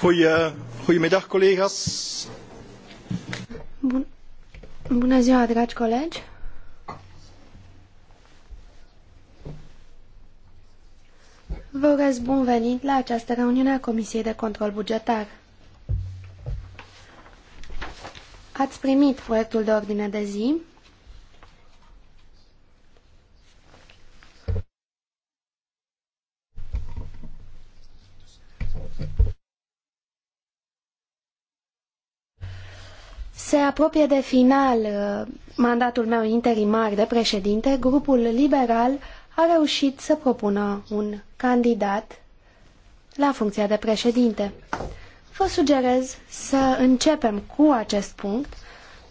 Goedemiddag, collega's. Bună ziua, dragi colegi. Vă urez bun venit la această reuniune a Comisiei de Control Bugetar. Ați primit proiectul de ordine de zi apropie de final uh, mandatul meu interimar de președinte, grupul liberal a reușit să propună un candidat la funcția de președinte. Vă sugerez să începem cu acest punct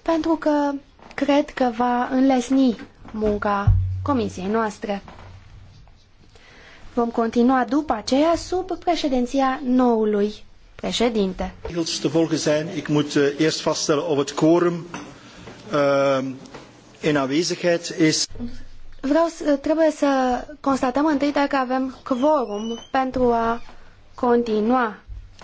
pentru că cred că va înlesni munca comisiei noastre. Vom continua după aceea sub președinția noului Președinte. Regels te volgen Ik moet eh, eerst vaststellen of het quorum ehm, in aanwezigheid is. Vreau să, trebuie să constatăm întâi dacă avem quorum pentru a continua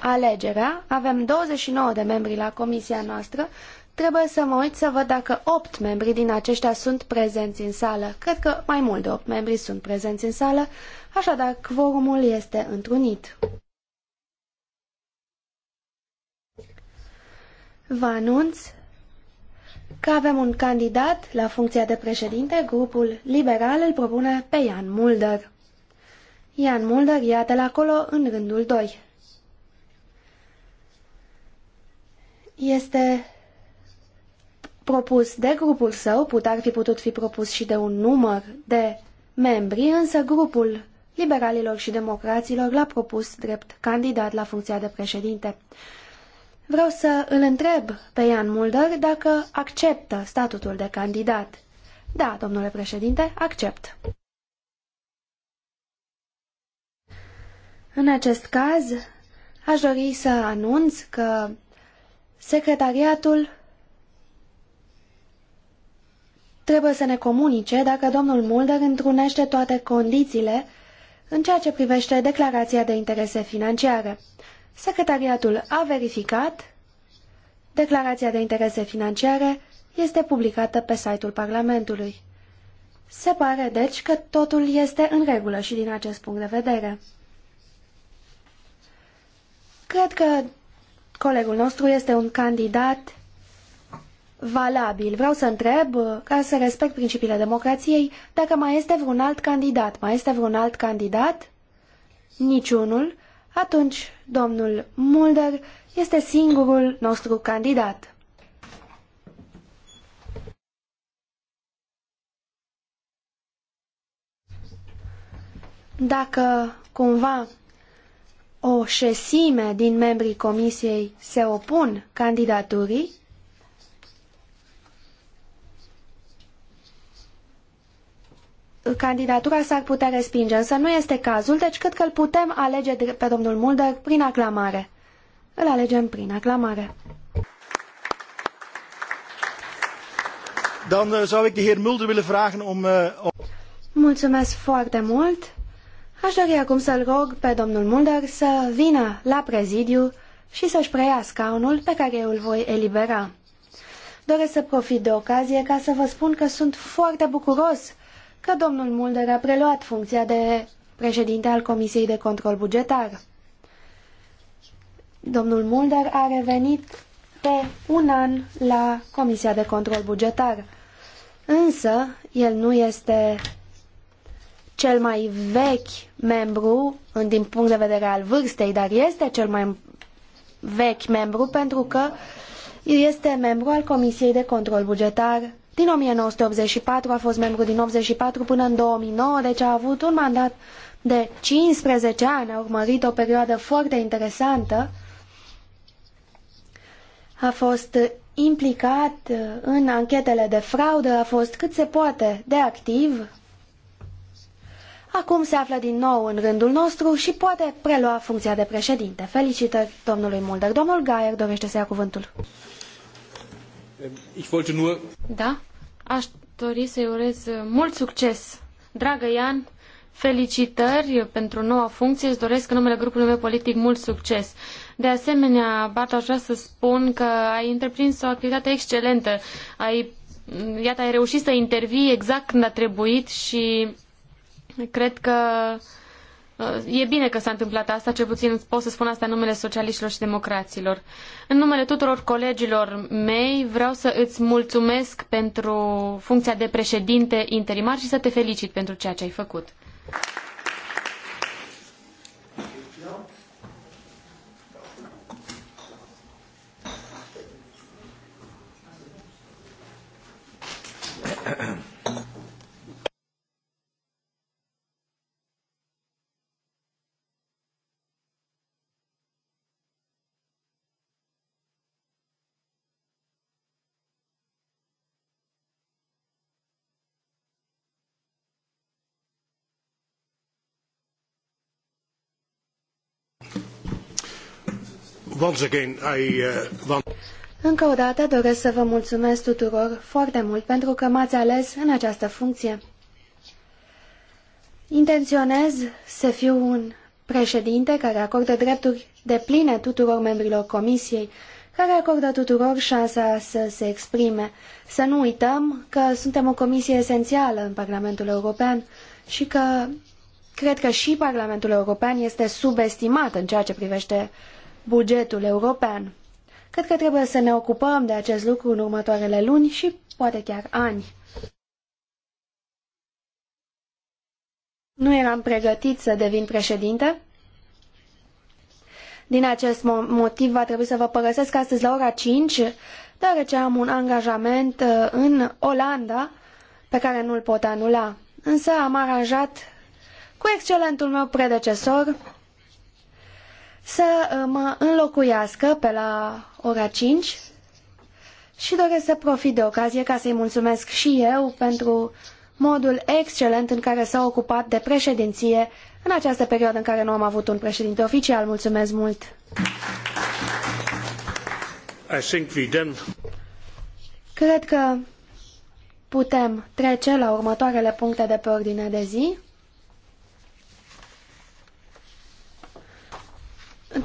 alegerea. Avem 29 de membri la comisia noastră. Trebuie să mă uit să văd dacă 8 membri din aceștia sunt prezenți în sală. Cred că mai mult de 8 membri sunt prezenți în sală, așadar quorumul este întrunit. Vă anunț că avem un candidat la funcția de președinte, grupul liberal îl propune pe Ian Mulder. Ian Mulder, iată-l acolo, în rândul 2. Este propus de grupul său, put ar fi putut fi propus și de un număr de membri, însă grupul liberalilor și democraților l-a propus drept candidat la funcția de președinte. Vreau să îl întreb pe Ian Mulder dacă acceptă statutul de candidat. Da, domnule președinte, accept. În acest caz, aș dori să anunț că secretariatul trebuie să ne comunice dacă domnul Mulder întrunește toate condițiile în ceea ce privește declarația de interese financiare. Secretariatul a verificat, declarația de interese financiare este publicată pe site-ul Parlamentului. Se pare, deci, că totul este în regulă și din acest punct de vedere. Cred că colegul nostru este un candidat valabil. Vreau să întreb, ca să respect principiile democrației, dacă mai este vreun alt candidat. Mai este vreun alt candidat? Niciunul atunci domnul Mulder este singurul nostru candidat. Dacă cumva o șesime din membrii comisiei se opun candidaturii, candidatura s-ar putea respinge, însă nu este cazul, deci cred că îl putem alege pe domnul Mulder prin aclamare. Îl alegem prin aclamare. Dan eh, zou ik de heer Mulder willen vragen eh, om... Mulțumesc foarte mult. Aș dori acum să-l rog pe domnul Mulder să vină la prezidiu și să-și preia scaunul pe care eu îl voi elibera. Doresc să profit de ocazie ca să vă spun că sunt foarte bucuros că domnul Mulder a preluat funcția de președinte al Comisiei de Control Bugetar. Domnul Mulder a revenit pe un an la Comisia de Control Bugetar, însă el nu este cel mai vechi membru din punct de vedere al vârstei, dar este cel mai vechi membru pentru că este membru al Comisiei de Control Bugetar din 1984 a fost membru din 84 până în 2009, deci a avut un mandat de 15 ani, a urmărit o perioadă foarte interesantă. A fost implicat uh, în anchetele de fraudă, a fost cât se poate de activ. Acum se află din nou în rândul nostru și poate prelua funcția de președinte. Felicitări domnului Mulder. Domnul Gaier dorește să ia cuvântul. Ich wollte nur... Da, aș dori să-i urez mult succes. Dragă Ian, felicitări pentru noua funcție. Îți doresc în numele grupului meu politic mult succes. De asemenea, Bart, aș vrea să spun că ai întreprins o activitate excelentă. Ai, iată, ai reușit să intervii exact când a trebuit și cred că Uh, e bine că s-a întâmplat asta, cel puțin pot să spun asta în numele socialiștilor și democraților. În numele tuturor colegilor mei vreau să îți mulțumesc pentru funcția de președinte interimar și să te felicit pentru ceea ce ai făcut. Ahem. once again, I uh, want... Încă o dată doresc să vă mulțumesc tuturor foarte mult pentru că m-ați ales în această funcție. Intenționez să fiu un președinte care acordă drepturi depline tuturor membrilor comisiei, care acordă tuturor șansa să se exprime. Să nu uităm că suntem o comisie esențială în Parlamentul European și că cred că și Parlamentul European este subestimat în ceea ce privește bugetul european. Cred că trebuie să ne ocupăm de acest lucru în următoarele luni și poate chiar ani. Nu eram pregătit să devin președinte. Din acest motiv va trebui să vă părăsesc astăzi la ora 5, deoarece am un angajament uh, în Olanda pe care nu-l pot anula. Însă am aranjat cu excelentul meu predecesor să uh, mă înlocuiască pe la ora 5 și doresc să profit de ocazie ca să-i mulțumesc și eu pentru modul excelent în care s-a ocupat de președinție în această perioadă în care nu am avut un președinte oficial. Mulțumesc mult! Cred că putem trece la următoarele puncte de pe ordinea de zi.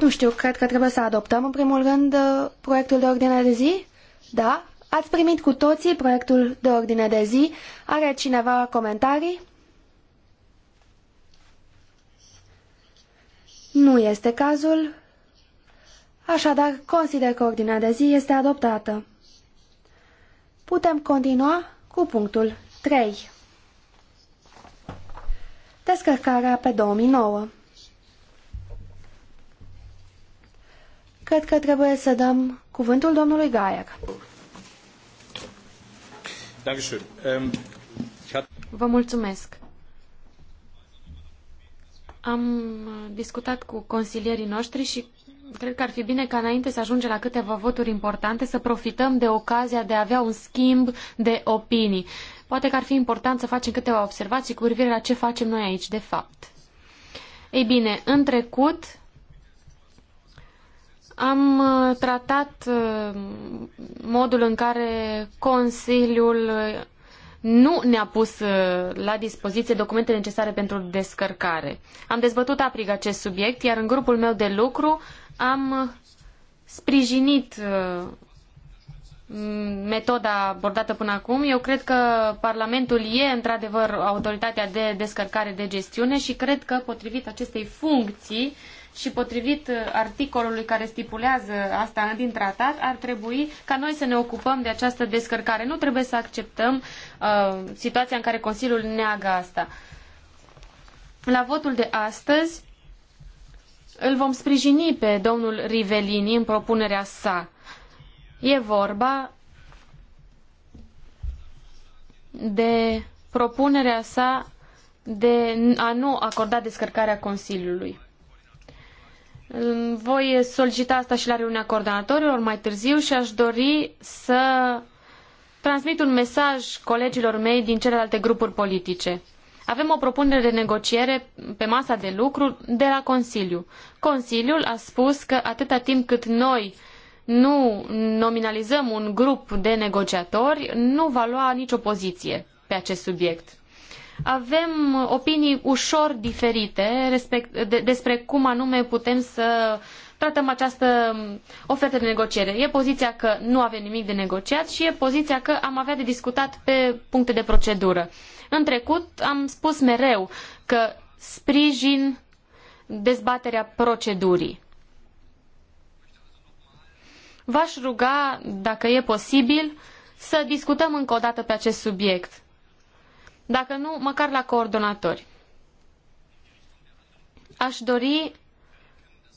Nu știu, cred că trebuie să adoptăm în primul rând uh, proiectul de ordine de zi? Da? Ați primit cu toții proiectul de ordine de zi. Are cineva comentarii? Nu este cazul. Așadar, consider că ordinea de zi este adoptată. Putem continua cu punctul 3. Descărcarea pe 2009. Cred că trebuie să dăm cuvântul domnului Gaier. Ähm, Vă mulțumesc. Am discutat cu consilierii noștri și cred că ar fi bine ca înainte să ajungem la câteva voturi importante să profităm de ocazia de a avea un schimb de opinii. Poate că ar fi important să facem câteva observații cu privire la ce facem noi aici, de fapt. Ei bine, în trecut, am uh, tratat uh, modul în care Consiliul uh, nu ne-a pus la dispoziție documentele necesare pentru descărcare. Am dezbătut aprig acest subiect, iar în grupul meu de lucru am sprijinit metoda abordată până acum. Eu cred că Parlamentul e într-adevăr autoritatea de descărcare de gestiune și cred că potrivit acestei funcții și potrivit uh, articolului care stipulează asta din tratat, ar trebui ca noi să ne ocupăm de această descărcare. Nu trebuie să acceptăm uh, situația în care Consiliul neagă asta. La votul de astăzi îl vom sprijini pe domnul Rivelini în propunerea sa. E vorba de propunerea sa de a nu acorda descărcarea Consiliului. Voi solicita asta și la reuniunea coordonatorilor mai târziu și aș dori să transmit un mesaj colegilor mei din celelalte grupuri politice. Avem o propunere de negociere pe masa de lucru de la Consiliu. Consiliul a spus că atâta timp cât noi nu nominalizăm un grup de negociatori, nu va lua nicio poziție pe acest subiect avem opinii ușor diferite respect, de, despre cum anume putem să tratăm această ofertă de negociere. E poziția că nu avem nimic de negociat și e poziția că am avea de discutat pe puncte de procedură. În trecut am spus mereu că sprijin dezbaterea procedurii. V-aș ruga, dacă e posibil, să discutăm încă o dată pe acest subiect dacă nu, măcar la coordonatori. Aș dori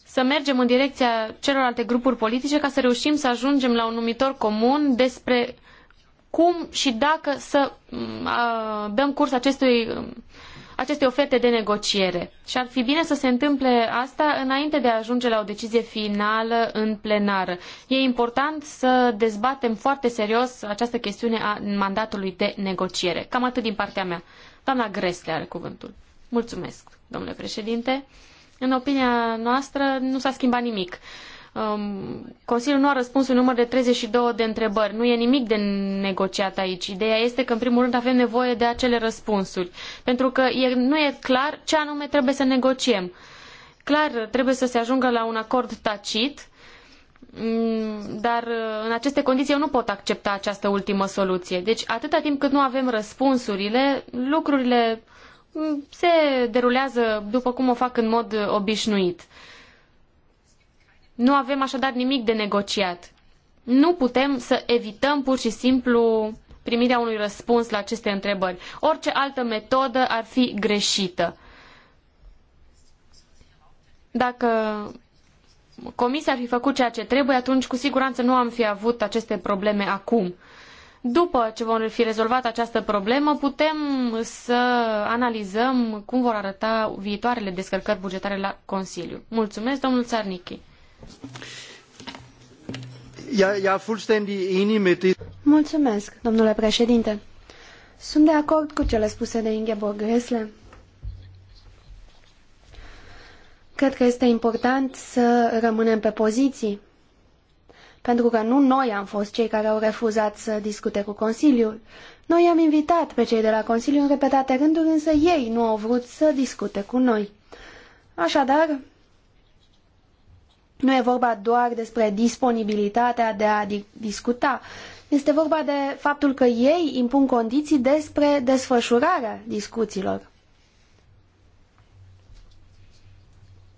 să mergem în direcția celorlalte grupuri politice ca să reușim să ajungem la un numitor comun despre cum și dacă să mm, dăm curs acestui aceste oferte de negociere. Și ar fi bine să se întâmple asta înainte de a ajunge la o decizie finală în plenară. E important să dezbatem foarte serios această chestiune a mandatului de negociere. Cam atât din partea mea. Doamna Gresle are cuvântul. Mulțumesc, domnule președinte. În opinia noastră nu s-a schimbat nimic. Um, Consiliul nu a răspuns un număr de 32 de întrebări. Nu e nimic de negociat aici. Ideea este că, în primul rând, avem nevoie de acele răspunsuri. Pentru că e, nu e clar ce anume trebuie să negociem. Clar, trebuie să se ajungă la un acord tacit, mm, dar uh, în aceste condiții eu nu pot accepta această ultimă soluție. Deci, atâta timp cât nu avem răspunsurile, lucrurile mm, se derulează după cum o fac în mod obișnuit. Nu avem așadar nimic de negociat. Nu putem să evităm pur și simplu primirea unui răspuns la aceste întrebări. Orice altă metodă ar fi greșită. Dacă comisia ar fi făcut ceea ce trebuie, atunci cu siguranță nu am fi avut aceste probleme acum. După ce vom fi rezolvat această problemă, putem să analizăm cum vor arăta viitoarele descărcări bugetare la Consiliu. Mulțumesc, domnul Țarnichi. Er Mulțumesc, domnule președinte. Sunt de acord cu cele spuse de Ingeborg Gresle. Cred că este important să rămânem pe poziții, pentru că nu noi am fost cei care au refuzat să discute cu Consiliul. Noi am invitat pe cei de la Consiliu în repetate rânduri, însă ei nu au vrut să discute cu noi. Așadar, nu e vorba doar despre disponibilitatea de a discuta. Este vorba de faptul că ei impun condiții despre desfășurarea discuțiilor.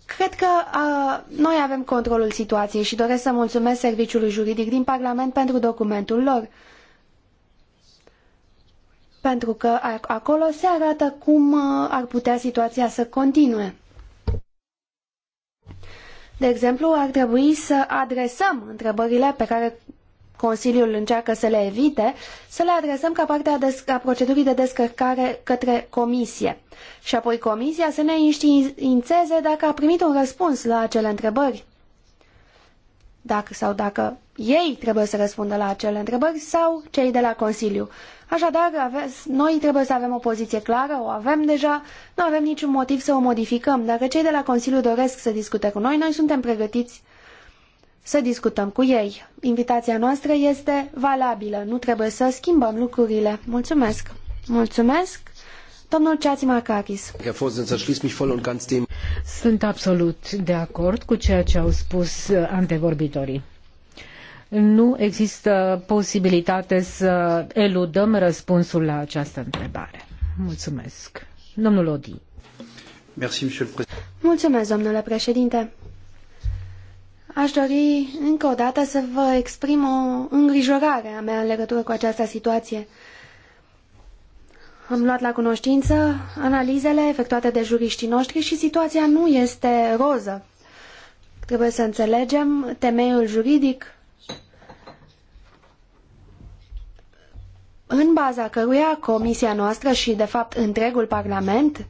Cred că noi avem controlul situației și doresc să mulțumesc Serviciului Juridic din Parlament pentru documentul lor. Pentru că acolo se arată cum ar putea situația să continue. De exemplu, ar trebui să adresăm întrebările pe care Consiliul încearcă să le evite, să le adresăm ca parte a, des- a procedurii de descărcare către Comisie. Și apoi Comisia să ne înștiințeze dacă a primit un răspuns la acele întrebări. Dacă sau dacă ei trebuie să răspundă la acele întrebări sau cei de la Consiliu. Așadar, noi trebuie să avem o poziție clară, o avem deja, nu avem niciun motiv să o modificăm. Dacă cei de la Consiliu doresc să discute cu noi, noi suntem pregătiți să discutăm cu ei. Invitația noastră este valabilă, nu trebuie să schimbăm lucrurile. Mulțumesc! Mulțumesc! Domnul Ceați da Sunt absolut de acord cu ceea ce au spus uh, antevorbitorii nu există posibilitate să eludăm răspunsul la această întrebare. Mulțumesc. Domnul Odi. Mulțumesc, domnule președinte. Aș dori încă o dată să vă exprim o îngrijorare a mea în legătură cu această situație. Am luat la cunoștință analizele efectuate de juriștii noștri și situația nu este roză. Trebuie să înțelegem temeiul juridic în baza căruia comisia noastră și, de fapt, întregul Parlament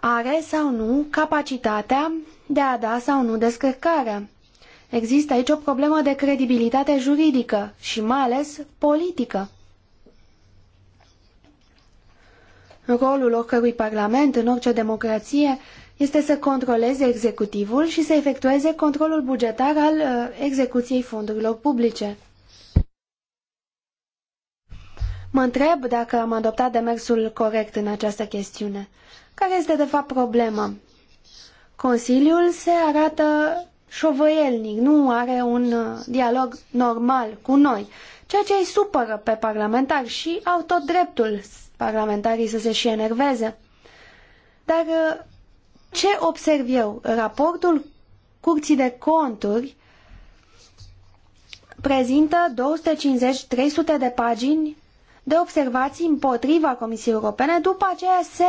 are sau nu capacitatea de a da sau nu descărcarea. Există aici o problemă de credibilitate juridică și mai ales politică. Rolul oricărui parlament în orice democrație este să controleze executivul și să efectueze controlul bugetar al uh, execuției fondurilor publice. Mă întreb dacă am adoptat demersul corect în această chestiune. Care este de fapt problema? Consiliul se arată șovăielnic, nu are un uh, dialog normal cu noi, ceea ce îi supără pe parlamentari și au tot dreptul parlamentarii să se și enerveze. Dar uh, ce observ eu? Raportul Curții de Conturi prezintă 250-300 de pagini de observații împotriva Comisiei Europene, după aceea se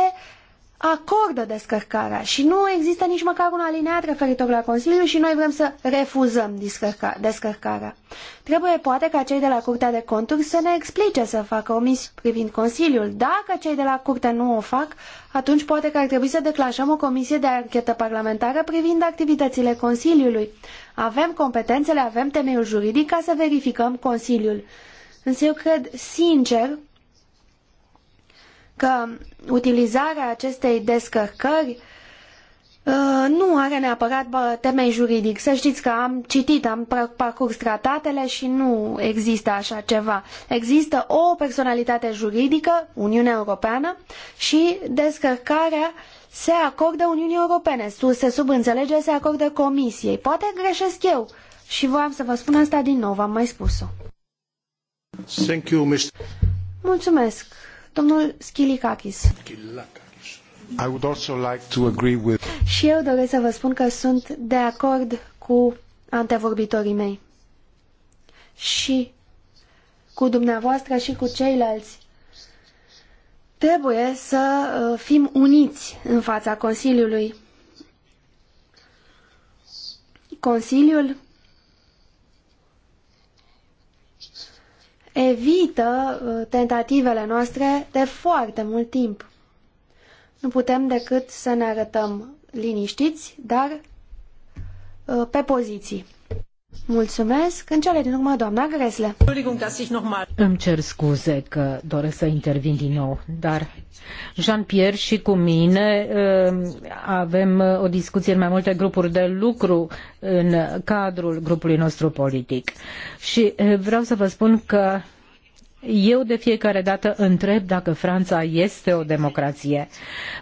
acordă descărcarea și nu există nici măcar un alineat referitor la Consiliu și noi vrem să refuzăm descărcarea. Trebuie poate ca cei de la Curtea de Conturi să ne explice să facă omis privind Consiliul. Dacă cei de la Curte nu o fac, atunci poate că ar trebui să declanșăm o comisie de anchetă parlamentară privind activitățile Consiliului. Avem competențele, avem temeiul juridic ca să verificăm Consiliul. Însă eu cred sincer că utilizarea acestei descărcări uh, nu are neapărat temei juridic. Să știți că am citit, am parcurs tratatele și nu există așa ceva. Există o personalitate juridică, Uniunea Europeană, și descărcarea se acordă Uniunii Europene. Se subînțelege, se acordă Comisiei. Poate greșesc eu. Și voiam să vă spun asta din nou, v-am mai spus-o. Mulțumesc. Domnul Schilikakis. I would also like to agree with... Și eu doresc să vă spun că sunt de acord cu antevorbitorii mei și cu dumneavoastră și cu ceilalți. Trebuie să uh, fim uniți în fața Consiliului. Consiliul evită uh, tentativele noastre de foarte mult timp. Nu putem decât să ne arătăm liniștiți, dar uh, pe poziții. Mulțumesc. În cele din urmă, doamna Gresle. Îmi cer scuze că doresc să intervin din nou, dar Jean-Pierre și cu mine um, avem uh, o discuție în mai multe grupuri de lucru în cadrul grupului nostru politic. Și uh, vreau să vă spun că eu de fiecare dată întreb dacă Franța este o democrație,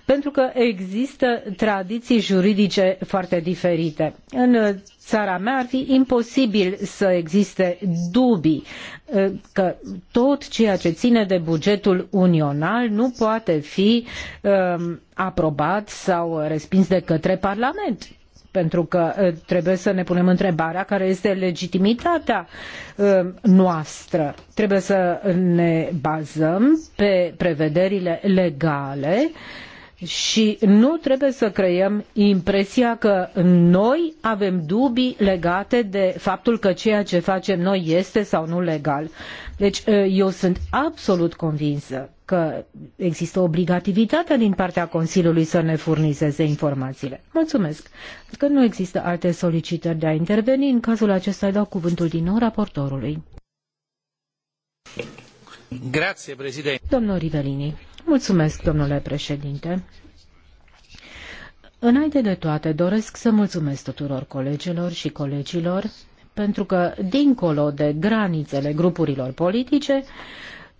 pentru că există tradiții juridice foarte diferite. În țara mea ar fi imposibil să existe dubii ă, că tot ceea ce ține de bugetul unional nu poate fi ă, aprobat sau respins de către Parlament pentru că uh, trebuie să ne punem întrebarea care este legitimitatea uh, noastră. Trebuie să ne bazăm pe prevederile legale uh, și nu trebuie să creăm impresia că noi avem dubii legate de faptul că ceea ce facem noi este sau nu legal. Deci ă, eu sunt absolut convinsă că există obligativitatea din partea Consiliului să ne furnizeze informațiile. Mulțumesc. Că nu există alte solicitări de a interveni, în cazul acesta îi dau cuvântul din nou raportorului. Grazie, președinte. Domnul Rivelini. Mulțumesc, domnule președinte. Înainte de toate, doresc să mulțumesc tuturor colegilor și colegilor pentru că, dincolo de granițele grupurilor politice,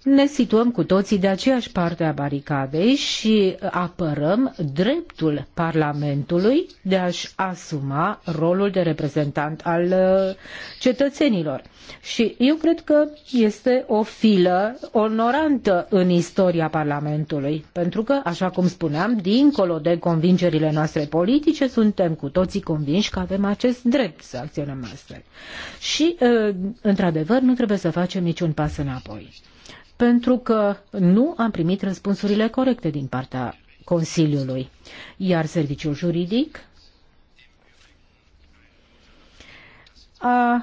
ne situăm cu toții de aceeași parte a baricadei și apărăm dreptul Parlamentului de a-și asuma rolul de reprezentant al uh, cetățenilor. Și eu cred că este o filă onorantă în istoria Parlamentului, pentru că, așa cum spuneam, dincolo de convingerile noastre politice, suntem cu toții convinși că avem acest drept să acționăm astfel. Și, uh, într-adevăr, nu trebuie să facem niciun pas înapoi pentru că nu am primit răspunsurile corecte din partea Consiliului. Iar serviciul juridic a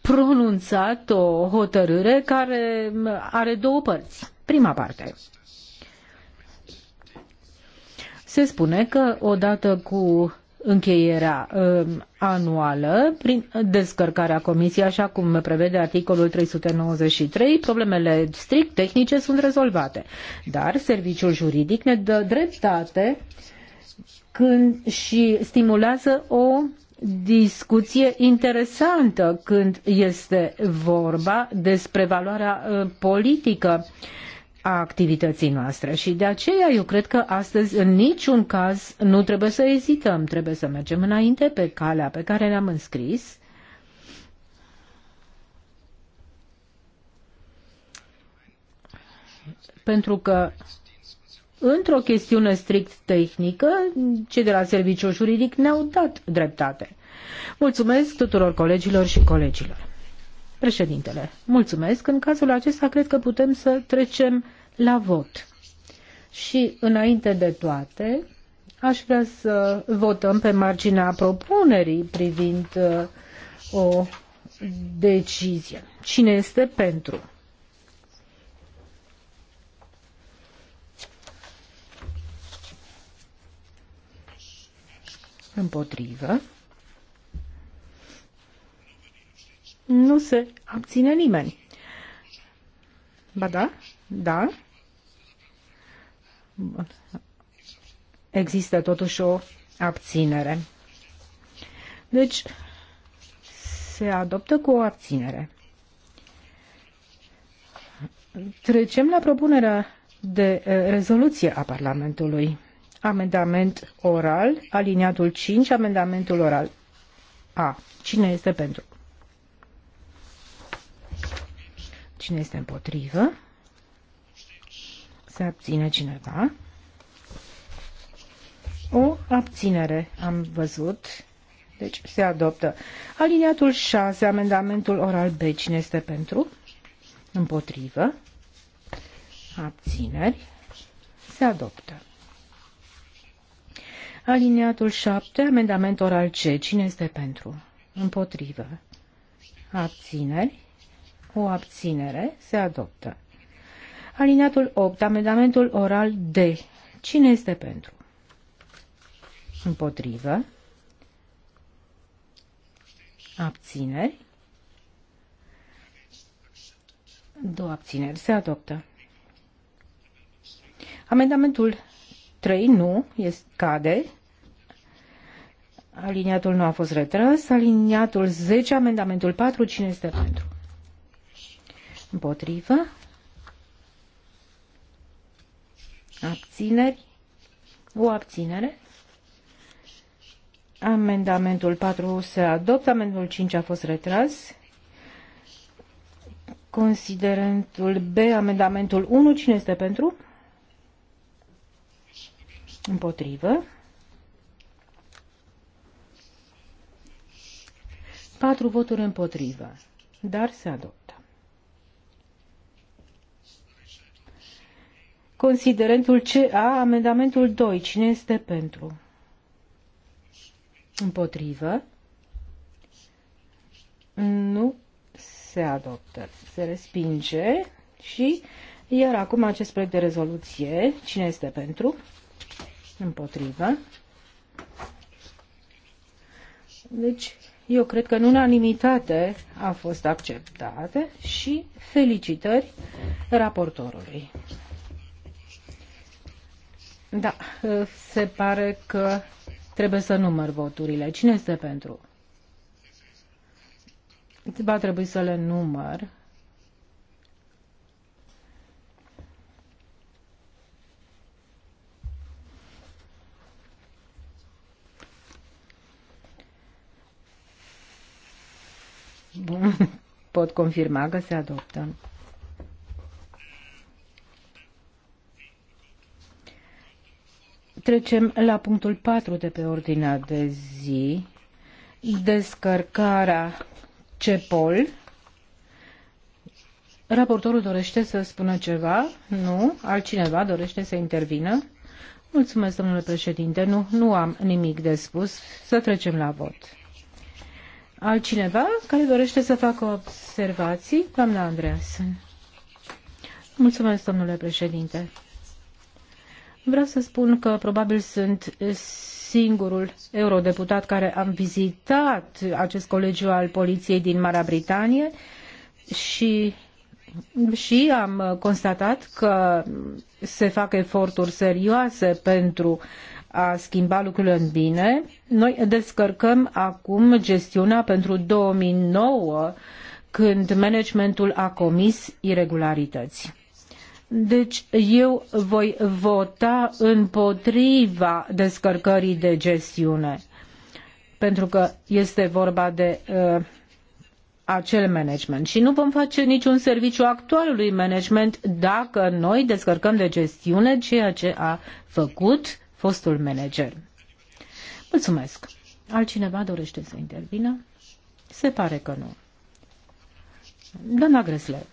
pronunțat o hotărâre care are două părți. Prima parte. Se spune că odată cu încheierea um, anuală prin descărcarea comisiei, așa cum prevede articolul 393. Problemele strict tehnice sunt rezolvate, dar serviciul juridic ne dă dreptate când și stimulează o discuție interesantă când este vorba despre valoarea uh, politică uh, a activității noastre și de aceea eu cred că astăzi în niciun caz nu trebuie să ezităm, trebuie să mergem înainte pe calea pe care ne-am înscris pentru că într-o chestiune strict tehnică, cei de la serviciul juridic ne-au dat dreptate. Mulțumesc tuturor colegilor și colegilor. Președintele, mulțumesc. În cazul acesta cred că putem să trecem la vot. Și înainte de toate, aș vrea să votăm pe marginea propunerii privind uh, o decizie. Cine este pentru? Împotrivă. Nu se abține nimeni. Ba da? Da? Bun. Există totuși o abținere. Deci, se adoptă cu o abținere. Trecem la propunerea de eh, rezoluție a Parlamentului. Amendament oral, aliniatul 5, amendamentul oral A. Cine este pentru? Cine este împotrivă? Se abține cineva? O abținere am văzut. Deci se adoptă. Aliniatul 6, amendamentul oral B. Cine este pentru? Împotrivă. Abțineri. Se adoptă. Aliniatul 7, amendament oral C. Cine este pentru? Împotrivă. Abțineri o abținere, se adoptă. Alineatul 8, amendamentul oral D. Cine este pentru? Împotrivă. Abțineri. Două abțineri. Se adoptă. Amendamentul 3 nu este, cade. Aliniatul nu a fost retras. Aliniatul 10, amendamentul 4, cine este pentru? Împotrivă. Abțineri. O abținere. Amendamentul 4 se adoptă, amendamentul 5 a fost retras. Considerentul B, amendamentul 1, cine este pentru? Împotrivă. 4 voturi împotrivă, dar se adoptă. Considerentul CA, amendamentul 2. Cine este pentru? Împotrivă. Nu se adoptă. Se respinge și iar acum acest proiect de rezoluție, cine este pentru? Împotrivă. Deci, eu cred că în unanimitate a fost acceptată și felicitări raportorului. Da, se pare că trebuie să număr voturile. Cine este pentru? Va trebui să le număr. Bun. Pot confirma că se adoptă. Trecem la punctul 4 de pe ordinea de zi, descărcarea CEPOL. Raportorul dorește să spună ceva? Nu? Altcineva dorește să intervină? Mulțumesc, domnule președinte. Nu, nu am nimic de spus. Să trecem la vot. Altcineva care dorește să facă observații? Doamna Andreasen. Mulțumesc, domnule președinte. Vreau să spun că probabil sunt singurul eurodeputat care am vizitat acest colegiu al poliției din Marea Britanie și și am constatat că se fac eforturi serioase pentru a schimba lucrurile în bine. Noi descărcăm acum gestiunea pentru 2009 când managementul a comis irregularități. Deci eu voi vota împotriva descărcării de gestiune, pentru că este vorba de uh, acel management și nu vom face niciun serviciu actualului management dacă noi descărcăm de gestiune ceea ce a făcut fostul manager. Mulțumesc. Altcineva dorește să intervină? Se pare că nu. Doamna Gresler.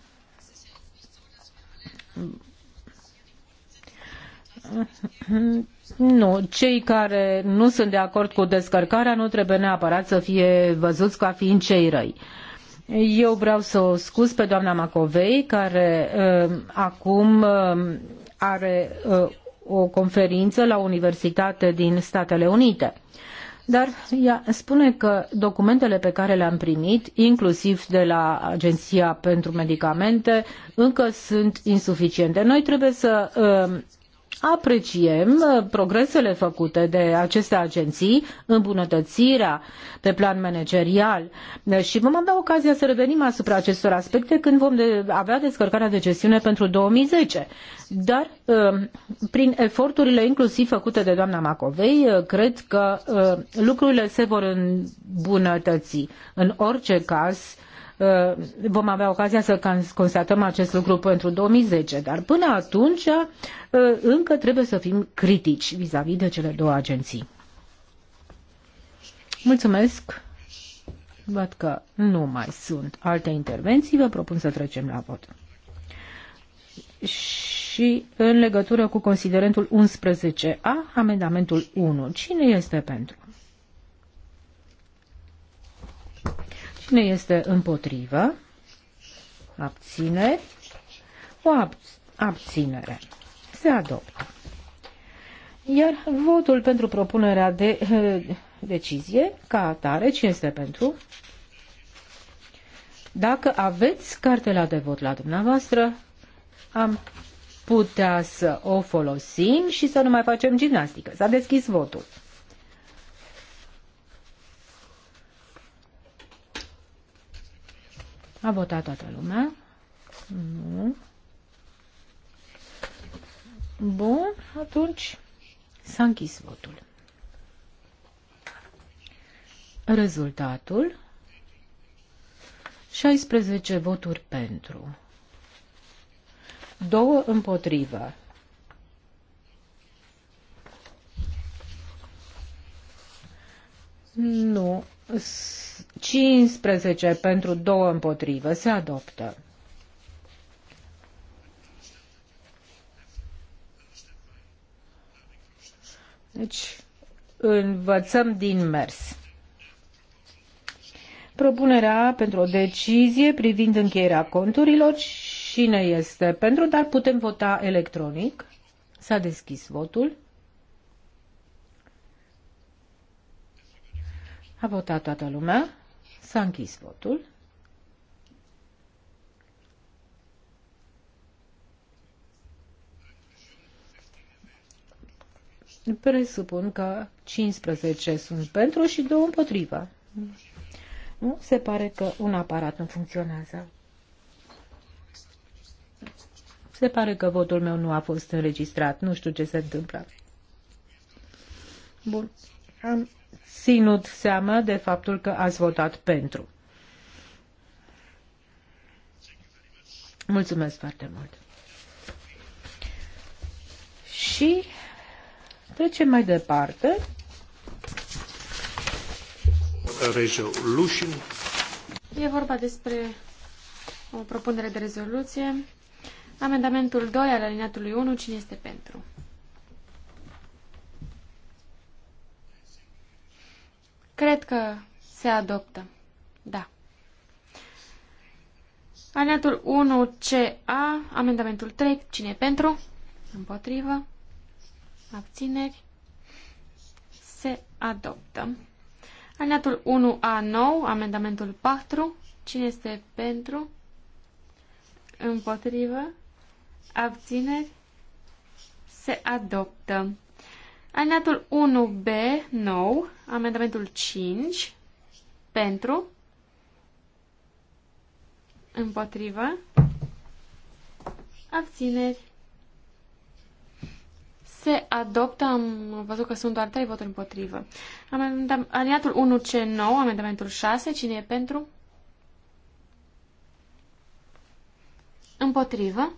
Nu, cei care nu sunt de acord cu descărcarea nu trebuie neapărat să fie văzuți ca fiind cei răi. Eu vreau să o scuz pe doamna Macovei, care uh, acum uh, are uh, o conferință la universitate din Statele Unite. Uh, dar ea spune că documentele pe care le-am primit, inclusiv de la Agenția pentru Medicamente, încă sunt insuficiente. Noi trebuie să uh, apreciem uh, progresele făcute de aceste agenții, îmbunătățirea pe plan managerial uh, și vom avea ocazia să revenim asupra acestor aspecte când vom avea descărcarea de gestiune pentru 2010. Dar uh, prin eforturile inclusiv făcute de doamna Macovei, cred că lucrurile se vor îmbunătăți. În orice caz, Uh, vom avea ocazia să constatăm acest lucru pentru 2010, dar până atunci uh, încă trebuie să fim critici vis-a-vis -vis de cele două agenții. Mulțumesc. Văd că nu mai sunt alte intervenții. Vă propun să trecem la vot. Și în legătură cu considerentul 11a, amendamentul 1. Cine este pentru? Cine este împotrivă? Abțineri? O abținere. Se adoptă. Iar votul pentru propunerea de eh, decizie, ca atare, cine este pentru? Dacă aveți cartela de vot la dumneavoastră, am putea să o folosim și să nu mai facem gimnastică. S-a deschis votul. A votat toată lumea? Nu. Bun, atunci s-a închis votul. Rezultatul 16 voturi pentru, 2 împotrivă. Nu 15 pentru 2 împotrivă. Se adoptă. Deci, învățăm din mers. Propunerea pentru o decizie privind încheierea conturilor și ne este pentru, dar putem vota electronic. S-a deschis votul. A votat toată lumea. S-a închis votul. Presupun că 15 sunt pentru și 2 împotriva. Nu? Se pare că un aparat nu funcționează. Se pare că votul meu nu a fost înregistrat. Nu știu ce se întâmplă. Bun. Am ținut seama de faptul că ați votat pentru. Mulțumesc foarte mult. Și trecem mai departe. Resolution. E vorba despre o propunere de rezoluție. Amendamentul 2 al alineatului 1. Cine este pentru? Cred că se adoptă. Da. Aliatul 1 CA, amendamentul 3, cine e pentru? Împotrivă. Abțineri. Se adoptă. Aliatul 1A9, amendamentul 4, cine este pentru? Împotrivă. Abțineri. Se adoptă. Alineatul 1B, nou, amendamentul 5, pentru, împotrivă, abțineri. Se adoptă, am văzut că sunt doar 3 voturi împotrivă. Alineatul 1C9, amendamentul 6, cine e pentru? Împotrivă.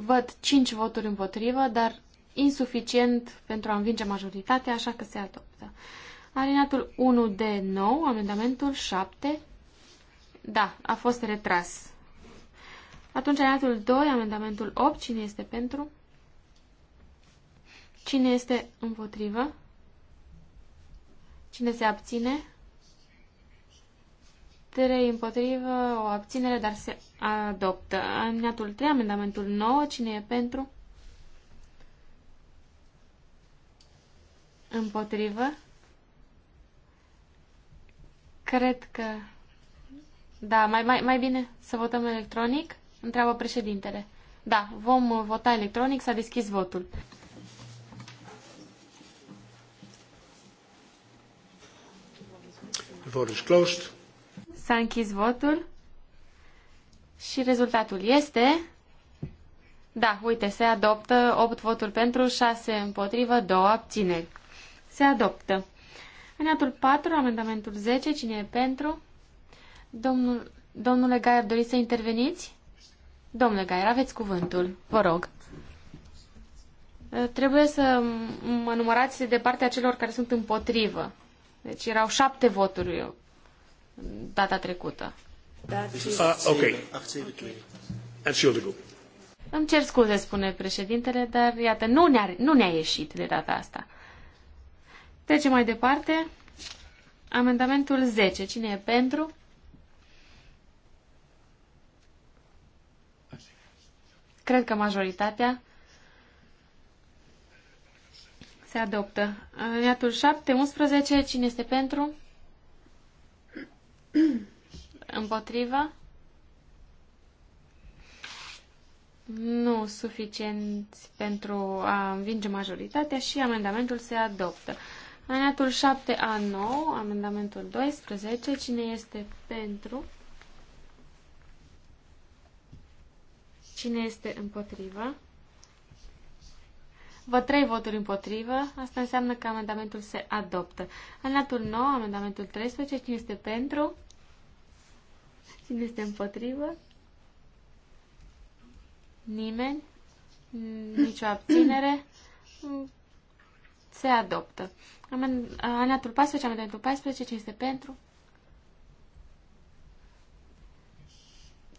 Văd cinci voturi împotrivă, dar insuficient pentru a învinge majoritatea, așa că se adoptă. Alinatul 1 de 9, amendamentul 7, da, a fost retras. Atunci alinatul 2, amendamentul 8, cine este pentru? Cine este împotrivă? Cine se abține? 3 împotrivă, o abținere, dar se adoptă. Amendamentul 3, amendamentul 9, cine e pentru? Împotrivă. Cred că... Da, mai, mai, mai bine să votăm electronic? Întreabă președintele. Da, vom vota electronic, s-a deschis votul. The vote is closed. S-a închis votul și rezultatul este... Da, uite, se adoptă 8 voturi pentru, 6 împotrivă, 2 abțineri. Se adoptă. Alineatul 4, amendamentul 10, cine e pentru? Domnul, domnule Gaier, doriți să interveniți? Domnule Gaier, aveți cuvântul, vă rog. Trebuie să mă numărați de partea celor care sunt împotrivă. Deci erau șapte voturi data trecută. Ah, ok. Entschuldigung. Îmi cer scuze, spune președintele, dar iată, nu ne-a, nu ne-a ieșit de data asta. Trecem mai departe. Amendamentul 10. Cine e pentru? Cred că majoritatea se adoptă. Iatul 7, 11. Cine este pentru? Împotrivă? Nu suficient pentru a învinge majoritatea și amendamentul se adoptă. Aneatul 7A9, amendamentul 12, cine este pentru? Cine este împotriva? Vă trei voturi împotrivă, asta înseamnă că amendamentul se adoptă. latul 9, amendamentul 13, cine este pentru? Cine este împotrivă? Nimeni? Nicio abținere? Se adoptă. Alinatul 14, amendamentul 14, cine este pentru?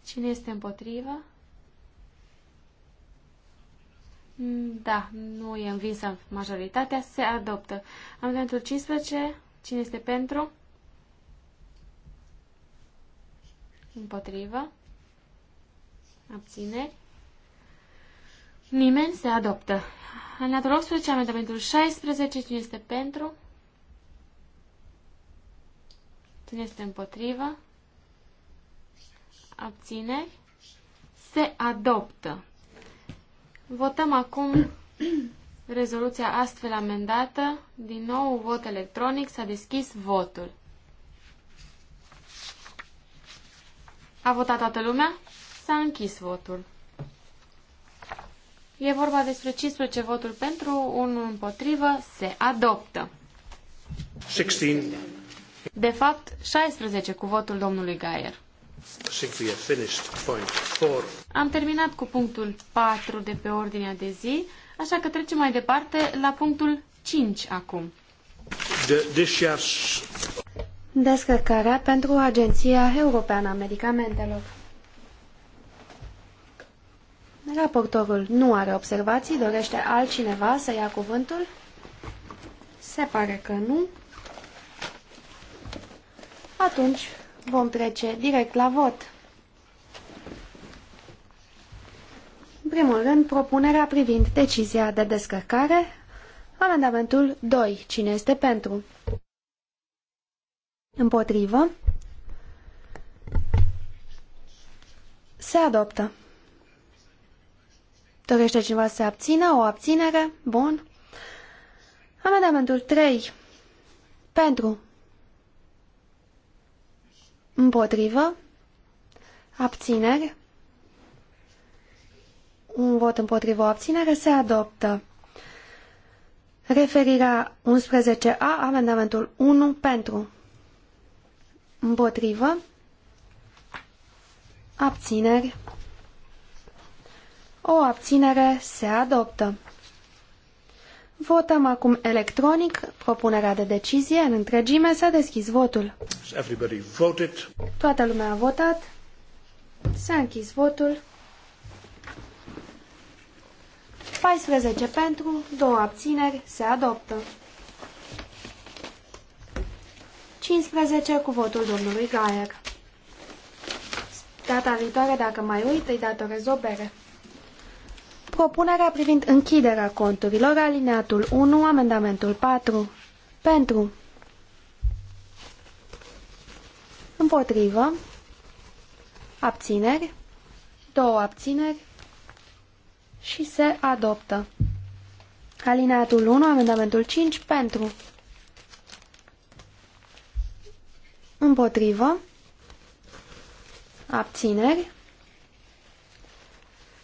Cine este împotrivă? Da, nu e învinsă majoritatea, se adoptă. Amendamentul 15, cine este pentru? Împotrivă. Abțineri. Nimeni se adoptă. Alineatul 18, amendamentul 16, cine este pentru? Cine este împotrivă? Abțineri. Se adoptă. Votăm acum rezoluția astfel amendată. Din nou vot electronic. S-a deschis votul. A votat toată lumea? S-a închis votul. E vorba despre 15 voturi pentru, unul împotrivă, se adoptă. 16. De fapt, 16 cu votul domnului Gaier. Am terminat cu punctul 4 de pe ordinea de zi, așa că trecem mai departe la punctul 5 acum. Descărcarea pentru Agenția Europeană a Medicamentelor. Raportorul nu are observații, dorește altcineva să ia cuvântul? Se pare că nu. Atunci vom trece direct la vot. În primul rând, propunerea privind decizia de descărcare, amendamentul 2. Cine este pentru? Împotrivă? Se adoptă. Dorește cineva să se abțină? O abținere? Bun. Amendamentul 3. Pentru. Împotrivă. Abțineri. Un vot împotrivă o abținere se adoptă. Referirea 11a, amendamentul 1 pentru. Împotrivă. Abțineri. O abținere se adoptă. Votăm acum electronic propunerea de decizie în întregime. S-a deschis votul. Toată lumea a votat. S-a închis votul. 14 pentru, 2 abțineri, se adoptă. 15 cu votul domnului Gaier. Data viitoare, dacă mai uit, îi datorez o bere. Propunerea privind închiderea conturilor, alineatul 1, amendamentul 4. Pentru. Împotrivă. Abțineri. Două abțineri. Și se adoptă. Alineatul 1, amendamentul 5. Pentru. Împotrivă. Abțineri.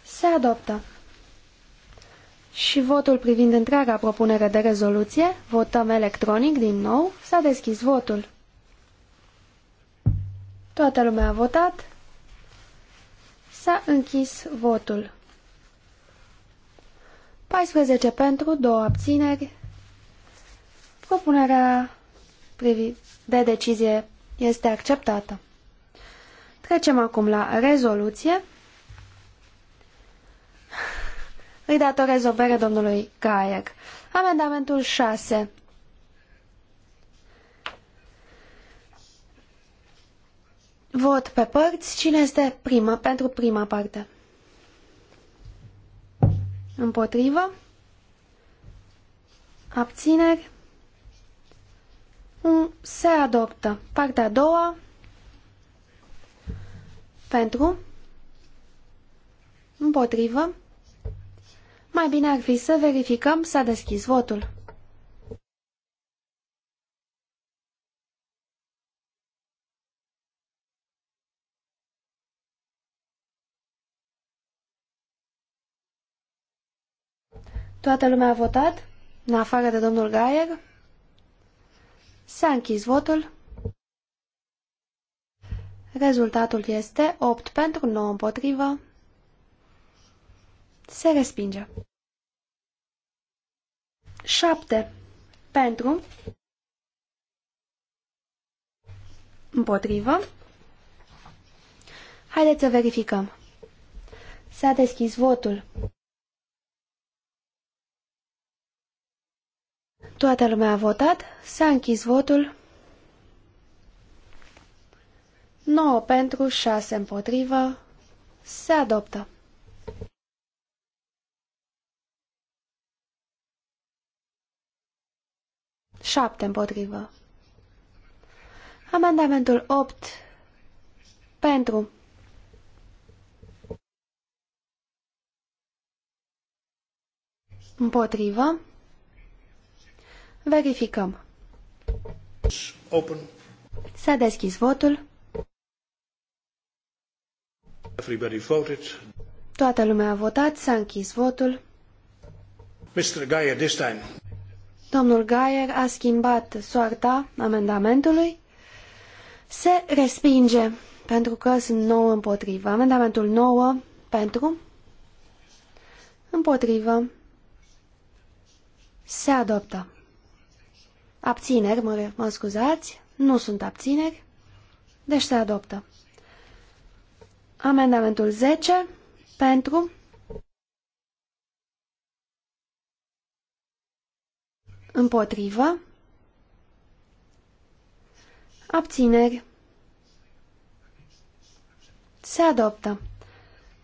Se adoptă. Și votul privind întreaga propunere de rezoluție, votăm electronic din nou, s-a deschis votul. Toată lumea a votat, s-a închis votul. 14 pentru, 2 abțineri. Propunerea de decizie este acceptată. Trecem acum la rezoluție. Îi datorez o bere domnului Gaier. Amendamentul 6. Vot pe părți. Cine este prima pentru prima parte? Împotrivă. Abțineri. Se adoptă. Partea a doua. Pentru. Împotrivă. Mai bine ar fi să verificăm, s-a deschis votul. Toată lumea a votat? În afară de domnul Gaier? S-a închis votul. Rezultatul este 8 pentru 9 împotrivă. Se respinge. 7. Pentru. Împotrivă. Haideți să verificăm. S-a deschis votul. Toată lumea a votat, s-a închis votul. 9 pentru, 6 împotrivă, se adoptă. 7 împotrivă. Amendamentul 8 pentru. Împotrivă. Verificăm. Open. S-a deschis votul. Everybody voted. Toată lumea a votat, s-a închis votul. Mr. Gaia, this time. Domnul Gaier a schimbat soarta amendamentului. Se respinge, pentru că sunt nouă împotrivă. Amendamentul 9 pentru, împotrivă, se adoptă. Abțineri, mă, mă scuzați, nu sunt abțineri, deci se adoptă. Amendamentul 10 pentru, Împotrivă. Abțineri. Se adoptă.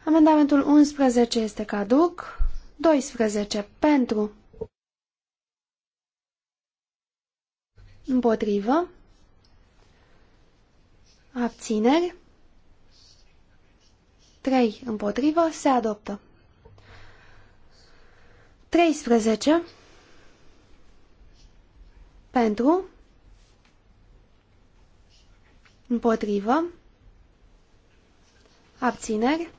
Amendamentul 11 este caduc. 12 pentru. Împotrivă. Abțineri. 3 împotrivă. Se adoptă. 13 pentru. Împotrivă. Abțineri.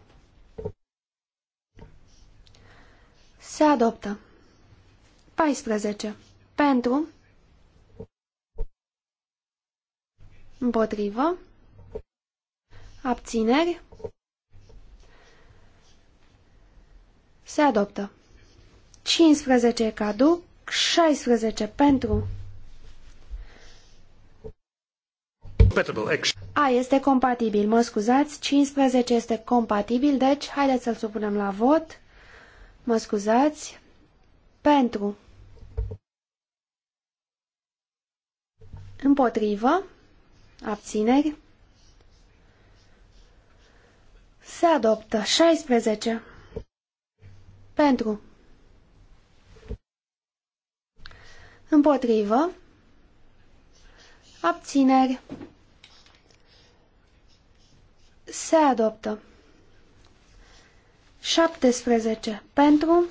Se adoptă. 14. Pentru. Împotrivă. Abțineri. Se adoptă. 15 caduc, 16 pentru. A este compatibil, mă scuzați, 15 este compatibil, deci haideți să-l supunem la vot. Mă scuzați. Pentru. Împotrivă. Abțineri. Se adoptă 16. Pentru. Împotrivă. Abțineri. Se adoptă. 17. Pentru.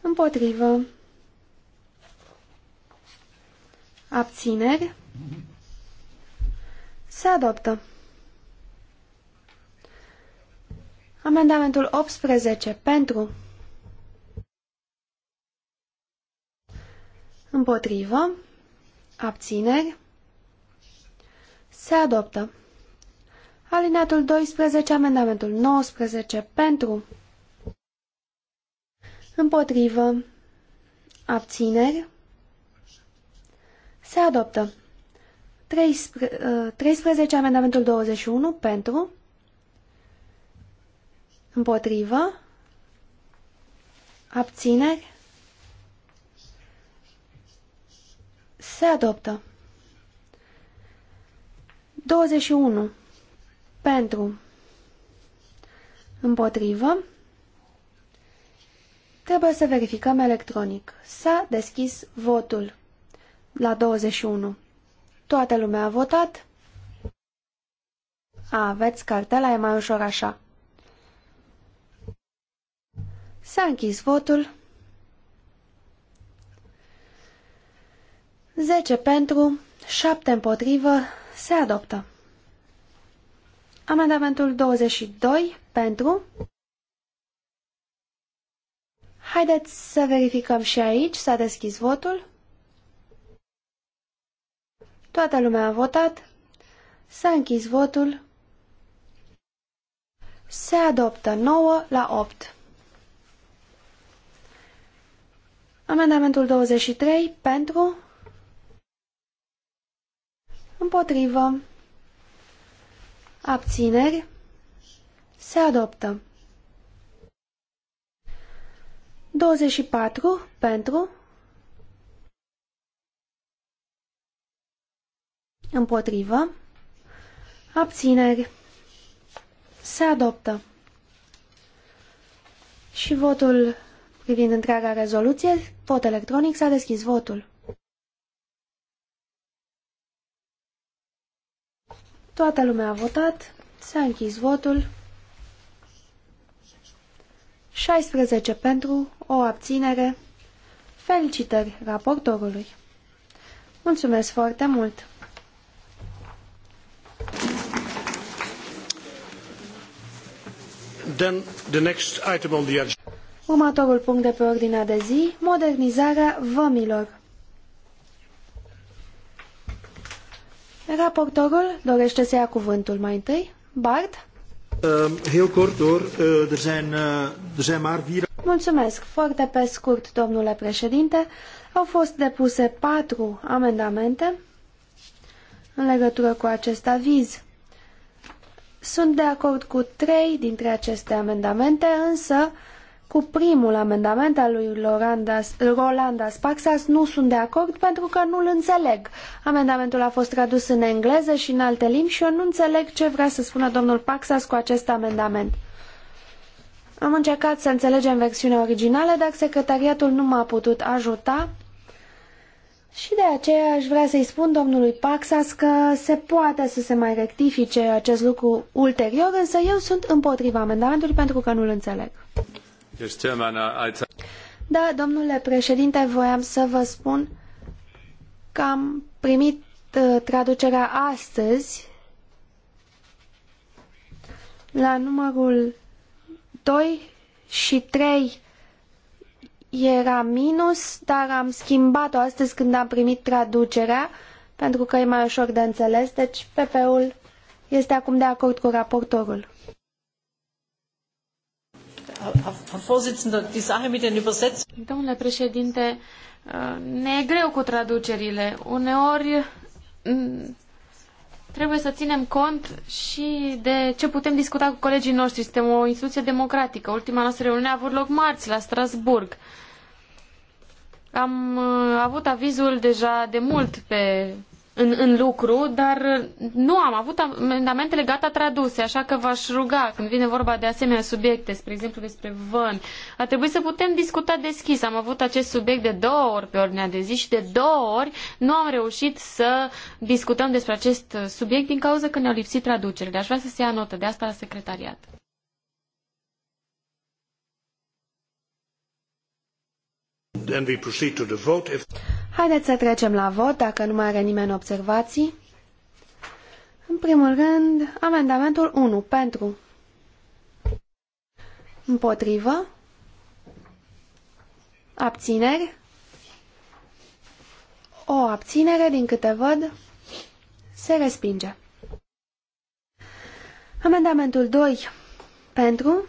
Împotrivă. Abțineri. Se adoptă. Amendamentul 18. Pentru. Împotrivă. Abțineri. Se adoptă. Alineatul 12, amendamentul 19, pentru, împotrivă, abțineri, se adoptă. 13, 13, uh, amendamentul 21, pentru, împotrivă, abțineri, se adoptă. 21. Pentru. Împotrivă. Trebuie să verificăm electronic. S-a deschis votul la 21. Toată lumea a votat? A, aveți cartela, e mai ușor așa. S-a închis votul. 10 pentru, 7 împotrivă, se adoptă. Amendamentul 22 pentru. Haideți să verificăm și aici. S-a deschis votul. Toată lumea a votat. S-a închis votul. Se adoptă 9 la 8. Amendamentul 23 pentru Împotrivă. Abțineri. Se adoptă. 24 pentru. Împotrivă. Abțineri. Se adoptă. Și votul privind întreaga rezoluție, vot electronic, s-a deschis votul. Toată lumea a votat. S-a închis votul. 16 pentru, o abținere. Felicitări raportorului. Mulțumesc foarte mult! Then the next item on the... Următorul punct de pe ordinea de zi, modernizarea vămilor. Raportorul dorește să ia cuvântul mai întâi. Bart? Ehm, heel kort hoor, eh, er zijn, eh, er zijn maar vier... Mulțumesc. Foarte pe scurt, domnule președinte, au fost depuse patru amendamente în legătură cu acest aviz. Sunt de acord cu trei dintre aceste amendamente, însă cu primul amendament al lui Roland Aspaxas nu sunt de acord pentru că nu-l înțeleg. Amendamentul a fost tradus în engleză și în alte limbi și eu nu înțeleg ce vrea să spună domnul Paxas cu acest amendament. Am încercat să înțelegem versiunea originală, dar secretariatul nu m-a putut ajuta și de aceea aș vrea să-i spun domnului Paxas că se poate să se mai rectifice acest lucru ulterior, însă eu sunt împotriva amendamentului pentru că nu-l înțeleg. Da, domnule președinte, voiam să vă spun că am primit uh, traducerea astăzi la numărul 2 și 3 era minus, dar am schimbat-o astăzi când am primit traducerea, pentru că e mai ușor de înțeles, deci PP-ul este acum de acord cu raportorul. Domnule președinte, ne e greu cu traducerile. Uneori trebuie să ținem cont și de ce putem discuta cu colegii noștri. Suntem o instituție democratică. Ultima noastră reuniune a avut loc marți la Strasburg. Am uh, avut avizul deja de mult pe în, în lucru, dar nu am avut amendamentele gata traduse, așa că v-aș ruga, când vine vorba de asemenea subiecte, spre exemplu despre vân, a trebuit să putem discuta deschis. Am avut acest subiect de două ori pe ordinea de zi și de două ori nu am reușit să discutăm despre acest subiect din cauza că ne-au lipsit traducerile. Aș vrea să se ia notă de asta la secretariat. Then we proceed to the vote if... Haideți să trecem la vot, dacă nu mai are nimeni observații. În primul rând, amendamentul 1 pentru. Împotrivă. Abțineri. O abținere, din câte văd, se respinge. Amendamentul 2 pentru.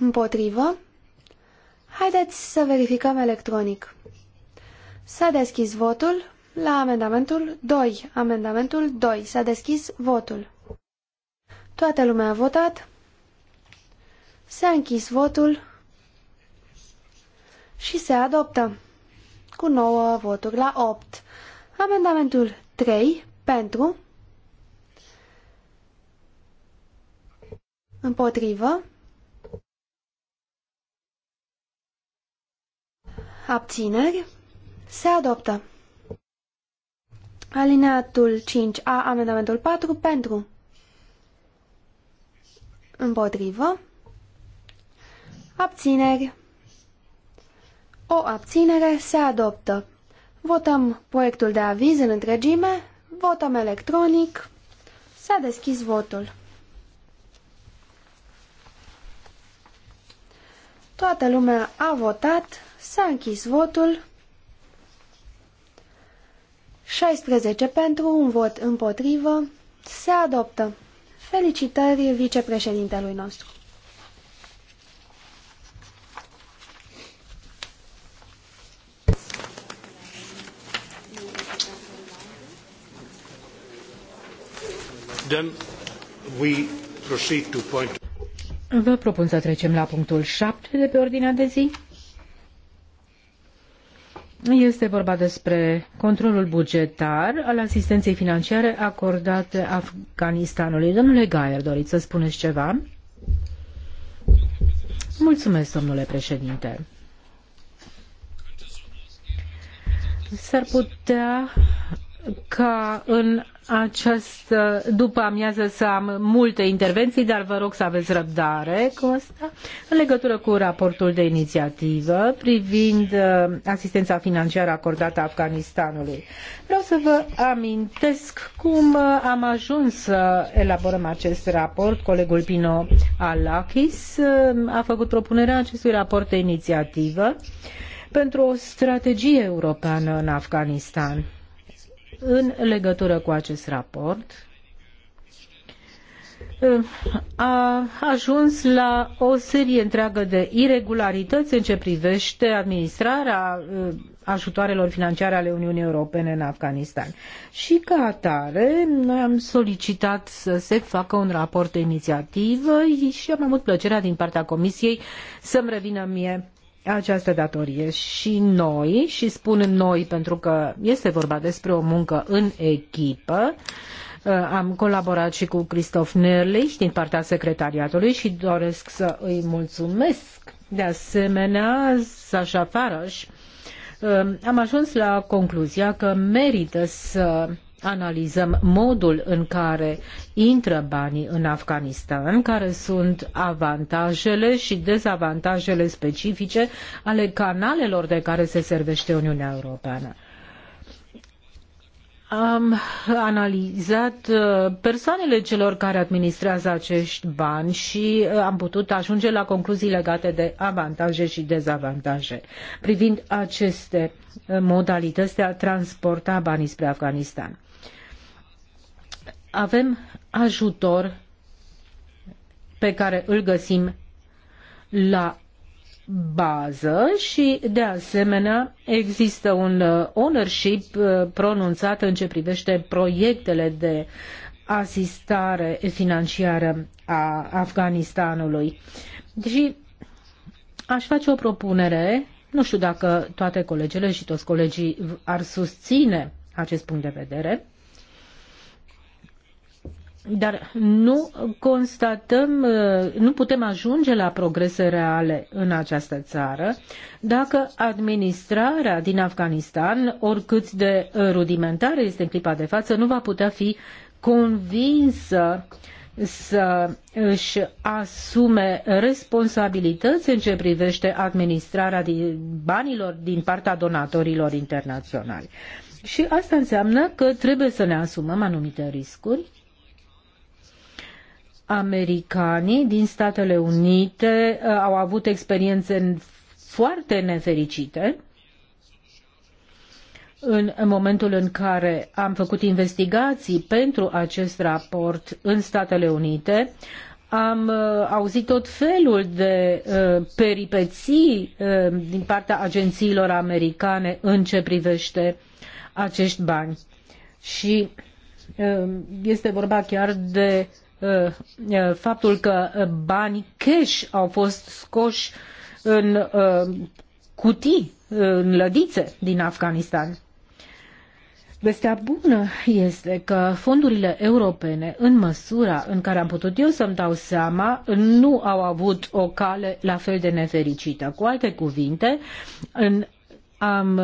Împotrivă. Haideți să verificăm electronic. S-a deschis votul la amendamentul 2. Amendamentul 2. S-a deschis votul. Toată lumea a votat. S-a închis votul și se adoptă cu 9 voturi la 8. Amendamentul 3 pentru împotrivă Abțineri. Se adoptă. Alineatul 5A, amendamentul 4, pentru. Împotrivă. Abțineri. O abținere se adoptă. Votăm proiectul de aviz în întregime, votăm electronic, s-a deschis votul. Toată lumea a votat, S-a închis votul. 16 pentru, un vot împotrivă. Se adoptă. Felicitări vicepreședintelui nostru. Then we proceed to point... Vă propun să trecem la punctul 7 de pe ordinea de zi. Este vorba despre controlul bugetar al asistenței financiare acordate Afganistanului. Domnule Gaier, doriți să spuneți ceva? Mulțumesc, domnule președinte. S-ar putea ca în această după amiază să am multe intervenții, dar vă rog să aveți răbdare cu asta. În legătură cu raportul de inițiativă privind uh, asistența financiară acordată Afganistanului, vreau să vă amintesc cum uh, am ajuns să elaborăm acest raport. Colegul Pino Alakis uh, a făcut propunerea acestui raport de inițiativă pentru o strategie europeană în Afganistan în legătură cu acest raport a ajuns la o serie întreagă de irregularități în ce privește administrarea uh, ajutoarelor financiare ale Uniunii Europene în Afganistan. Și ca atare, noi am solicitat să se facă un raport de inițiativă și am avut plăcerea din partea Comisiei să-mi revină mie această datorie și noi, și spun noi pentru că este vorba despre o muncă în echipă, uh, am colaborat și cu Christoph Nerlich din partea secretariatului și doresc să îi mulțumesc. De asemenea, Sasha Faraș, uh, am ajuns la concluzia că merită să analizăm modul în care intră banii în Afganistan, care sunt avantajele și dezavantajele specifice ale canalelor de care se servește Uniunea Europeană. Am analizat uh, persoanele celor care administrează acești bani și uh, am putut ajunge la concluzii legate de avantaje și dezavantaje privind aceste uh, modalități de a transporta banii spre Afganistan avem ajutor pe care îl găsim la bază și, de asemenea, există un uh, ownership uh, pronunțat în ce privește proiectele de asistare financiară a Afganistanului. Și aș face o propunere, nu știu dacă toate colegele și toți colegii ar susține acest punct de vedere, dar nu constatăm, nu putem ajunge la progrese reale în această țară dacă administrarea din Afganistan, oricât de rudimentară este în clipa de față, nu va putea fi convinsă să își asume responsabilități în ce privește administrarea din banilor din partea donatorilor internaționali. Și asta înseamnă că trebuie să ne asumăm anumite riscuri americanii din Statele Unite uh, au avut experiențe foarte nefericite în momentul în care am făcut investigații pentru acest raport în Statele Unite, am uh, auzit tot felul de uh, peripeții uh, din partea agențiilor americane în ce privește acești bani. Și uh, este vorba chiar de Uh, uh, faptul că uh, bani cash au fost scoși în cutii, în lădițe din Afganistan. Vestea bună este că fondurile europene, în măsura în care am putut eu să-mi dau seama, nu au avut o cale la fel de nefericită. Cu alte cuvinte, în, am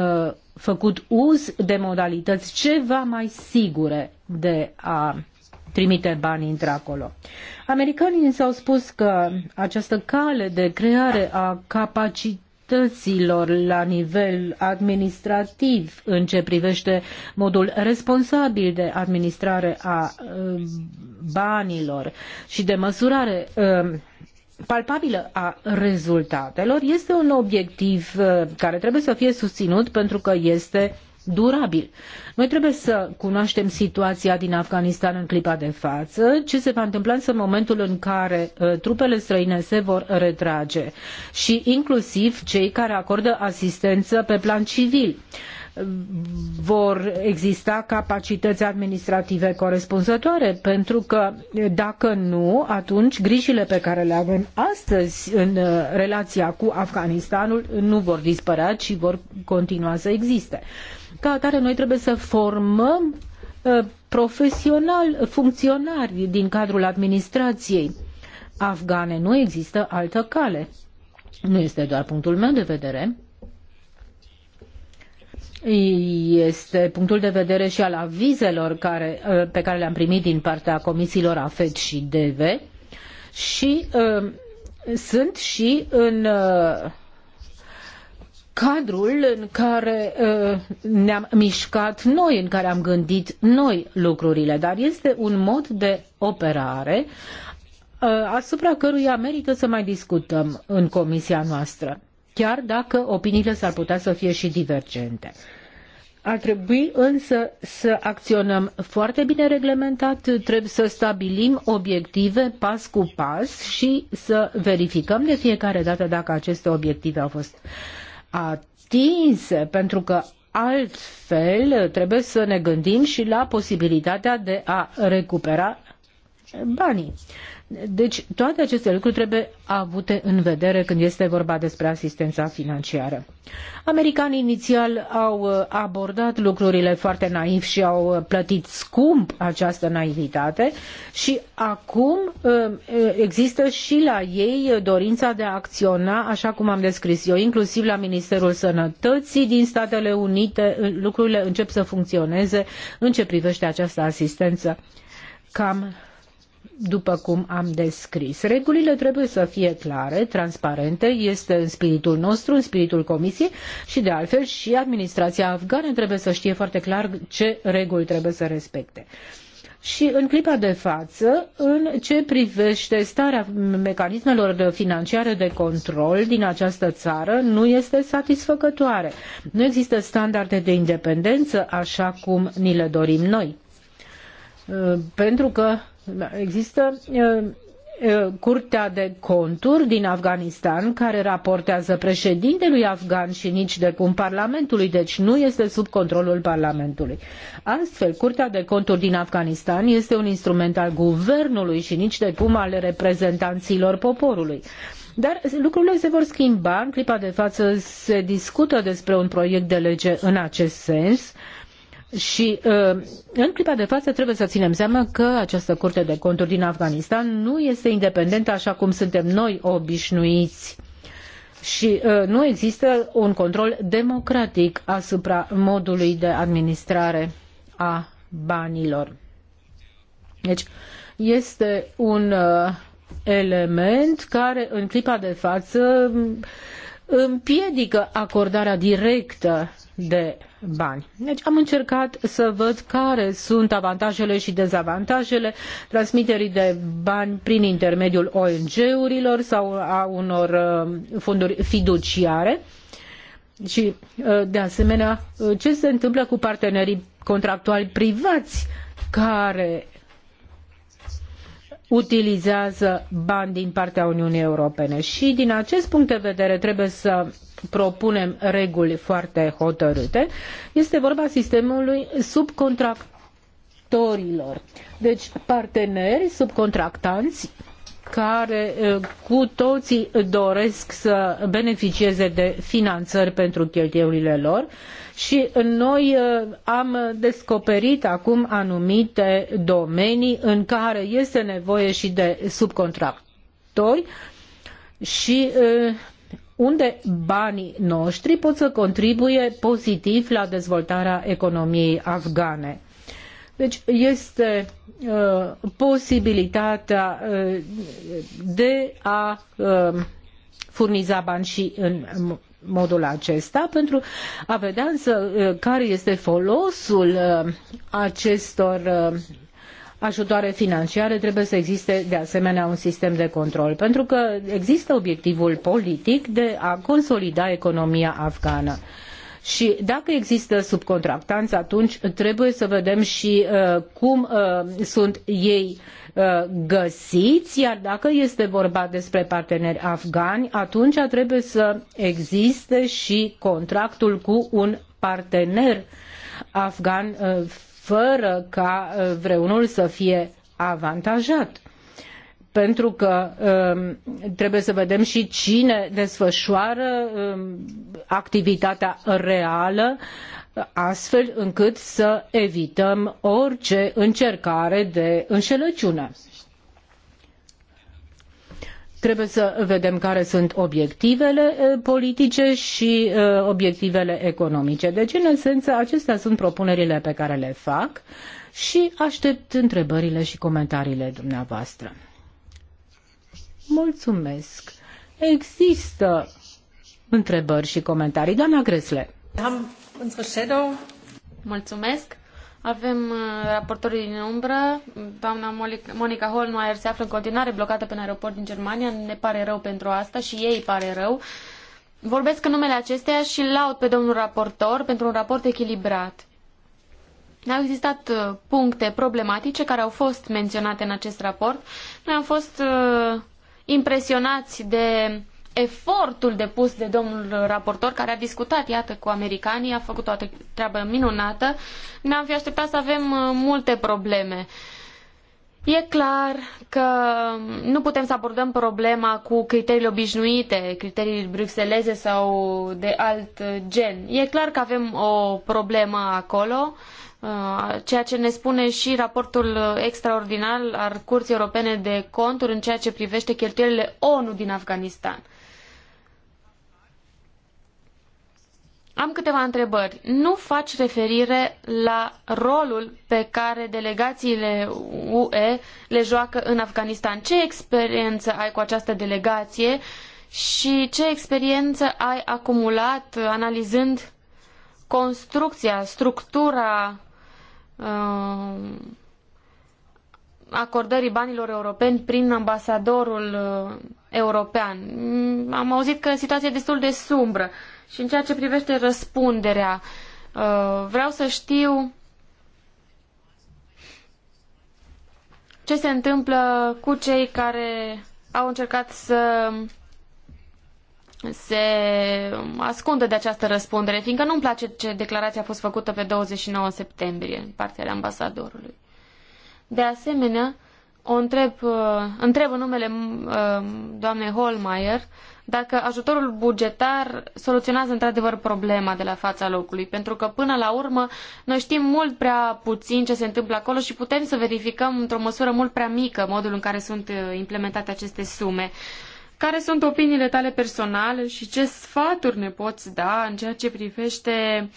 făcut uz de modalități ceva mai sigure de a trimite bani într-acolo. Americanii s-au spus că această cale de creare a capacității la nivel administrativ în ce privește modul responsabil de administrare a uh, banilor și de măsurare uh, palpabilă a rezultatelor este un obiectiv uh, care trebuie să fie susținut pentru că este durabil. Noi trebuie să cunoaștem situația din Afganistan în clipa de față, ce se va întâmpla însă în momentul în care uh, trupele străine se vor retrage și inclusiv cei care acordă asistență pe plan civil vor exista capacități administrative corespunzătoare, pentru că dacă nu, atunci grijile pe care le avem astăzi în uh, relația cu Afganistanul nu vor dispărea, ci vor continua să existe. Ca atare, noi trebuie să formăm uh, profesional funcționari din cadrul administrației afgane. Nu există altă cale. Nu este doar punctul meu de vedere. Este punctul de vedere și al avizelor care, uh, pe care le-am primit din partea comisiilor AFET și DV și uh, sunt și în uh, cadrul în care uh, ne-am mișcat noi, în care am gândit noi lucrurile, dar este un mod de operare uh, asupra căruia merită să mai discutăm în comisia noastră, chiar dacă opiniile s-ar putea să fie și divergente. Ar trebui însă să acționăm foarte bine reglementat, trebuie să stabilim obiective pas cu pas și să verificăm de fiecare dată dacă aceste obiective au fost uh, atinse, pentru că altfel trebuie să ne gândim și la posibilitatea de a recupera banii. Deci toate aceste lucruri trebuie avute în vedere când este vorba despre asistența financiară. Americanii inițial au uh, abordat lucrurile foarte naiv și au uh, plătit scump această naivitate și acum uh, există și la ei dorința de a acționa așa cum am descris eu, inclusiv la Ministerul Sănătății din Statele Unite, lucrurile încep să funcționeze în ce privește această asistență cam după cum am descris. Regulile trebuie să fie clare, transparente, este în spiritul nostru, în spiritul Comisiei și de altfel și administrația afgană trebuie să știe foarte clar ce reguli trebuie să respecte. Și în clipa de față, în ce privește starea mecanismelor financiare de control din această țară, nu este satisfăcătoare. Nu există standarde de independență așa cum ni le dorim noi. Pentru că da, există Curtea de Conturi din Afganistan, care raportează președintelui afgan și nici de cum Parlamentului, deci nu este sub controlul Parlamentului. Astfel, Curtea de Conturi din Afganistan este un instrument al guvernului și nici de cum al reprezentanților poporului. Dar lucrurile se vor schimba. În clipa de față se discută despre un proiect de lege în acest sens. Uh, și uh, în clipa de față trebuie să ținem seama că această Curte de Conturi din Afganistan nu este independentă așa cum suntem noi obișnuiți și uh, nu există un control democratic asupra modului de administrare a banilor. Deci este un uh, element care în clipa de față împiedică acordarea directă de bani. Deci am încercat să văd care sunt avantajele și dezavantajele transmiterii de bani prin intermediul ONG-urilor sau a unor uh, fonduri fiduciare. Și, uh, de asemenea, uh, ce se întâmplă cu partenerii contractuali privați care utilizează bani din partea Uniunii Europene. Și din acest punct de vedere trebuie să propunem reguli foarte hotărâte. Este vorba sistemului subcontractorilor. Deci parteneri, subcontractanți care cu toții doresc să beneficieze de finanțări pentru cheltuielile lor și noi am descoperit acum anumite domenii în care este nevoie și de subcontractori și unde banii noștri pot să contribuie pozitiv la dezvoltarea economiei afgane. Deci este Uh, posibilitatea uh, de a uh, furniza bani și în modul acesta pentru a vedea însă care este folosul acestor ajutoare financiare, trebuie să existe de asemenea un sistem de control, pentru că există obiectivul politic de a consolida economia afgană. Și dacă există subcontractanți, atunci trebuie să vedem și uh, cum uh, sunt ei uh, găsiți, iar dacă este vorba despre parteneri afgani, atunci trebuie să existe și contractul cu un partener afgan uh, fără ca uh, vreunul să fie avantajat pentru că um, trebuie să vedem și cine desfășoară um, activitatea reală astfel încât să evităm orice încercare de înșelăciune. Trebuie să vedem care sunt obiectivele uh, politice și uh, obiectivele economice. Deci, în esență, acestea sunt propunerile pe care le fac și aștept întrebările și comentariile dumneavoastră. Mulțumesc. Există întrebări și comentarii. Doamna Gresle. Am shadow. Mulțumesc. Avem uh, raportorii din umbră. Doamna Monica Holmeier se află în continuare blocată pe un aeroport din Germania. Ne pare rău pentru asta și ei pare rău. Vorbesc în numele acesteia și laud pe domnul raportor pentru un raport echilibrat. Au existat uh, puncte problematice care au fost menționate în acest raport. Noi am fost uh, impresionați de efortul depus de domnul raportor, care a discutat, iată, cu americanii, a făcut o treabă minunată, ne-am fi așteptat să avem uh, multe probleme. Uh, E clar că nu putem să abordăm problema cu criteriile obișnuite, criterii bruxeleze sau de alt gen. E clar că avem o problemă acolo, uh, ceea ce ne spune și raportul extraordinar al Curții Europene de Conturi în ceea ce privește cheltuielile ONU din Afganistan. Am câteva întrebări. Nu faci referire la rolul pe care delegațiile UE le joacă în Afganistan. Ce experiență ai cu această delegație și ce experiență ai acumulat analizând construcția, structura uh, acordării banilor europeni prin ambasadorul uh, european? Mm, am auzit că situația e destul de sumbră. Uh, și în ceea ce privește răspunderea, uh, vreau să știu ce se întâmplă cu cei care au încercat să se ascundă de această răspundere, fiindcă nu-mi place ce declarație a fost făcută pe 29 septembrie în partea ambasadorului. De asemenea, o întreb, uh, întreb în numele uh, doamnei Holmeier dacă ajutorul bugetar soluționează într-adevăr problema de la fața locului, pentru că până la urmă noi știm mult prea puțin ce se întâmplă acolo și putem să verificăm într-o măsură mult prea mică modul în care sunt uh, implementate aceste sume. Care sunt opiniile tale personale și ce sfaturi ne poți da în ceea ce privește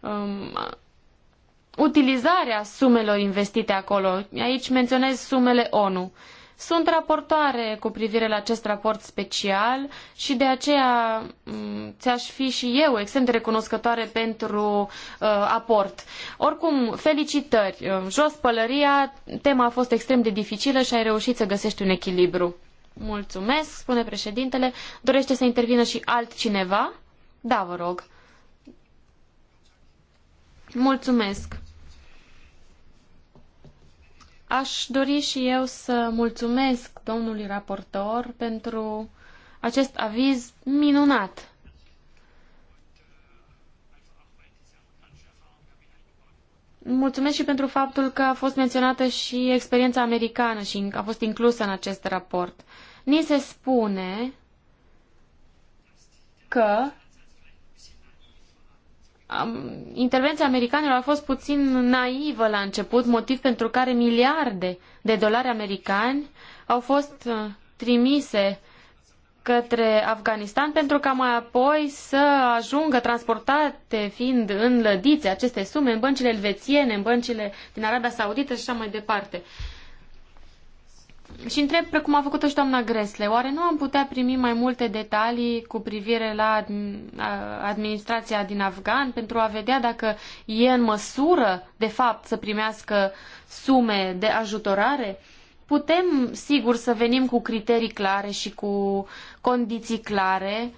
um, utilizarea sumelor investite acolo. Aici menționez sumele ONU. Sunt raportoare cu privire la acest raport special și de aceea mm, ți-aș fi și eu extrem de recunoscătoare pentru uh, aport. Oricum, felicitări. Uh, jos pălăria, tema a fost extrem de dificilă și ai reușit să găsești un echilibru. Mulțumesc, spune președintele. Dorește să intervină și altcineva? Da, vă rog. Mulțumesc. Aș dori și eu să mulțumesc domnului raportor pentru acest aviz minunat. Mulțumesc și pentru faptul că a fost menționată și experiența americană și a fost inclusă în acest raport. Ni se spune că intervenția americanilor a fost puțin naivă la început, motiv pentru care miliarde de dolari americani au fost uh, trimise către Afganistan pentru ca mai apoi să ajungă transportate fiind înlădite aceste sume în băncile elvețiene, în băncile din Arabia Saudită și așa mai departe. Uh, și întreb, precum a făcut-o și doamna Gresle, oare nu am putea primi mai multe detalii cu privire la administrația din Afgan pentru a vedea dacă e în măsură, de fapt, să primească sume de ajutorare? Putem, sigur, să venim cu criterii clare și cu condiții clare uh,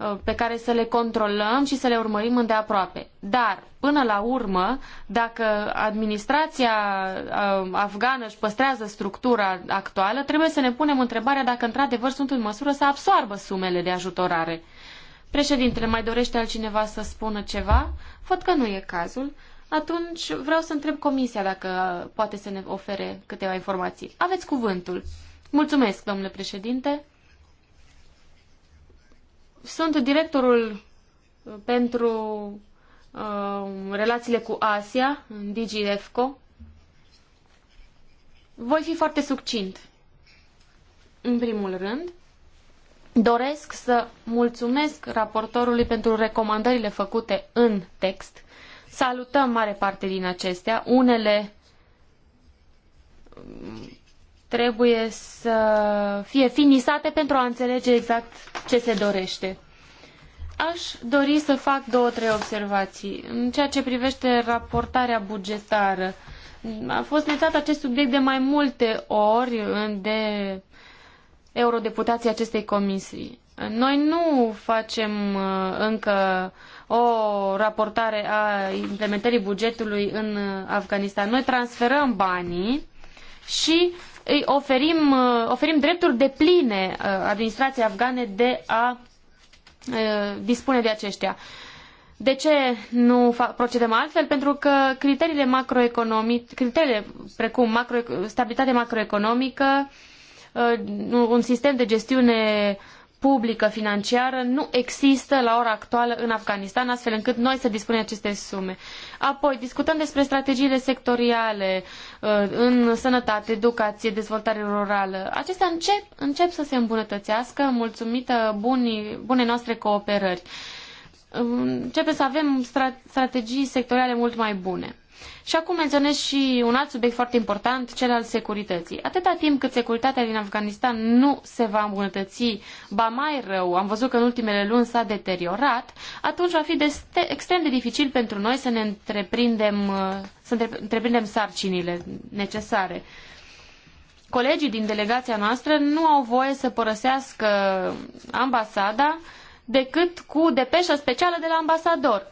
Uh, pe care să le controlăm și să le urmărim îndeaproape. Dar, până la urmă, dacă administrația uh, afgană își păstrează structura actuală, trebuie să ne punem întrebarea dacă într-adevăr sunt în măsură să absoarbă sumele de ajutorare. Președintele, mai dorește altcineva să spună ceva? Văd că nu e cazul. Atunci vreau să întreb comisia dacă poate să ne ofere câteva informații. Aveți cuvântul. Mulțumesc, domnule președinte. Sunt directorul uh, pentru uh, relațiile cu Asia, în DGFCO. Voi fi foarte succint. În primul rând, doresc să mulțumesc raportorului pentru recomandările făcute în text. Salutăm mare parte din acestea, unele trebuie să fie finisate pentru a înțelege exact ce se dorește. Aș dori să fac două, trei observații. În ceea ce privește raportarea bugetară, a fost nețat acest subiect de mai multe ori de eurodeputații acestei comisii. Noi nu facem uh, încă o raportare a implementării bugetului în uh, Afganistan. Noi transferăm banii și îi oferim, uh, oferim drepturi de pline uh, administrației afgane de a uh, dispune de aceștia. De ce nu procedăm altfel? Pentru că criteriile macroeconomice, criteriile precum macro, stabilitate macroeconomică, un sistem de gestiune publică financiară nu există la ora actuală în Afganistan, astfel încât noi să dispunem aceste sume. Apoi, discutăm despre strategiile sectoriale uh, în sănătate, educație, dezvoltare rurală. Acestea încep, încep să se îmbunătățească mulțumită bunii, bune noastre cooperări. Începem să avem strategii sectoriale mult mai bune. Și acum menționez și un alt subiect foarte important, cel al securității. Atâta timp cât securitatea din Afganistan nu se va îmbunătăți, ba mai rău, am văzut că în ultimele luni s-a deteriorat, atunci va fi de extrem de dificil pentru noi să ne întreprindem, uh, să întreprindem sarcinile necesare. Colegii din delegația noastră nu au voie să părăsească ambasada decât cu depeșa specială de la ambasador.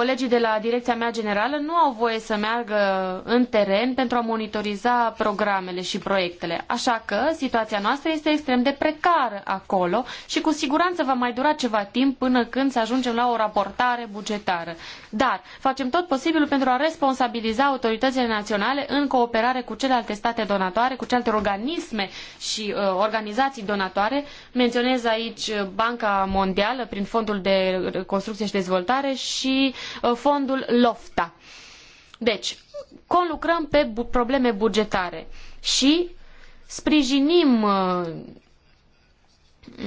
Colegii de la direcția mea generală nu au voie să meargă în teren pentru a monitoriza programele și proiectele. Așa că situația noastră este extrem de precară acolo și cu siguranță va mai dura ceva timp până când să ajungem la o raportare bugetară. Dar facem tot posibilul pentru a responsabiliza autoritățile naționale în cooperare cu celelalte state donatoare, cu celelalte organisme și uh, organizații donatoare. Menționez aici Banca Mondială prin Fondul de Construcție și Dezvoltare și Uh, fondul LOFTA. Deci, conlucrăm pe probleme bugetare și sprijinim uh,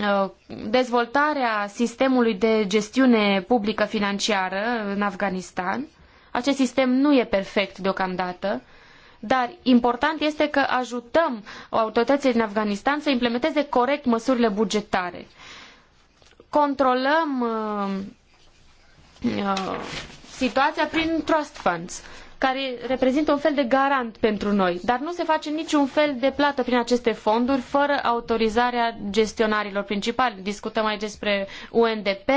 uh, dezvoltarea sistemului de gestiune publică financiară în Afganistan. Acest sistem nu e perfect deocamdată, dar important este că ajutăm autoritățile din Afganistan să implementeze corect măsurile bugetare. Controlăm Uh, situația prin trust funds, care reprezintă un fel de garant pentru noi, dar nu se face niciun fel de plată prin aceste fonduri fără autorizarea gestionarilor principali. Discutăm aici despre UNDP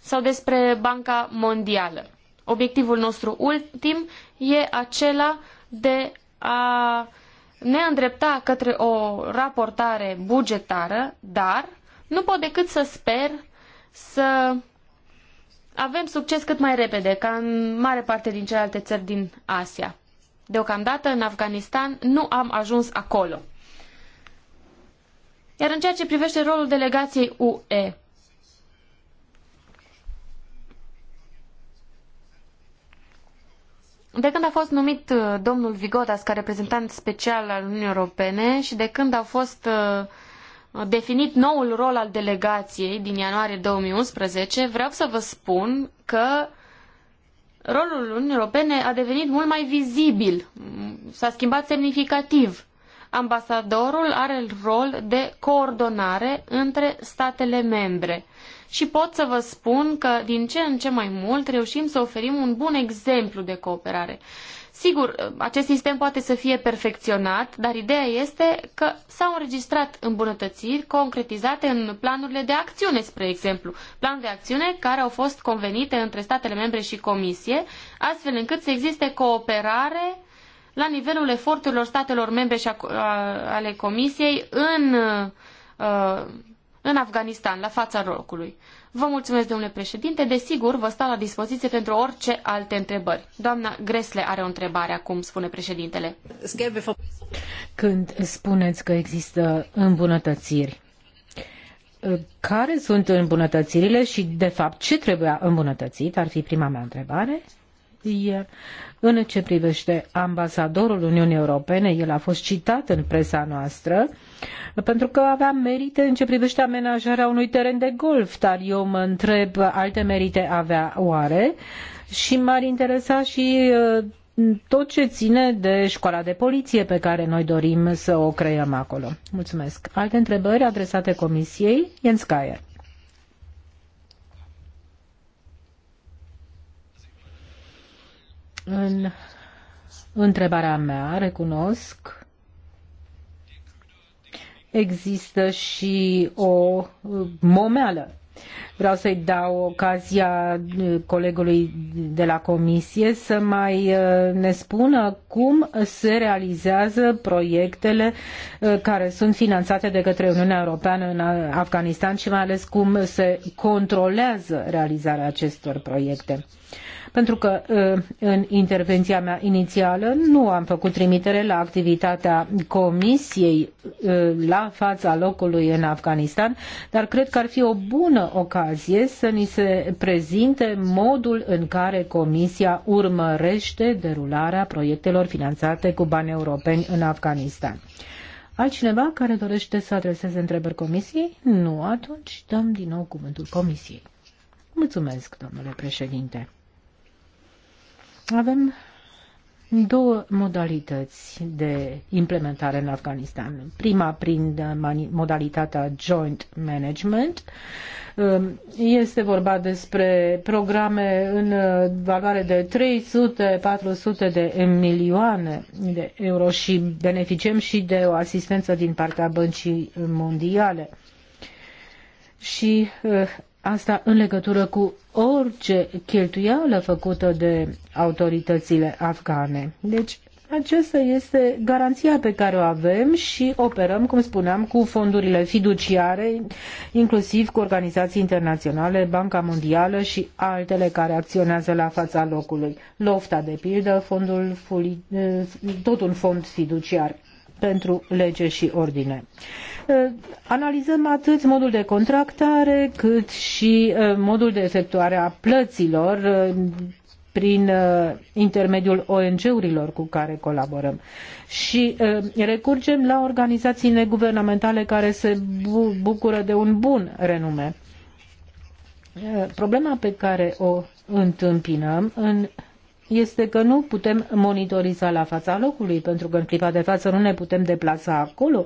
sau despre Banca Mondială. Obiectivul nostru ultim e acela de a ne îndrepta către o raportare bugetară, dar nu pot decât să sper să avem succes cât mai repede, ca în mare parte din celelalte țări din Asia. Deocamdată, în Afganistan, nu am ajuns acolo. Iar în ceea ce privește rolul delegației UE, De când a fost numit uh, domnul Vigodas ca reprezentant special al Uniunii Europene și de când au fost uh, definit noul rol al delegației din ianuarie 2011, vreau să vă spun că rolul Uniunii Europene a devenit mult mai vizibil, s-a schimbat semnificativ. Ambasadorul are rol de coordonare între statele membre și pot să vă spun că din ce în ce mai mult reușim să oferim un bun exemplu de cooperare. Sigur, acest sistem poate să fie perfecționat, dar ideea este că s-au înregistrat îmbunătățiri concretizate în planurile de acțiune, spre exemplu. Planuri de acțiune care au fost convenite între statele membre și comisie, astfel încât să existe cooperare la nivelul eforturilor statelor membre și a, a, ale comisiei în, a, uh, în Afganistan, la fața locului. Vă mulțumesc, domnule președinte. Desigur, vă stau la dispoziție pentru orice alte întrebări. Doamna Gresle are o întrebare acum, spune președintele. Când spuneți că există îmbunătățiri, care sunt îmbunătățirile și, de fapt, ce trebuia îmbunătățit? Ar fi prima mea întrebare. Iar în ce privește ambasadorul Uniunii Europene, el a fost citat în presa noastră pentru că avea merite în ce privește amenajarea unui teren de golf, dar eu mă întreb alte merite avea oare și m-ar interesa și uh, tot ce ține de școala de poliție pe care noi dorim să o creăm acolo. Mulțumesc. Alte întrebări adresate Comisiei? Jens Geier. În întrebarea mea, recunosc, există și o uh, momeală. Vreau să-i dau ocazia uh, colegului de la comisie să mai uh, ne spună cum se realizează proiectele care sunt finanțate de către Uniunea Europeană în Afganistan și mai ales cum se controlează realizarea acestor proiecte pentru că ă, în intervenția mea inițială nu am făcut trimitere la activitatea Comisiei ă, la fața locului în Afganistan, dar cred că ar fi o bună ocazie să ni se prezinte modul în care Comisia urmărește derularea proiectelor finanțate cu bani europeni în Afganistan. Altcineva care dorește să adreseze întrebări comisiei? Nu, atunci dăm din nou cuvântul comisiei. Mulțumesc, domnule președinte. Avem două modalități de implementare în Afganistan. Prima prin modalitatea joint management. Um, este vorba despre programe în uh, valoare de 300-400 de milioane de euro și beneficiem și de o asistență din partea Băncii Mondiale. Și uh, asta în legătură cu orice cheltuială făcută de autoritățile afgane. Deci, aceasta este garanția pe care o avem și operăm, cum spuneam, cu fondurile fiduciare, inclusiv cu organizații internaționale, Banca Mondială și altele care acționează la fața locului. Lofta, de pildă, fondul, eh, tot un fond fiduciar pentru lege și ordine. Uh, analizăm atât modul de contractare, cât și uh, modul de efectuare a plăților uh, prin intermediul ONG-urilor cu care colaborăm. Și recurgem la organizații neguvernamentale care se bucură de un bun renume. Problema pe care o întâmpinăm în este că nu putem monitoriza la fața locului, pentru că în clipa de față nu ne putem deplasa acolo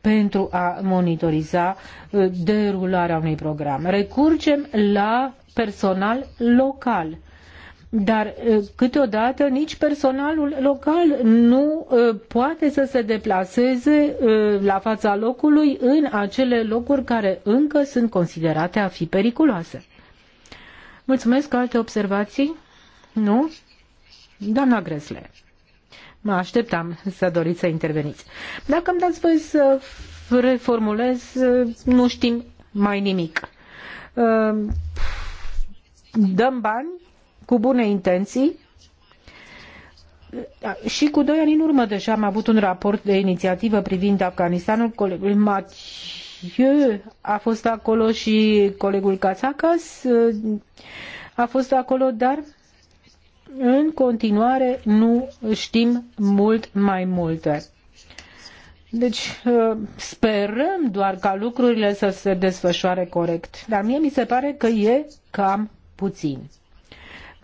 pentru a monitoriza uh, derularea unui program. Recurgem la personal local. Dar uh, câteodată nici personalul local nu uh, poate să se deplaseze la fața locului în acele locuri care încă sunt considerate a fi periculoase. Mulțumesc. Alte observații? Nu? Doamna Gresle, mă așteptam să doriți să interveniți. Dacă îmi dați voi să reformulez, nu știm mai nimic. Uh, dăm bani cu bune intenții, și cu doi ani în urmă deja am avut un raport de inițiativă privind Afganistanul. Colegul Mathieu a fost acolo și colegul Kazakas uh, a fost acolo, dar în continuare nu știm mult mai multe. Deci ă, sperăm doar ca lucrurile să se desfășoare corect. Dar mie mi se pare că e cam puțin.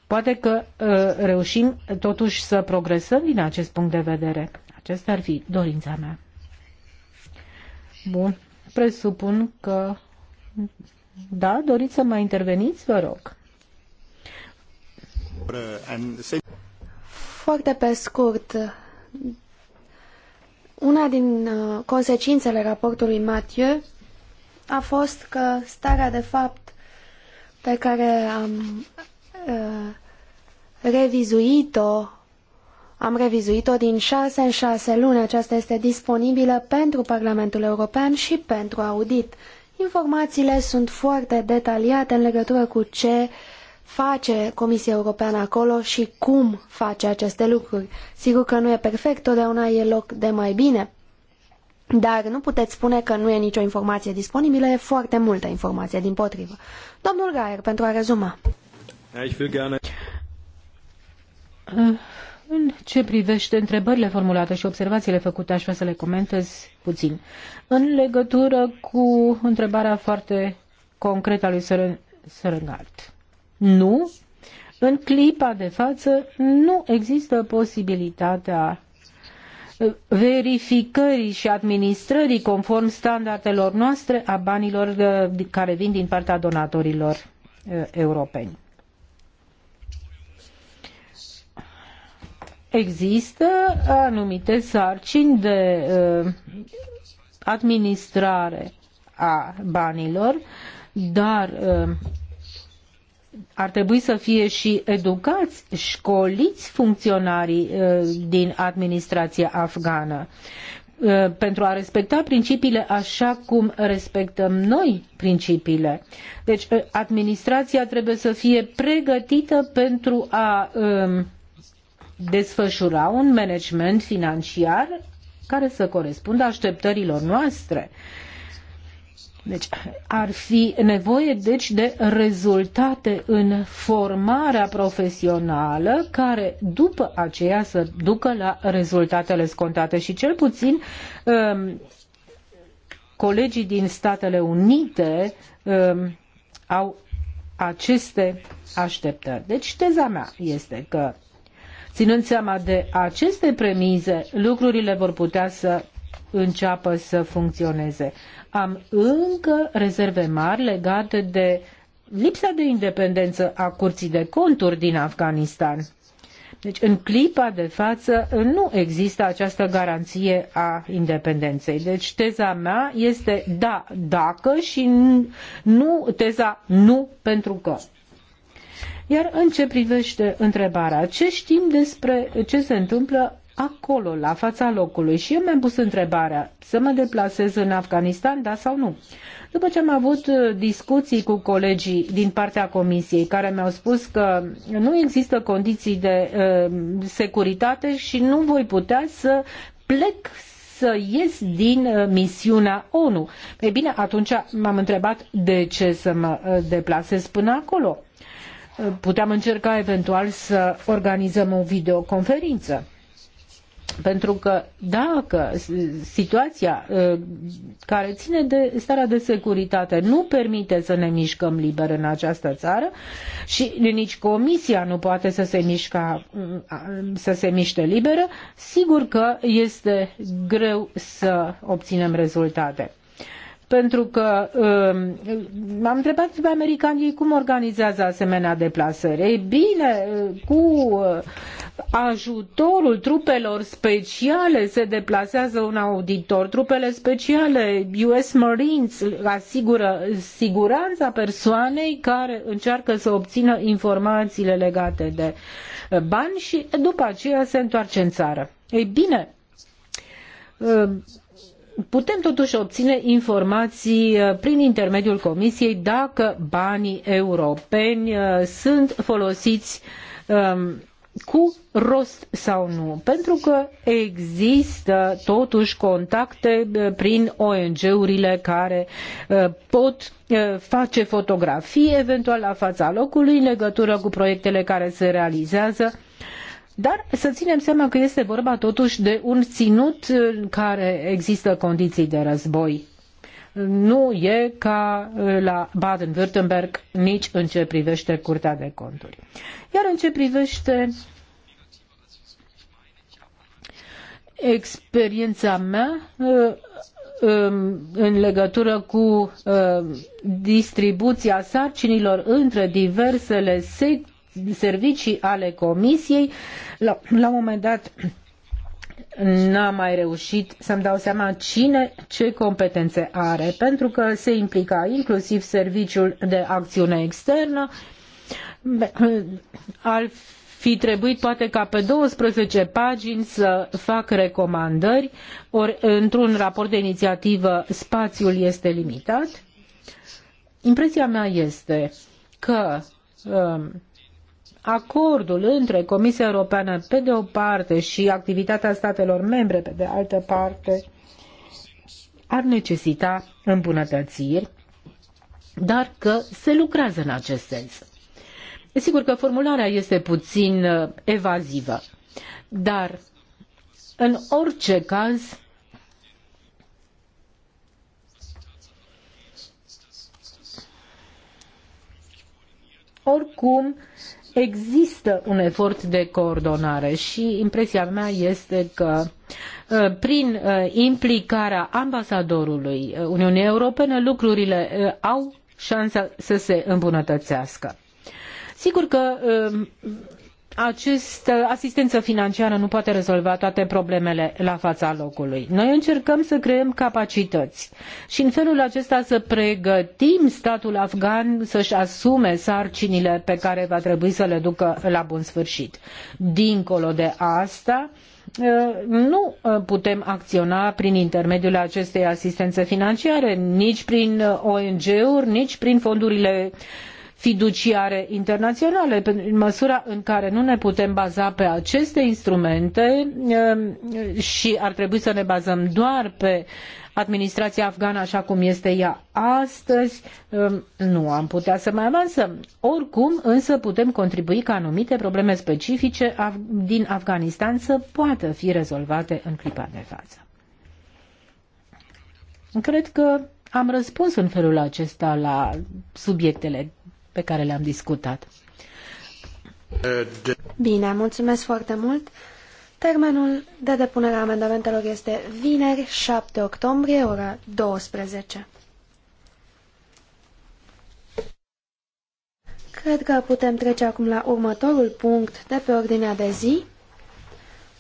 Poate că ă, reușim totuși să progresăm din acest punct de vedere. Aceasta ar fi dorința mea. Bun. Presupun că... Da, doriți să mai interveniți? Vă rog. Foarte pe scurt, una din uh, consecințele raportului Mathieu a fost că starea de fapt pe care am uh, revizuit-o am revizuit-o din șase în șase luni. Aceasta este disponibilă pentru Parlamentul European și pentru audit. Informațiile sunt foarte detaliate în legătură cu ce face Comisia Europeană acolo și cum face aceste lucruri. Sigur că nu e perfect, totdeauna e loc de mai bine, dar nu puteți spune că nu e nicio informație disponibilă, e foarte multă informație, din potrivă. Domnul Gaier, pentru a rezuma. Eh, în ce privește întrebările formulate și observațiile făcute, aș vrea să le comentez puțin. În legătură cu întrebarea foarte concretă a lui Sărângard. Nu. În clipa de față nu există posibilitatea uh, verificării și administrării conform standardelor noastre a banilor uh, care vin din partea donatorilor uh, europeni. Există anumite sarcini de administrare a banilor, dar ar trebui să fie și educați, școliți funcționarii uh, din administrația afgană uh, pentru a respecta principiile așa cum respectăm noi principiile. Deci uh, administrația trebuie să fie pregătită pentru a um, desfășura un management financiar care să corespundă așteptărilor noastre. Uh, deci ar fi nevoie deci de rezultate în formarea profesională care după aceea să ducă la rezultatele scontate și cel puțin um, colegii din Statele Unite um, au aceste așteptări. Deci teza mea este că Ținând seama de aceste premize, lucrurile vor putea să înceapă să funcționeze am încă rezerve mari legate de lipsa de independență a curții de conturi din Afganistan. Deci, în clipa de față, nu există această garanție a independenței. Deci, teza mea este da, dacă și nu, teza nu, pentru că. Iar în ce privește întrebarea, ce știm despre ce se întâmplă acolo, la fața locului. Și eu mi-am pus întrebarea să mă deplasez în Afganistan, da sau nu. După ce am avut uh, discuții cu colegii din partea comisiei care mi-au spus că nu există condiții de uh, securitate și nu voi putea să plec să ies din uh, misiunea ONU. Ei bine, atunci m-am întrebat de ce să mă uh, deplasez până acolo. Uh, puteam încerca eventual să organizăm o videoconferință pentru că dacă situația ă, care ține de starea de securitate nu permite să ne mișcăm liber în această țară și nici comisia nu poate să se, mișca, să se miște liberă, sigur că este greu să obținem rezultate pentru că um, m-am întrebat pe americanii cum organizează asemenea deplasări. Ei bine, uh, cu uh, ajutorul trupelor speciale se deplasează un auditor. Trupele speciale US Marines asigură siguranța persoanei care încearcă să obțină informațiile legate de uh, bani și după aceea se întoarce în țară. Ei bine, putem totuși obține informații uh, prin intermediul Comisiei dacă banii europeni uh, sunt folosiți um, cu rost sau nu, pentru că există totuși contacte uh, prin ONG-urile care pot face fotografii eventual la fața locului în legătură cu proiectele care se realizează dar să ținem seama că este vorba totuși de un ținut în uh, care există condiții de război. Nu e ca uh, la Baden-Württemberg nici în ce privește Curtea de Conturi. Iar în ce privește experiența mea uh, um, în legătură cu distribuția sarcinilor între diversele secte, servicii ale comisiei. La, la un moment dat n-am mai reușit să-mi dau seama cine ce competențe are, pentru că se implica inclusiv serviciul de acțiune externă. Al fi trebuit poate ca pe 12 pagini să fac recomandări, ori într-un raport de inițiativă spațiul este limitat. Impresia mea este că um, acordul între Comisia Europeană pe de o parte și activitatea statelor membre pe de altă parte ar necesita îmbunătățiri, dar că se lucrează în acest sens. Sigur că formularea este puțin uh, evazivă, dar în orice caz oricum există un efort de coordonare și impresia mea este că uh, prin uh, implicarea ambasadorului uh, Uniunii Europene lucrurile au șansa să se îmbunătățească. Sigur că această uh, asistență financiară nu poate rezolva toate problemele la fața locului. Noi încercăm să creăm capacități și în felul acesta să pregătim statul afgan să-și asume sarcinile pe care va trebui să le ducă la bun sfârșit. Dincolo de asta, uh, nu uh, putem acționa prin intermediul acestei asistențe financiare, nici prin ONG-uri, nici prin fondurile fiduciare internaționale. În măsura în care nu ne putem baza pe aceste instrumente ehm, și ar trebui să ne bazăm doar pe administrația afgană așa cum este ea astăzi, ehm, nu am putea să mai avansăm. Oricum, însă putem contribui ca anumite probleme specifice din Afganistan să poată fi rezolvate în clipa de față. Cred că am răspuns în felul acesta la subiectele pe care le-am discutat. Bine, mulțumesc foarte mult. Termenul de depunere a amendamentelor este vineri, 7 octombrie, ora 12. Cred că putem trece acum la următorul punct de pe ordinea de zi.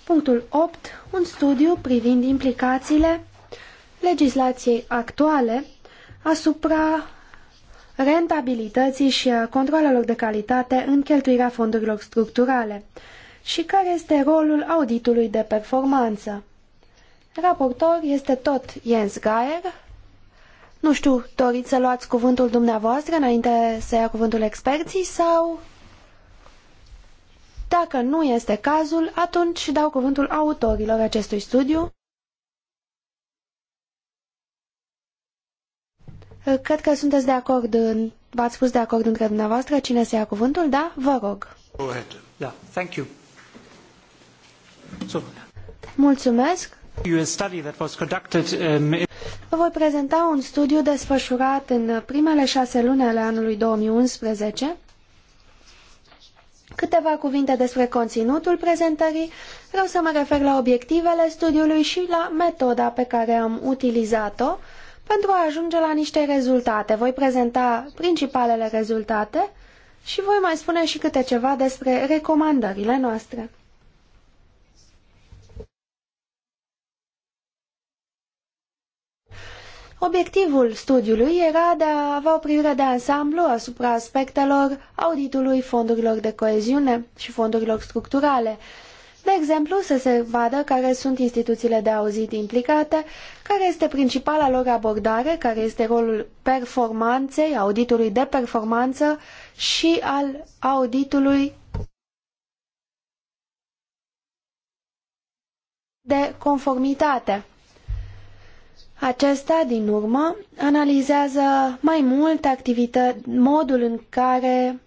Punctul 8. Un studiu privind implicațiile legislației actuale asupra rentabilității și a controlelor de calitate în cheltuirea fondurilor structurale și care este rolul auditului de performanță. Raportor este tot Jens Geier. Nu știu, doriți să luați cuvântul dumneavoastră înainte să ia cuvântul experții sau... Dacă nu este cazul, atunci dau cuvântul autorilor acestui studiu. Cred că sunteți de acord, v-ați spus de acord între dumneavoastră cine să ia cuvântul, da? Vă rog. Da, thank you. So. Mulțumesc. Um, Vă voi prezenta un studiu desfășurat în primele șase luni ale anului 2011. Câteva cuvinte despre conținutul prezentării, vreau să mă refer la obiectivele studiului și la metoda pe care am utilizat-o, pentru a ajunge la niște rezultate. Voi prezenta principalele rezultate și voi mai spune și câte ceva despre recomandările noastre. Obiectivul studiului era de a avea o privire de ansamblu asupra aspectelor auditului fondurilor de coeziune și fondurilor structurale de exemplu, să se vadă care sunt instituțiile de auzit implicate, care este principala lor abordare, care este rolul performanței, auditului de performanță și al auditului de conformitate. Acesta, din urmă, analizează mai mult activită, modul în care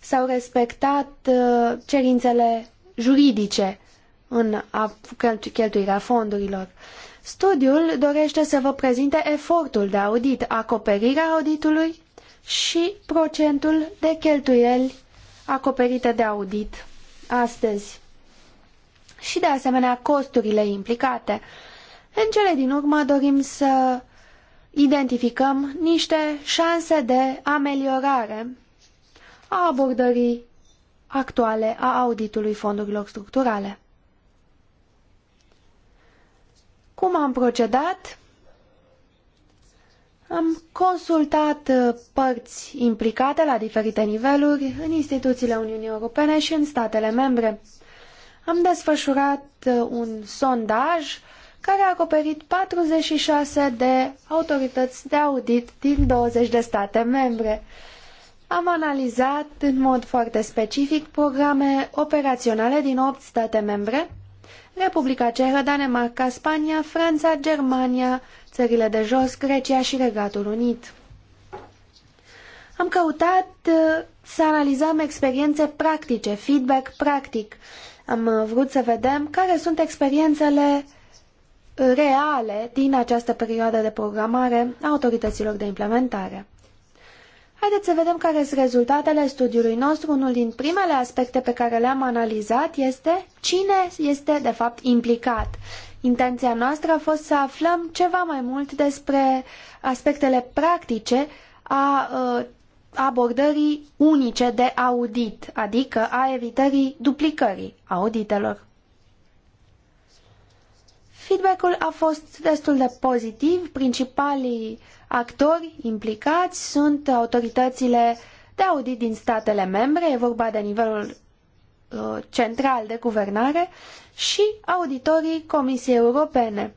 s-au respectat uh, cerințele juridice în cheltuirea fondurilor. Studiul dorește să vă prezinte efortul de audit, acoperirea auditului și procentul de cheltuieli acoperite de audit astăzi și de asemenea costurile implicate. În cele din urmă dorim să identificăm niște șanse de ameliorare a abordării actuale a auditului fondurilor structurale. Cum am procedat? Am consultat uh, părți implicate la diferite niveluri în instituțiile Uniunii Europene și în statele membre. Am desfășurat uh, un sondaj care a acoperit 46 de autorități de audit din 20 de state membre. Am analizat în mod foarte specific programe operaționale din 8 state membre, Republica Cehă, Danemarca, Spania, Franța, Germania, țările de jos, Grecia și Regatul Unit. Am căutat uh, să analizăm experiențe practice, feedback practic. Am uh, vrut să vedem care sunt experiențele uh, reale din această perioadă de programare a autorităților de implementare. Haideți să vedem care sunt rezultatele studiului nostru. Unul din primele aspecte pe care le-am analizat este cine este de fapt implicat. Intenția noastră a fost să aflăm ceva mai mult despre aspectele practice a ă, abordării unice de audit, adică a evitării duplicării auditelor. Feedback-ul a fost destul de pozitiv. Principalii uh, Actori implicați sunt autoritățile de audit din statele membre, e vorba de nivelul uh, central de guvernare și auditorii Comisiei Europene.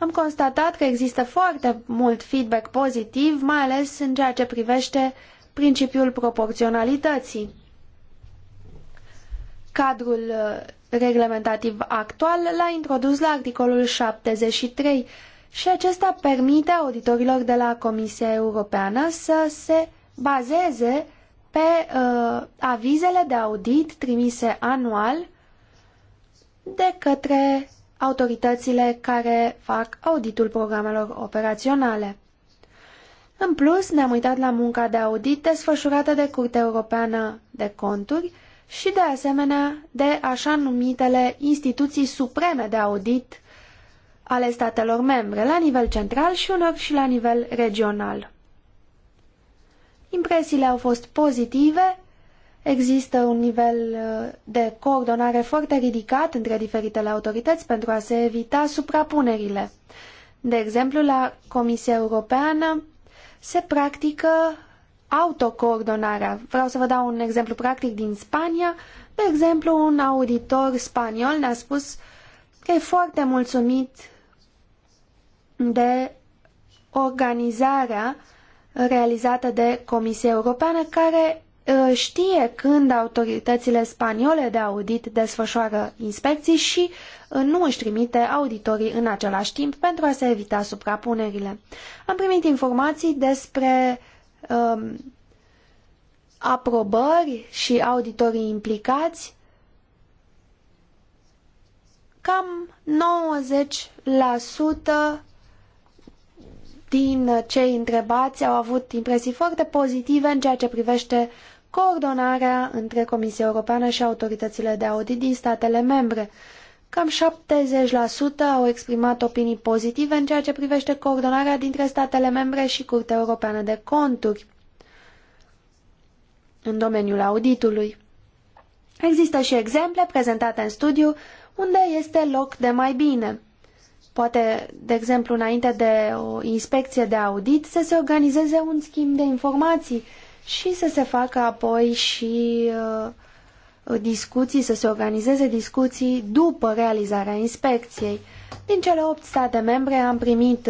Am constatat că există foarte mult feedback pozitiv, mai ales în ceea ce privește principiul proporționalității. Cadrul uh, reglementativ actual l-a introdus la articolul 73 și acesta permite auditorilor de la Comisia Europeană să se bazeze pe uh, avizele de audit trimise anual de către autoritățile care fac auditul programelor operaționale. În plus, ne-am uitat la munca de audit desfășurată de Curtea Europeană de Conturi și, de asemenea, de așa numitele instituții supreme de audit ale statelor membre, la nivel central și unor și la nivel regional. Impresiile au fost pozitive, există un nivel uh, de coordonare foarte ridicat între diferitele autorități pentru a se evita suprapunerile. De exemplu, la Comisia Europeană se practică autocoordonarea. Vreau să vă dau un exemplu practic din Spania. De exemplu, un auditor spaniol ne-a spus că e foarte mulțumit de organizarea realizată de Comisia Europeană, care uh, știe când autoritățile spaniole de audit desfășoară inspecții și uh, nu își trimite auditorii în același timp pentru a se evita suprapunerile. Am primit informații despre um, aprobări și auditorii implicați. Cam 90% din cei întrebați au avut impresii foarte pozitive în ceea ce privește coordonarea între Comisia Europeană și autoritățile de audit din statele membre. Cam 70% au exprimat opinii pozitive în ceea ce privește coordonarea dintre statele membre și Curtea Europeană de Conturi în domeniul auditului. Există și exemple prezentate în studiu unde este loc de mai bine. Poate, de exemplu, înainte de o inspecție de audit, să se organizeze un schimb de informații și să se facă apoi și uh, discuții, să se organizeze discuții după realizarea inspecției. Din cele opt state membre am primit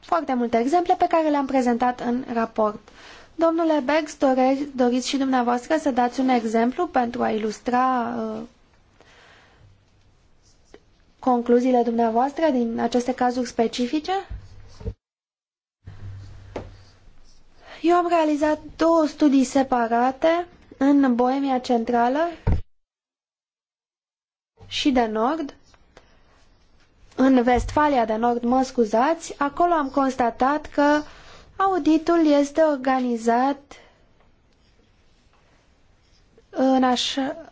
foarte multe exemple pe care le-am prezentat în raport. Domnule Bergs, doriți și dumneavoastră să dați un exemplu pentru a ilustra uh, concluziile dumneavoastră din aceste cazuri specifice? Eu am realizat două studii separate în Boemia Centrală și de Nord, în Vestfalia de Nord, mă scuzați, acolo am constatat că auditul este organizat în așa,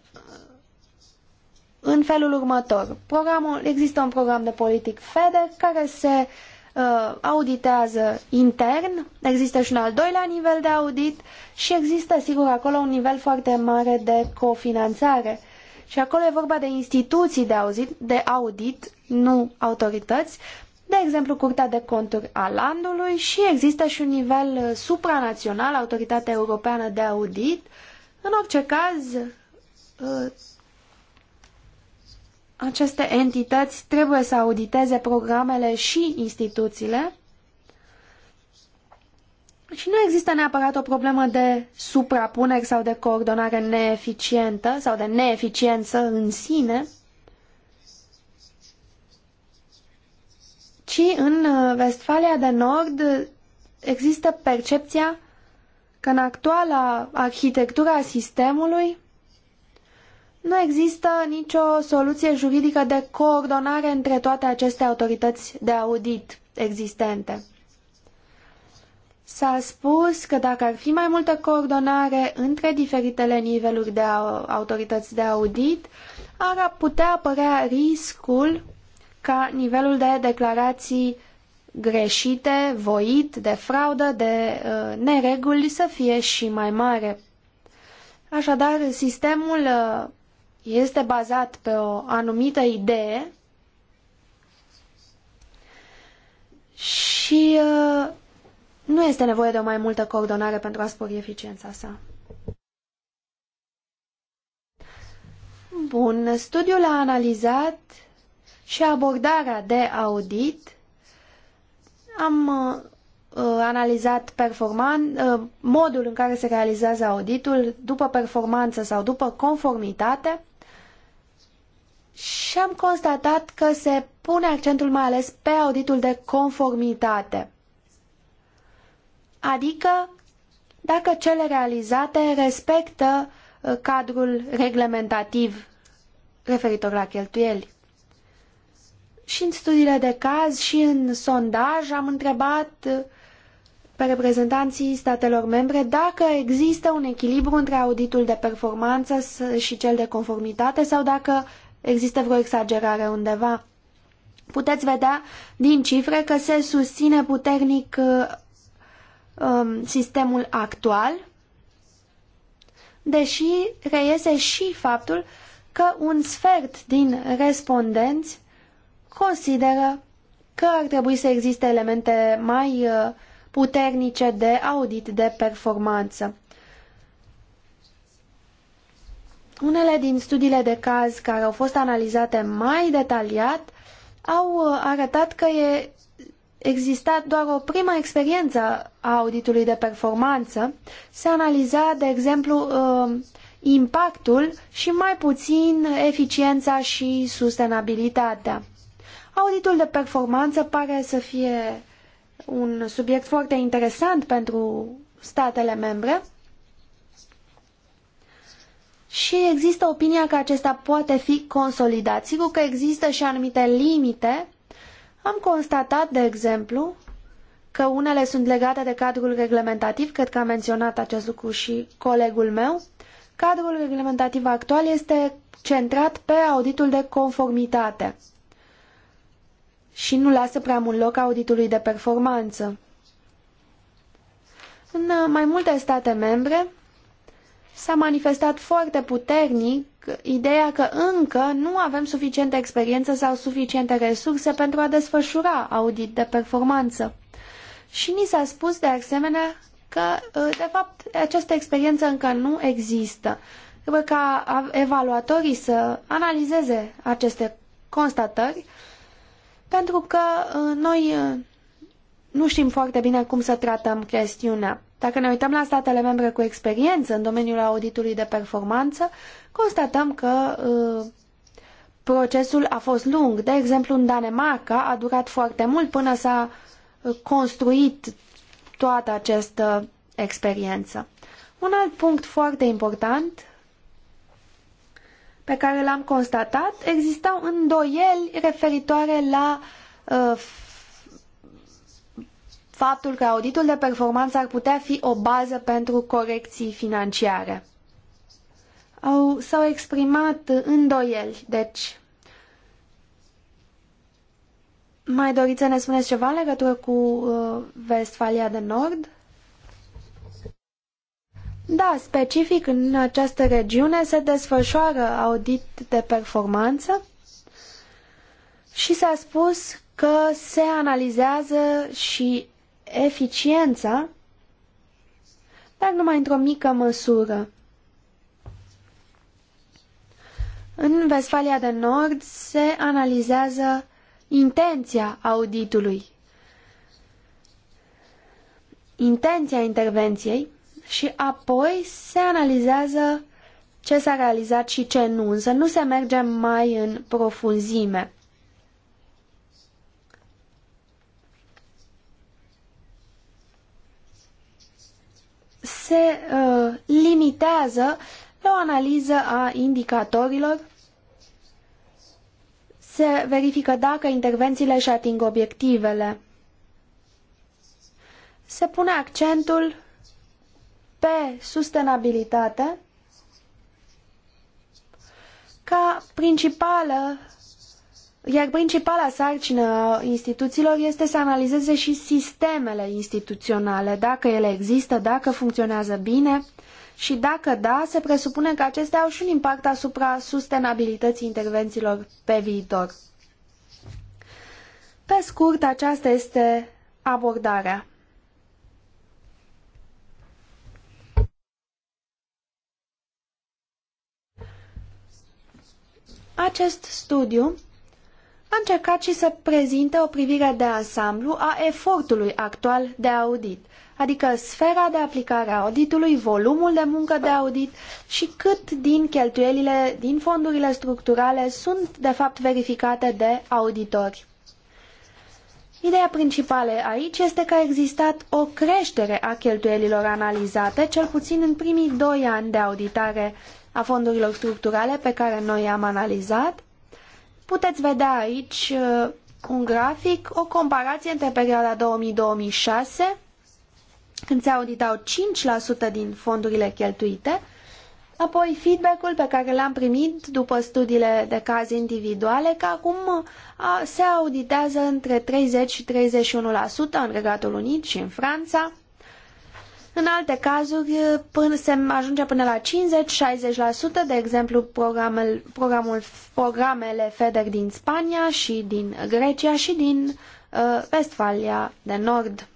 în felul următor. Programul, există un program de politic FEDER care se uh, auditează intern, există și un al doilea nivel de audit și există, sigur, acolo un nivel foarte mare de cofinanțare. Și acolo e vorba de instituții de audit, de audit nu autorități, de exemplu Curtea de Conturi a Landului și există și un nivel uh, supranațional, Autoritatea Europeană de Audit. În orice caz, uh, aceste entități trebuie să auditeze programele și instituțiile și nu există neapărat o problemă de suprapuneri sau de coordonare neeficientă sau de neeficiență în sine, ci în uh, Vestfalia de Nord există percepția că în actuala arhitectura sistemului nu există nicio soluție juridică de coordonare între toate aceste autorități de audit existente. S-a spus că dacă ar fi mai multă coordonare între diferitele niveluri de autorități de audit, ar putea apărea riscul ca nivelul de declarații greșite, voit, de fraudă, de uh, nereguli să fie și mai mare. Așadar, sistemul uh, este bazat pe o anumită idee și uh, nu este nevoie de o mai multă coordonare pentru a spori eficiența sa. Bun, studiul a analizat și abordarea de audit. Am uh, uh analizat performan, uh, modul în care se realizează auditul după performanță sau după conformitate și am constatat că se pune accentul mai ales pe auditul de conformitate. Adică dacă cele realizate respectă uh, cadrul reglementativ referitor la cheltuieli. Și în studiile de caz și în sondaj am întrebat uh, pe reprezentanții statelor membre dacă există un echilibru între auditul de performanță și cel de conformitate sau dacă Există vreo exagerare undeva? Puteți vedea din cifre că se susține puternic uh, um, sistemul actual, deși reiese și faptul că un sfert din respondenți consideră că ar trebui să existe elemente mai uh, puternice de audit de performanță. Unele din studiile de caz care au fost analizate mai detaliat au uh, arătat că e existat doar o prima experiență a auditului de performanță. Se analiza, de exemplu, uh, impactul și mai puțin eficiența și sustenabilitatea. Auditul de performanță pare să fie un subiect foarte interesant pentru statele membre și există opinia că acesta poate fi consolidat. Sigur că există și anumite limite. Am constatat, de exemplu, că unele sunt legate de cadrul reglementativ, cred că a menționat acest lucru și colegul meu. Cadrul reglementativ actual este centrat pe auditul de conformitate și nu lasă prea mult loc auditului de performanță. În mai multe state membre, s-a manifestat foarte puternic ideea că încă nu avem suficientă experiență sau suficiente resurse pentru a desfășura audit de performanță. Și ni s-a spus de asemenea că, uh, de fapt, această experiență încă nu există. Trebuie ca evaluatorii să analizeze aceste constatări, pentru că uh, noi uh, nu știm foarte bine cum să tratăm chestiunea. Dacă ne uităm la statele membre cu experiență în domeniul auditului de performanță, constatăm că uh, procesul a fost lung. De exemplu, în Danemarca a durat foarte mult până s-a uh, construit toată această experiență. Un alt punct foarte important pe care l-am constatat, existau îndoieli referitoare la uh, faptul că auditul de performanță ar putea fi o bază pentru corecții financiare. Au, s-au exprimat îndoieli, deci mai doriți să ne spuneți ceva în legătură cu uh, Vestfalia de Nord? Da, specific în această regiune se desfășoară audit de performanță și s-a spus că se analizează și eficiența, dar numai într-o mică măsură. În Vestfalia de Nord se analizează intenția auditului, intenția intervenției și apoi se analizează ce s-a realizat și ce nu, însă nu se merge mai în profunzime. se uh, limitează la o analiză a indicatorilor, se verifică dacă intervențiile își ating obiectivele. Se pune accentul pe sustenabilitate ca principală iar principala sarcină a instituțiilor este să analizeze și sistemele instituționale, dacă ele există, dacă funcționează bine și dacă da, se presupune că acestea au și un impact asupra sustenabilității intervențiilor pe viitor. Pe scurt, aceasta este abordarea. Acest studiu a încercat și să prezinte o privire de ansamblu a efortului actual de audit, adică sfera de aplicare a auditului, volumul de muncă de audit și cât din cheltuielile din fondurile structurale sunt de fapt verificate de auditori. Ideea principală aici este că a existat o creștere a cheltuielilor analizate, cel puțin în primii doi ani de auditare a fondurilor structurale pe care noi i-am analizat, Puteți vedea aici uh, un grafic, o comparație între perioada 2000-2006, când se auditau 5% din fondurile cheltuite, apoi feedback-ul pe care l-am primit după studiile de caz individuale, că acum uh, se auditează între 30 și 31% în Regatul Unit și în Franța, în alte cazuri până se ajunge până la 50-60%, de exemplu programel, programul, programele FEDER din Spania și din Grecia și din uh, Vestfalia de Nord.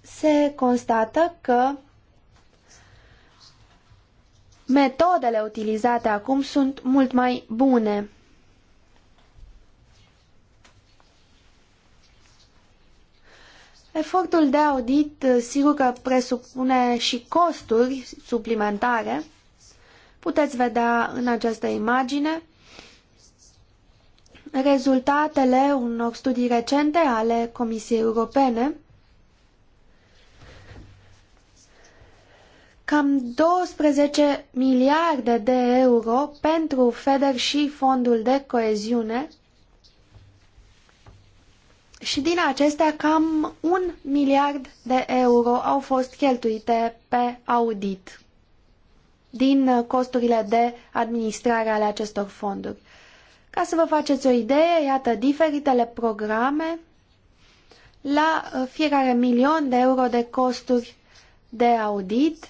Se constată că metodele utilizate acum sunt mult mai bune. Efortul de audit uh, sigur că presupune și costuri suplimentare. Puteți vedea în această imagine rezultatele unor studii recente ale Comisiei Europene. Cam 12 miliarde de euro pentru FEDER și Fondul de Coeziune și din acestea, cam un miliard de euro au fost cheltuite pe audit din costurile de administrare ale acestor fonduri. Ca să vă faceți o idee, iată diferitele programe la fiecare milion de euro de costuri de audit,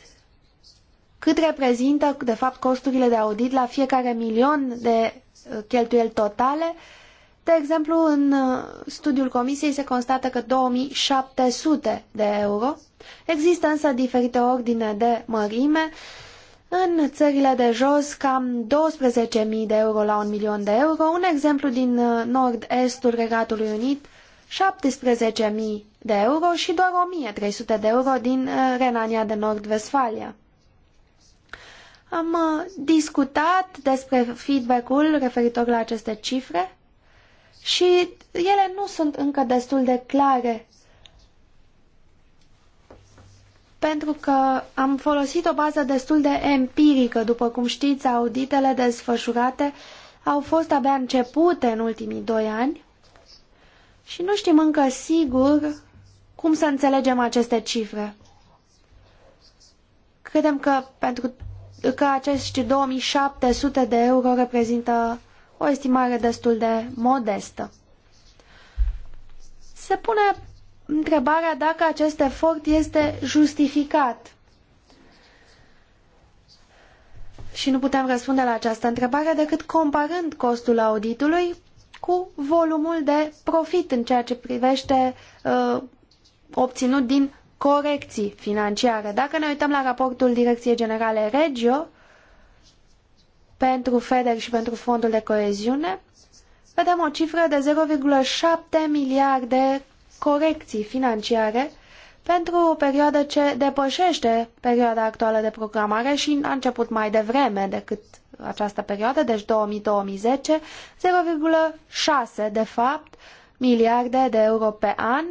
cât reprezintă, de fapt, costurile de audit la fiecare milion de cheltuieli totale, de exemplu, în uh, studiul comisiei se constată că 2700 de euro. Există însă diferite ordine de mărime. În țările de jos, cam 12.000 de euro la un milion de euro. Un exemplu din uh, nord-estul Regatului Unit, 17.000 de euro și doar 1.300 de euro din uh, Renania de Nord-Vestfalia. Am discutat despre feedback-ul referitor la aceste cifre și ele nu sunt încă destul de clare. Pentru că am folosit o bază destul de empirică, după cum știți, auditele desfășurate au fost abia începute în ultimii doi ani și nu știm încă sigur cum să înțelegem aceste cifre. Credem că pentru că acești 2700 de euro reprezintă o estimare destul de modestă. Se pune întrebarea dacă acest efort este justificat. Și nu putem răspunde la această întrebare decât comparând costul auditului cu volumul de profit în ceea ce privește uh, obținut din corecții financiare. Dacă ne uităm la raportul Direcției Generale Regio, pentru FEDER și pentru fondul de coeziune, vedem o cifră de 0,7 miliarde corecții financiare pentru o perioadă ce depășește perioada actuală de programare și a început mai devreme decât această perioadă, deci 2010 0,6 de fapt miliarde de euro pe an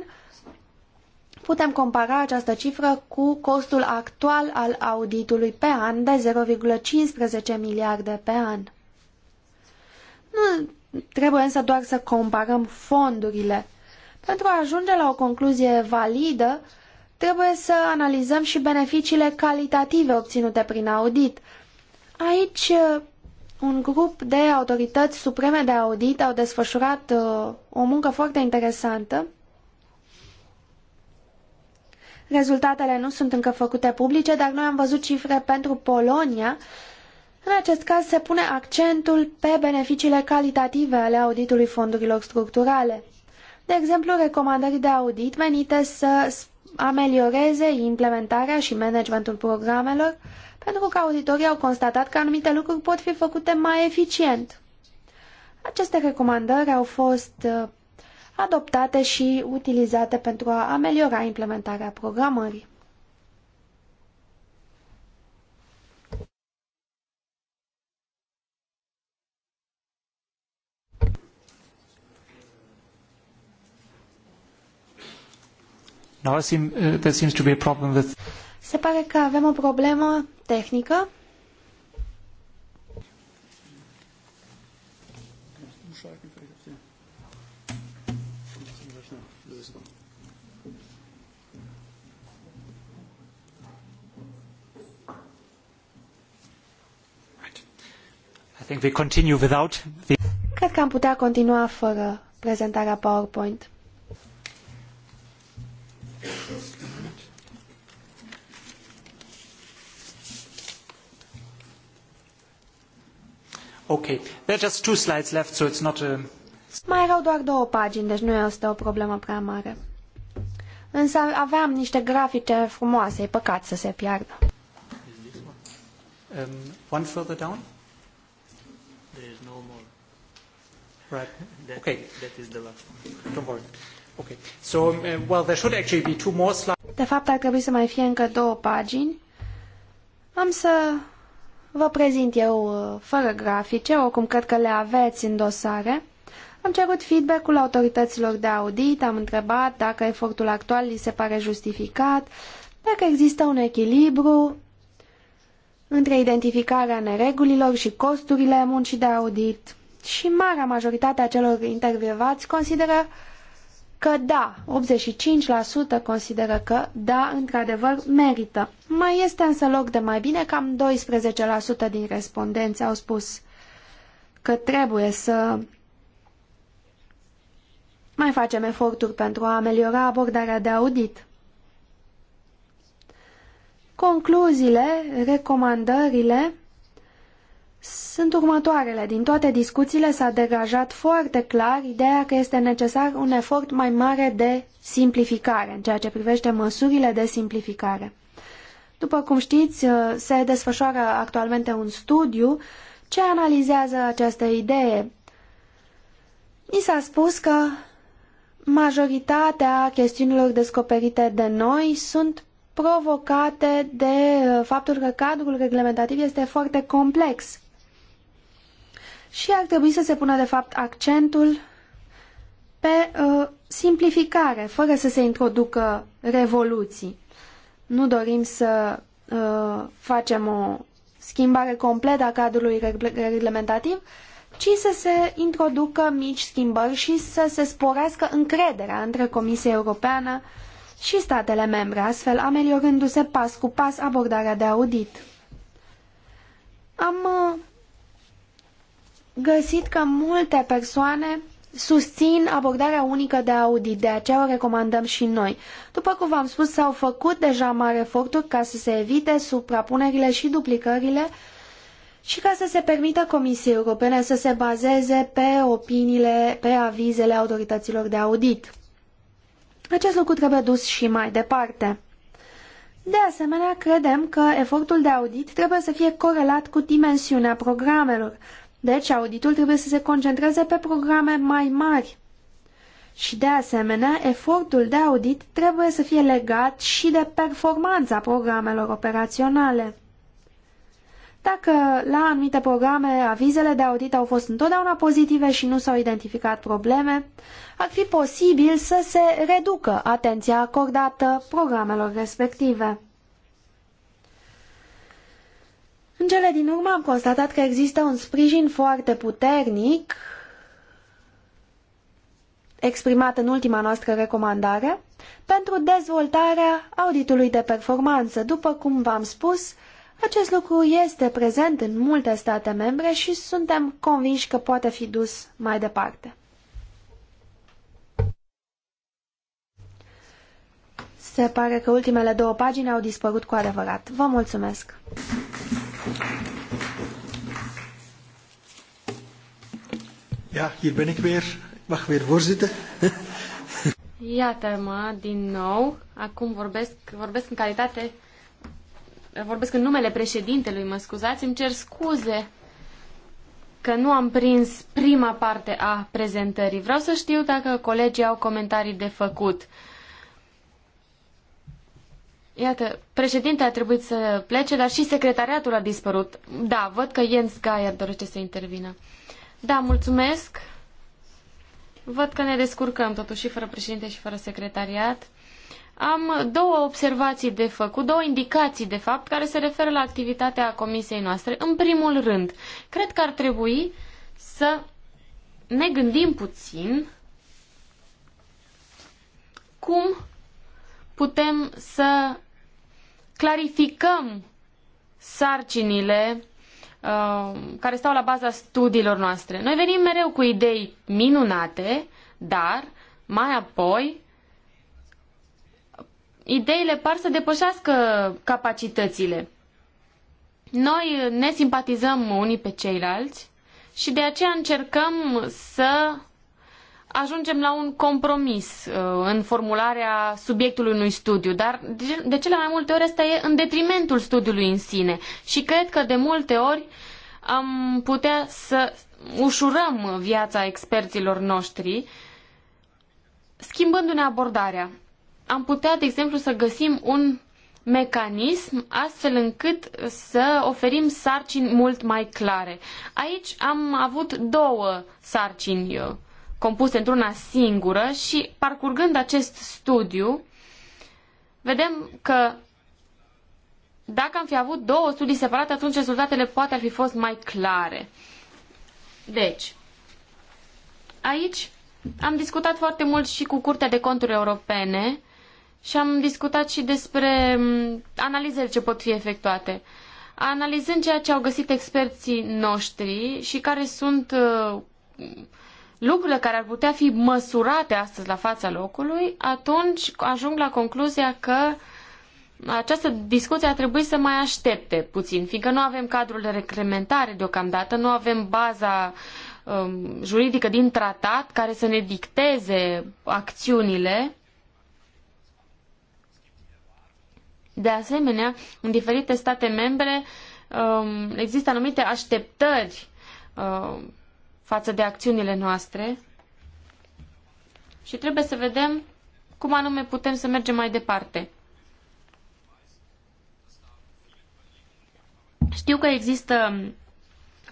putem compara această cifră cu costul actual al auditului pe an de 0,15 miliarde pe an. Nu trebuie însă doar să comparăm fondurile. Pentru a ajunge la o concluzie validă, trebuie să analizăm și beneficiile calitative obținute prin audit. Aici, un grup de autorități supreme de audit au desfășurat uh, o muncă foarte interesantă Rezultatele nu sunt încă făcute publice, dar noi am văzut cifre pentru Polonia. În acest caz se pune accentul pe beneficiile calitative ale auditului fondurilor structurale. De exemplu, recomandări de audit menite să amelioreze implementarea și managementul programelor, pentru că auditorii au constatat că anumite lucruri pot fi făcute mai eficient. Aceste recomandări au fost uh, adoptate și utilizate pentru a ameliora implementarea programării. Uh, Se pare că avem o problemă tehnică Cred că am putea continua fără prezentarea PowerPoint. Okay. There are just two slides left, so it's not a... Mai erau doar două pagini, deci nu este o problemă prea mare. Însă aveam niște grafice frumoase, e păcat să se piardă. Um, one further down. Right. That, okay. That is the last one. Don't worry. Okay. So, um, uh, well, there should actually be two more slides. De fapt, ar trebui să mai fie încă două pagini. Am să vă prezint eu uh, fără grafice, oricum cred că le aveți în dosare. Am cerut feedback-ul autorităților de audit, am întrebat dacă efortul actual li se pare justificat, dacă există un echilibru între identificarea neregulilor și costurile muncii de audit și marea majoritate a celor intervievați consideră că da, 85% consideră că da, într-adevăr, merită. Mai este însă loc de mai bine, cam 12% din respondenți au spus că trebuie să mai facem eforturi pentru a ameliora abordarea de audit. Concluziile, recomandările sunt următoarele. Din toate discuțiile s-a degajat foarte clar ideea că este necesar un efort mai mare de simplificare în ceea ce privește măsurile de simplificare. După cum știți, se desfășoară actualmente un studiu ce analizează această idee. Mi s-a spus că majoritatea chestiunilor descoperite de noi sunt provocate de faptul că cadrul reglementativ este foarte complex și ar trebui să se pună de fapt accentul pe uh, simplificare, fără să se introducă revoluții. Nu dorim să uh, facem o schimbare completă a cadrului reglementativ, ci să se introducă mici schimbări și să se sporească încrederea între Comisia Europeană și statele membre, astfel ameliorându-se pas cu pas abordarea de audit. Am uh, găsit că multe persoane susțin abordarea unică de audit, de aceea o recomandăm și noi. După cum v-am spus, s-au făcut deja mari eforturi ca să se evite suprapunerile și duplicările și ca să se permită Comisiei Europene să se bazeze pe opiniile, pe avizele autorităților de audit. Acest lucru trebuie dus și mai departe. De asemenea, credem că efortul de audit trebuie să fie corelat cu dimensiunea programelor, deci, auditul trebuie să se concentreze pe programe mai mari. Și, de asemenea, efortul de audit trebuie să fie legat și de performanța programelor operaționale. Dacă la anumite programe avizele de audit au fost întotdeauna pozitive și nu s-au identificat probleme, ar fi posibil să se reducă atenția acordată programelor respective. În cele din urmă am constatat că există un sprijin foarte puternic exprimat în ultima noastră recomandare pentru dezvoltarea auditului de performanță. După cum v-am spus, acest lucru este prezent în multe state membre și suntem convinși că poate fi dus mai departe. Se pare că ultimele două pagini au dispărut cu adevărat. Vă mulțumesc! Ja, hier ben ik weer. mag weer voorzitten. Iată-mă din nou. Acum vorbesc, vorbesc în calitate, vorbesc în numele președintelui, mă scuzați, îmi cer scuze că nu am prins prima parte a prezentării. Vreau să știu dacă colegii au comentarii de făcut. Iată, președinte a trebuit să plece, dar și secretariatul a dispărut. Da, văd că Jens Geier dorește să intervină. Da, mulțumesc. Văd că ne descurcăm totuși fără președinte și fără secretariat. Am două observații de făcut, două indicații de fapt, care se referă la activitatea comisiei noastre. În primul rând, cred că ar trebui să ne gândim puțin cum putem să clarificăm sarcinile uh, care stau la baza studiilor noastre. Noi venim mereu cu idei minunate, dar mai apoi ideile par să depășească capacitățile. Noi ne simpatizăm unii pe ceilalți și de aceea încercăm să ajungem la un compromis uh, în formularea subiectului unui studiu, dar de cele mai multe ori asta e în detrimentul studiului în sine și cred că de multe ori am putea să ușurăm viața experților noștri schimbându-ne abordarea. Am putea, de exemplu, să găsim un mecanism astfel încât să oferim sarcini mult mai clare. Aici am avut două sarcini eu uh, compuse într-una singură și parcurgând acest studiu, vedem că dacă am fi avut două studii separate, atunci rezultatele poate ar fi fost mai clare. Deci, aici am discutat foarte mult și cu Curtea de Conturi Europene și am discutat și despre mm, analizele ce pot fi efectuate. Analizând ceea ce au găsit experții noștri și care sunt uh, lucrurile care ar putea fi măsurate astăzi la fața locului, atunci ajung la concluzia că această discuție ar trebui să mai aștepte puțin, fiindcă nu avem cadrul de reglementare deocamdată, nu avem baza um, juridică din tratat care să ne dicteze acțiunile. De asemenea, în diferite state membre um, există anumite așteptări um, față de acțiunile noastre și trebuie să vedem cum anume putem să mergem mai departe. Știu că există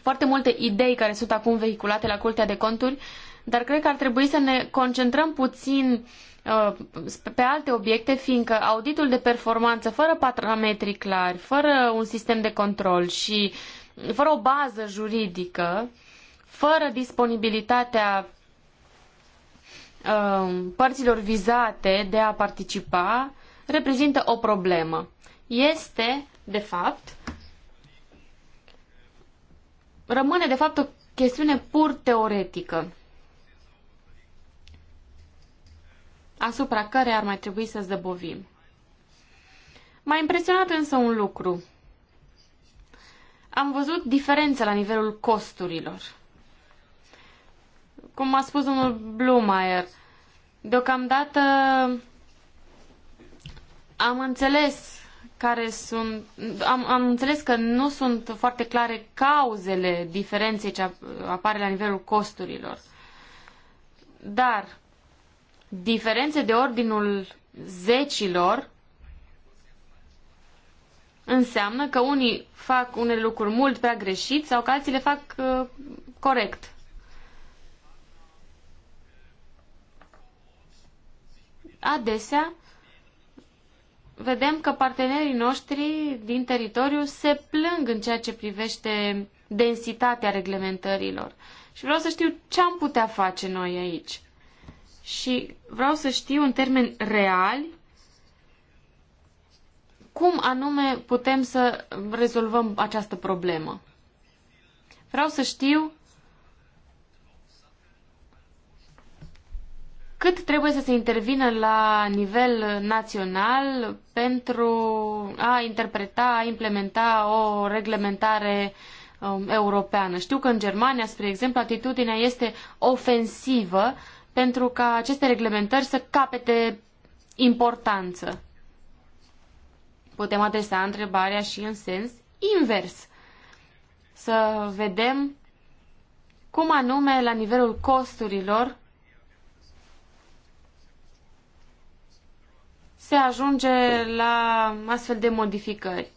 foarte multe idei care sunt acum vehiculate la Curtea de Conturi, dar cred că ar trebui să ne concentrăm puțin uh, pe alte obiecte, fiindcă auditul de performanță fără parametri clari, fără un sistem de control și fără o bază juridică, uh, fără disponibilitatea um, părților vizate de a participa reprezintă o problemă. Este, de fapt, rămâne, de fapt, o chestiune pur teoretică asupra care ar mai trebui să zăbovim. M-a impresionat însă un lucru. Am văzut diferența la nivelul costurilor cum a spus domnul Blumeyer, deocamdată am înțeles care sunt, am, am înțeles că nu sunt foarte clare cauzele diferenței ce apare la nivelul costurilor. Dar diferențe de ordinul zecilor înseamnă că unii fac unele lucruri mult prea greșit sau că alții le fac uh, corect. adesea vedem că partenerii noștri din teritoriu se plâng în ceea ce privește densitatea reglementărilor. Și vreau să știu ce am putea face noi aici. Și vreau să știu în termeni reali cum anume putem să rezolvăm această problemă. Vreau să știu cât trebuie să se intervină la nivel național pentru a interpreta, a implementa o reglementare um, europeană. Știu că în Germania, spre exemplu, atitudinea este ofensivă pentru ca aceste reglementări să capete importanță. Putem adresa întrebarea și în sens invers. Să vedem cum anume, la nivelul costurilor, se ajunge la astfel de modificări.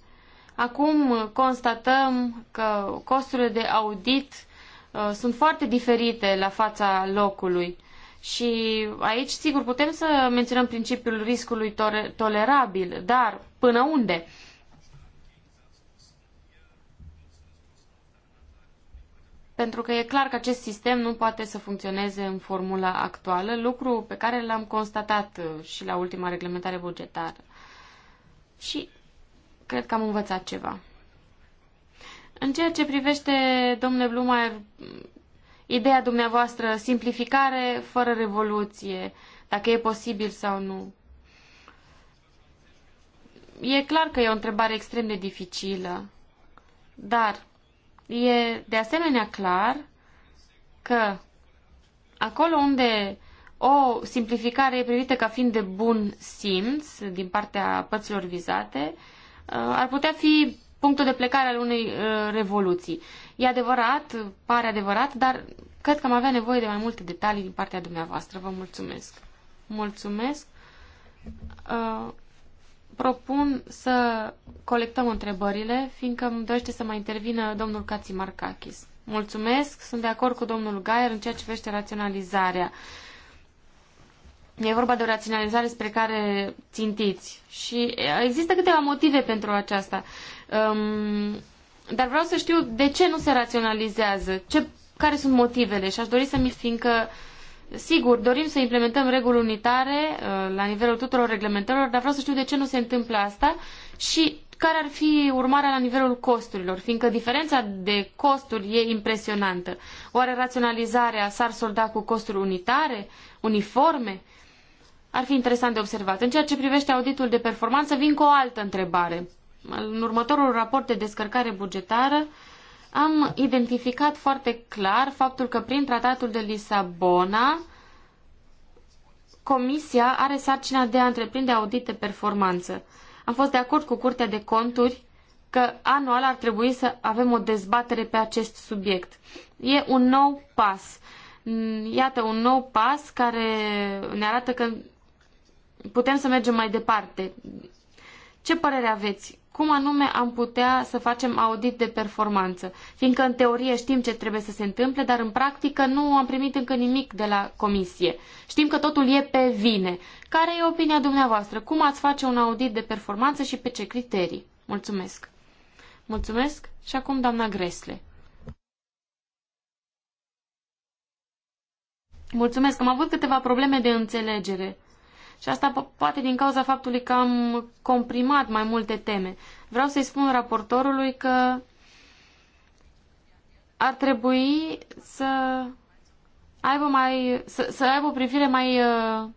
Acum constatăm că costurile de audit uh, sunt foarte diferite la fața locului. Și aici, sigur, putem să menționăm principiul riscului tolerabil, dar până unde? pentru că e clar că acest sistem nu poate să funcționeze în formula actuală, lucru pe care l-am constatat uh, și la ultima reglementare bugetară. Și cred că am învățat ceva. În ceea ce privește, domnule Blumar, ideea dumneavoastră, simplificare fără revoluție, dacă e posibil sau nu. E clar că e o întrebare extrem de dificilă, dar E de asemenea clar că acolo unde o simplificare e privită ca fiind de bun simț din partea părților vizate, uh, ar putea fi punctul de plecare al unei uh, revoluții. E adevărat, pare adevărat, dar cred că am avea nevoie de mai multe detalii din partea dumneavoastră. Vă mulțumesc. Mulțumesc. Uh, propun să colectăm întrebările, fiindcă îmi dorește să mai intervină domnul Kacimarkakis. Mulțumesc, sunt de acord cu domnul Gaier în ceea ce vește raționalizarea. E vorba de o raționalizare spre care țintiți. Și există câteva motive pentru aceasta. Um, dar vreau să știu de ce nu se raționalizează, ce, care sunt motivele și aș dori să mi fiindcă Sigur, dorim să implementăm reguli unitare uh, la nivelul tuturor reglementărilor, dar vreau să știu de ce nu se întâmplă asta și care ar fi urmarea la nivelul costurilor, fiindcă diferența de costuri e impresionantă. Oare raționalizarea s-ar solda cu costuri unitare, uniforme? Ar fi interesant de observat. În ceea ce privește auditul de performanță, vin cu o altă întrebare. În următorul raport de descărcare bugetară, am identificat foarte clar faptul că prin tratatul de Lisabona Comisia are sarcina de a întreprinde audit de performanță. Am fost de acord cu Curtea de Conturi că anual ar trebui să avem o dezbatere pe acest subiect. E un nou pas. Iată, un nou pas care ne arată că putem să mergem mai departe. Ce părere aveți? cum anume am putea să facem audit de performanță, fiindcă în teorie știm ce trebuie să se întâmple, dar în practică nu am primit încă nimic de la comisie. Știm că totul e pe vine. Care e opinia dumneavoastră? Cum ați face un audit de performanță și pe ce criterii? Mulțumesc! Mulțumesc și acum doamna Gresle. Mulțumesc, am avut câteva probleme de înțelegere. Și asta po poate din cauza faptului că am comprimat mai multe teme. Vreau să-i spun raportorului că ar trebui să aibă, mai, să, să aibă o privire mai uh,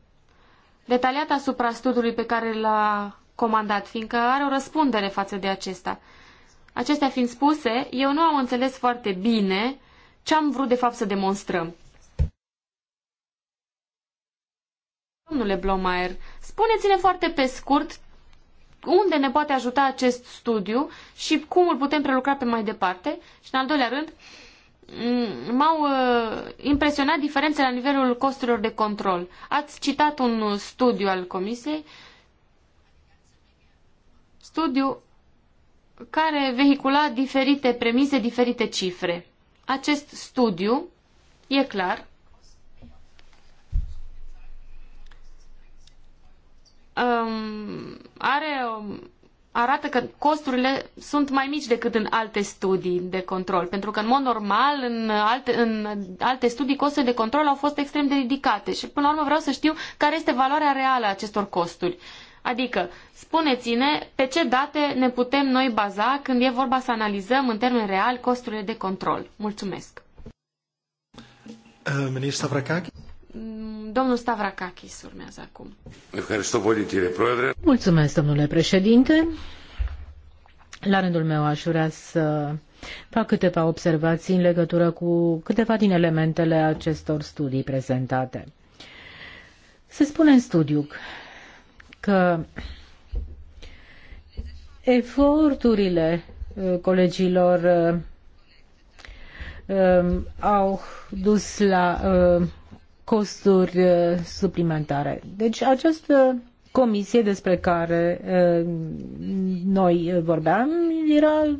detaliată asupra studiului pe care l-a comandat, fiindcă are o răspundere față de acesta. Acestea fiind spuse, eu nu am înțeles foarte bine ce am vrut de fapt să demonstrăm. Domnule Blomaer, spuneți-ne foarte pe scurt unde ne poate ajuta acest studiu și cum îl putem prelucra pe mai departe. Și în al doilea rând, m-au uh, impresionat diferențele la nivelul costurilor de control. Ați citat un studiu al Comisiei, studiu care vehicula diferite premise, diferite cifre. Acest studiu, e clar, um, are, um, arată că costurile sunt mai mici decât în alte studii de control, pentru că în mod normal în alte, în alte studii costurile de control au fost extrem de ridicate și până la urmă vreau să știu care este valoarea reală a acestor costuri. Adică, spuneți-ne pe ce date ne putem noi baza când e vorba să analizăm în termen real costurile de control. Mulțumesc. Uh, eh, Ministru Domnul Stavrakakis urmează acum. Mulțumesc, domnule președinte. La rândul meu aș vrea să fac câteva observații în legătură cu câteva din elementele acestor studii prezentate. Se spune în studiu că eforturile uh, colegilor uh, um, au dus la uh, costuri uh, suplimentare. Deci această comisie despre care uh, noi vorbeam era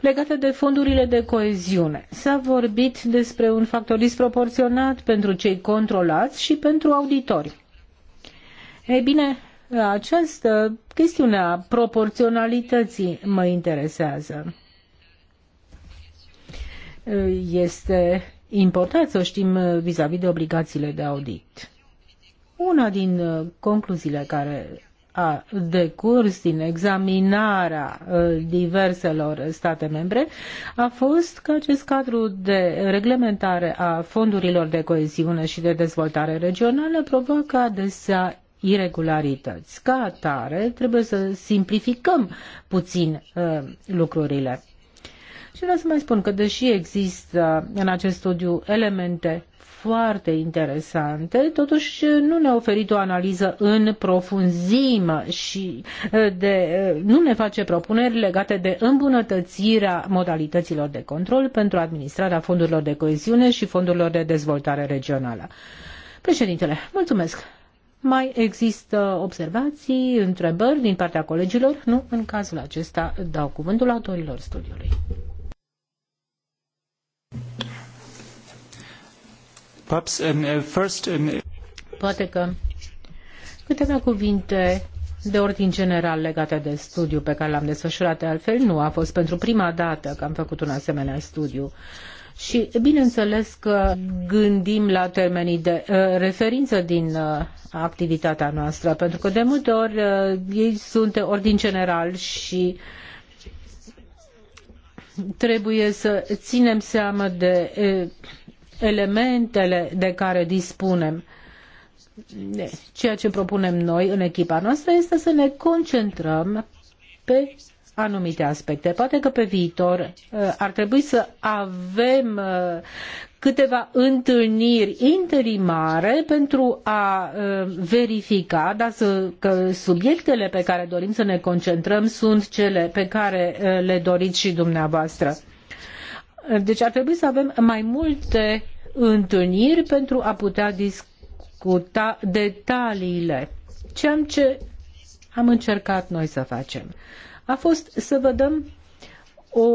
legată de fondurile de coeziune. S-a vorbit despre un factor disproporționat pentru cei controlați și pentru auditori. Ei bine, această chestiune a proporționalității mă interesează. Este important să știm uh, vis-a-vis -vis de obligațiile de audit. Una din uh, concluziile care a decurs din examinarea uh, diverselor state membre a fost că acest cadru de reglementare a fondurilor de coeziune și de dezvoltare regională provoacă adesea irregularități. Ca atare, trebuie să simplificăm puțin lucrurile. Și vreau să mai spun că deși există în acest studiu elemente foarte interesante, totuși nu ne-a oferit o analiză în profunzime și eh, de, eh, nu ne face propuneri legate de îmbunătățirea modalităților de control pentru administrarea fondurilor de coeziune și fondurilor de dezvoltare regională. Președintele, mulțumesc! Mai există observații, întrebări din partea colegilor? Nu, în cazul acesta dau cuvântul autorilor studiului. Perhaps, um, uh, first, um... Poate că câteva cuvinte de ordin general legate de studiu pe care l-am desfășurat de altfel. Nu a fost pentru prima dată că am făcut un asemenea studiu. Și bineînțeles că gândim la termenii de uh, referință din uh, activitatea noastră, pentru că de multe ori uh, ei sunt de ordin general și uh, trebuie să ținem seama de elementele de care dispunem. Ceea ce propunem noi în echipa noastră este să ne concentrăm pe anumite aspecte. Poate că pe viitor ar trebui să avem câteva întâlniri interimare pentru a verifica dacă subiectele pe care dorim să ne concentrăm sunt cele pe care le doriți și dumneavoastră. Deci ar trebui să avem mai multe întâlniri pentru a putea discuta detaliile. Ceea ce am încercat noi să facem a fost să vă dăm o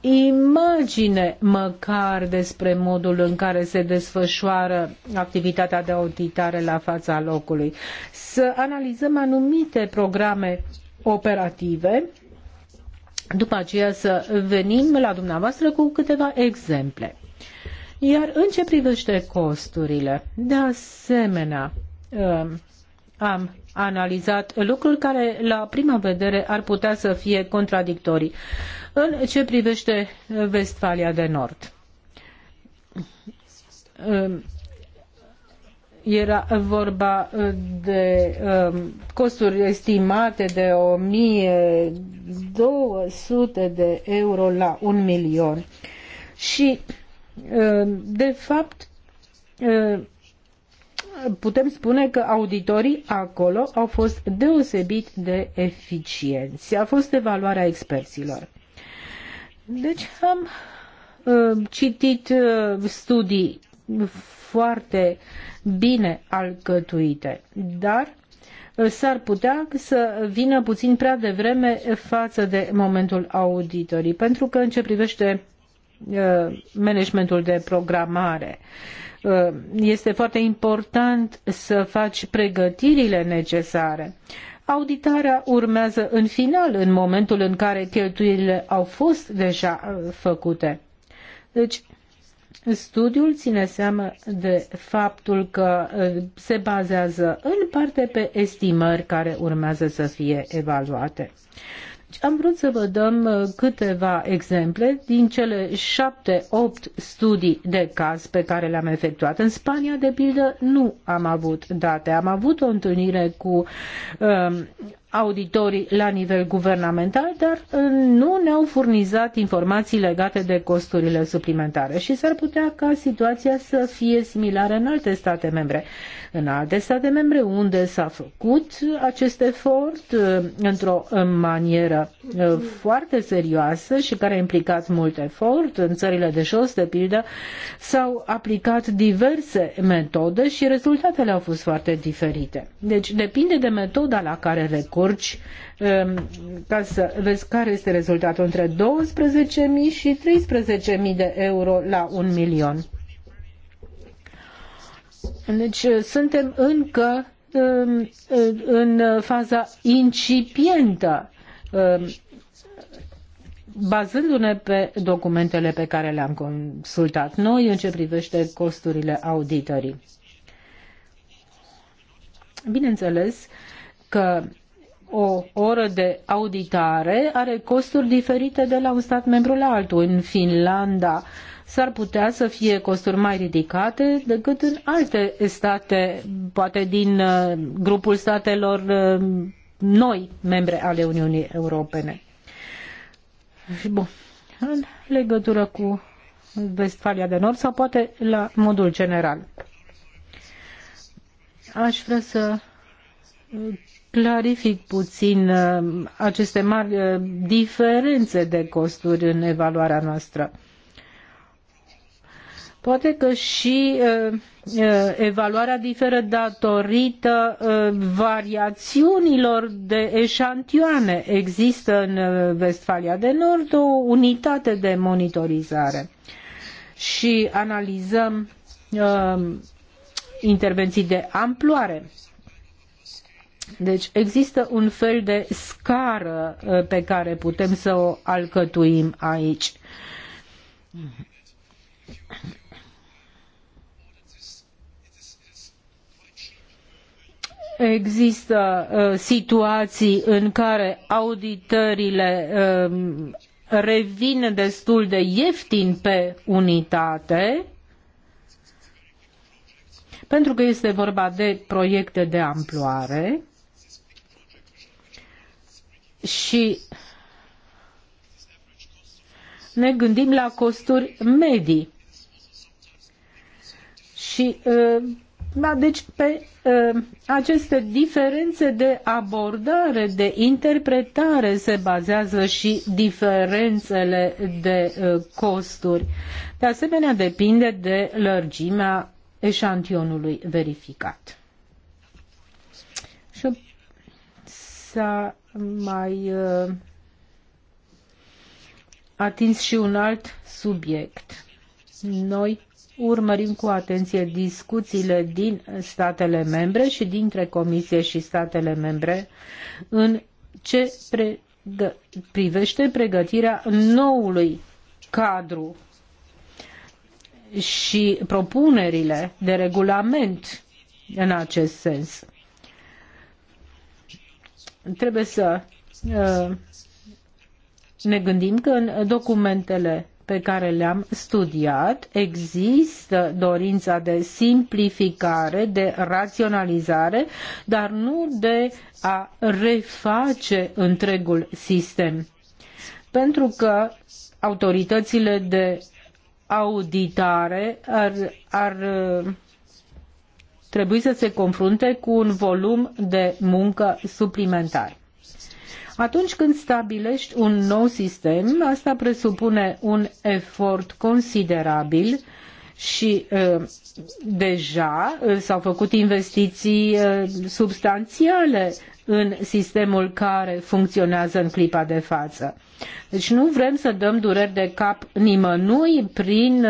imagine măcar despre modul în care se desfășoară activitatea de auditare la fața locului. Să analizăm anumite programe operative, după aceea să venim la dumneavoastră cu câteva exemple. Iar în ce privește costurile, de asemenea, ă, am analizat lucruri care la prima vedere ar putea să fie contradictorii în ce privește Vestfalia de Nord. Ehm, era vorba eh, de ehm, costuri estimate de 1200 de euro la un milion. Și, ehm, de fapt, putem spune că auditorii acolo au fost deosebit de eficienți. A fost evaluarea experților. Deci am uh, citit uh, studii foarte bine alcătuite, dar uh, s-ar putea să vină puțin prea devreme față de momentul auditorii, pentru că în ce privește uh, managementul de programare. Uh, este foarte important să faci pregătirile necesare. Auditarea urmează în final, în momentul în care cheltuielile au fost deja uh, făcute. Deci, Studiul ține seama de faptul că uh, se bazează în parte pe estimări care urmează să fie evaluate. Deci, am vrut să vă dăm uh, câteva exemple din cele șapte-opt studii de caz pe care le-am efectuat. În Spania, de pildă, nu am avut date. Am avut o întâlnire cu um, auditorii la nivel guvernamental, dar uh, nu ne-au furnizat informații legate de costurile suplimentare și s-ar putea ca situația să fie similară în alte state membre. În alte state membre unde s-a făcut acest efort uh, într-o uh, manieră foarte serioasă și care a implicat mult efort, în țările de jos, de pildă, s-au aplicat diverse metode și rezultatele au fost foarte diferite. Deci depinde de metoda la care recurs parcurgi um, ca să vezi care este rezultatul între 12.000 și 13.000 de euro la un milion. Deci uh, suntem încă um, uh, în faza incipientă um, bazându-ne pe documentele pe care le-am consultat noi în ce privește costurile auditării. Bineînțeles că o oră de auditare are costuri diferite de la un stat membru la altul. În Finlanda s-ar putea să fie costuri mai ridicate decât în alte state, poate din uh, grupul statelor uh, noi, membre ale Uniunii Europene. Și bun, în legătură cu Vestfalia de Nord sau poate la modul general. Aș vrea să clarific puțin uh, aceste mari uh, diferențe de costuri în evaluarea noastră. Poate că și uh, evaluarea diferă datorită variațiunilor de eșantioane. Există în Vestfalia de Nord o unitate de monitorizare și analizăm intervenții de amploare deci există un fel de scară uh, pe care putem să o alcătuim aici. Există uh, situații în care auditările uh, revin destul de ieftin pe unitate, pentru că este vorba de proiecte de amploare și ne gândim la costuri medii. Și uh, da, deci pe uh, aceste diferențe de abordare, de interpretare se bazează și diferențele de uh, costuri. De asemenea, depinde de lărgimea eșantionului verificat. Și să mai uh, atins și un alt subiect. Noi urmărim cu atenție discuțiile din statele membre și dintre Comisie și statele membre în ce pregă- privește pregătirea noului cadru și propunerile de regulament în acest sens trebuie să uh, ne gândim că în documentele pe care le-am studiat există dorința de simplificare, de raționalizare, dar nu de a reface întregul sistem. Pentru că autoritățile de auditare ar, ar trebui să se confrunte cu un volum de muncă suplimentar. Atunci când stabilești un nou sistem, asta presupune un efort considerabil și ă, deja ă, s-au făcut investiții ă, substanțiale în sistemul care funcționează în clipa de față. Deci nu vrem să dăm dureri de cap nimănui prin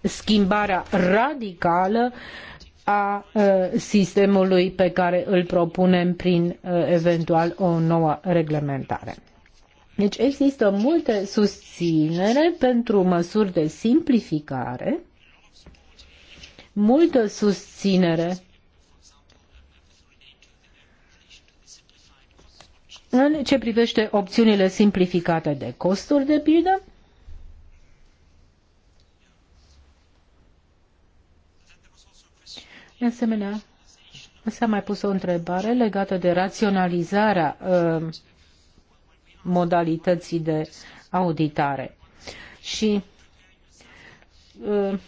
schimbarea radicală a sistemului pe care îl propunem prin eventual o nouă reglementare. Deci există multe susținere pentru măsuri de simplificare, multă susținere în ce privește opțiunile simplificate de costuri, de pildă, De asemenea, s-a mai pus o întrebare legată de raționalizarea uh, modalității de auditare. Și uh,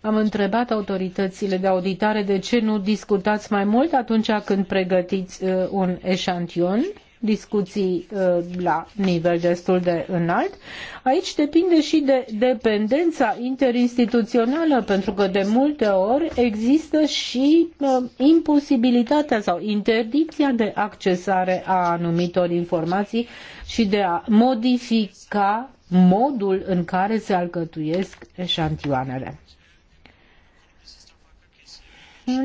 am întrebat autoritățile de auditare de ce nu discutați mai mult atunci când pregătiți uh, un eșantion discuții uh, la nivel destul de înalt. Aici depinde și de dependența interinstituțională, pentru că de multe ori există și uh, imposibilitatea sau interdicția de accesare a anumitor informații și de a modifica modul în care se alcătuiesc eșantioanele.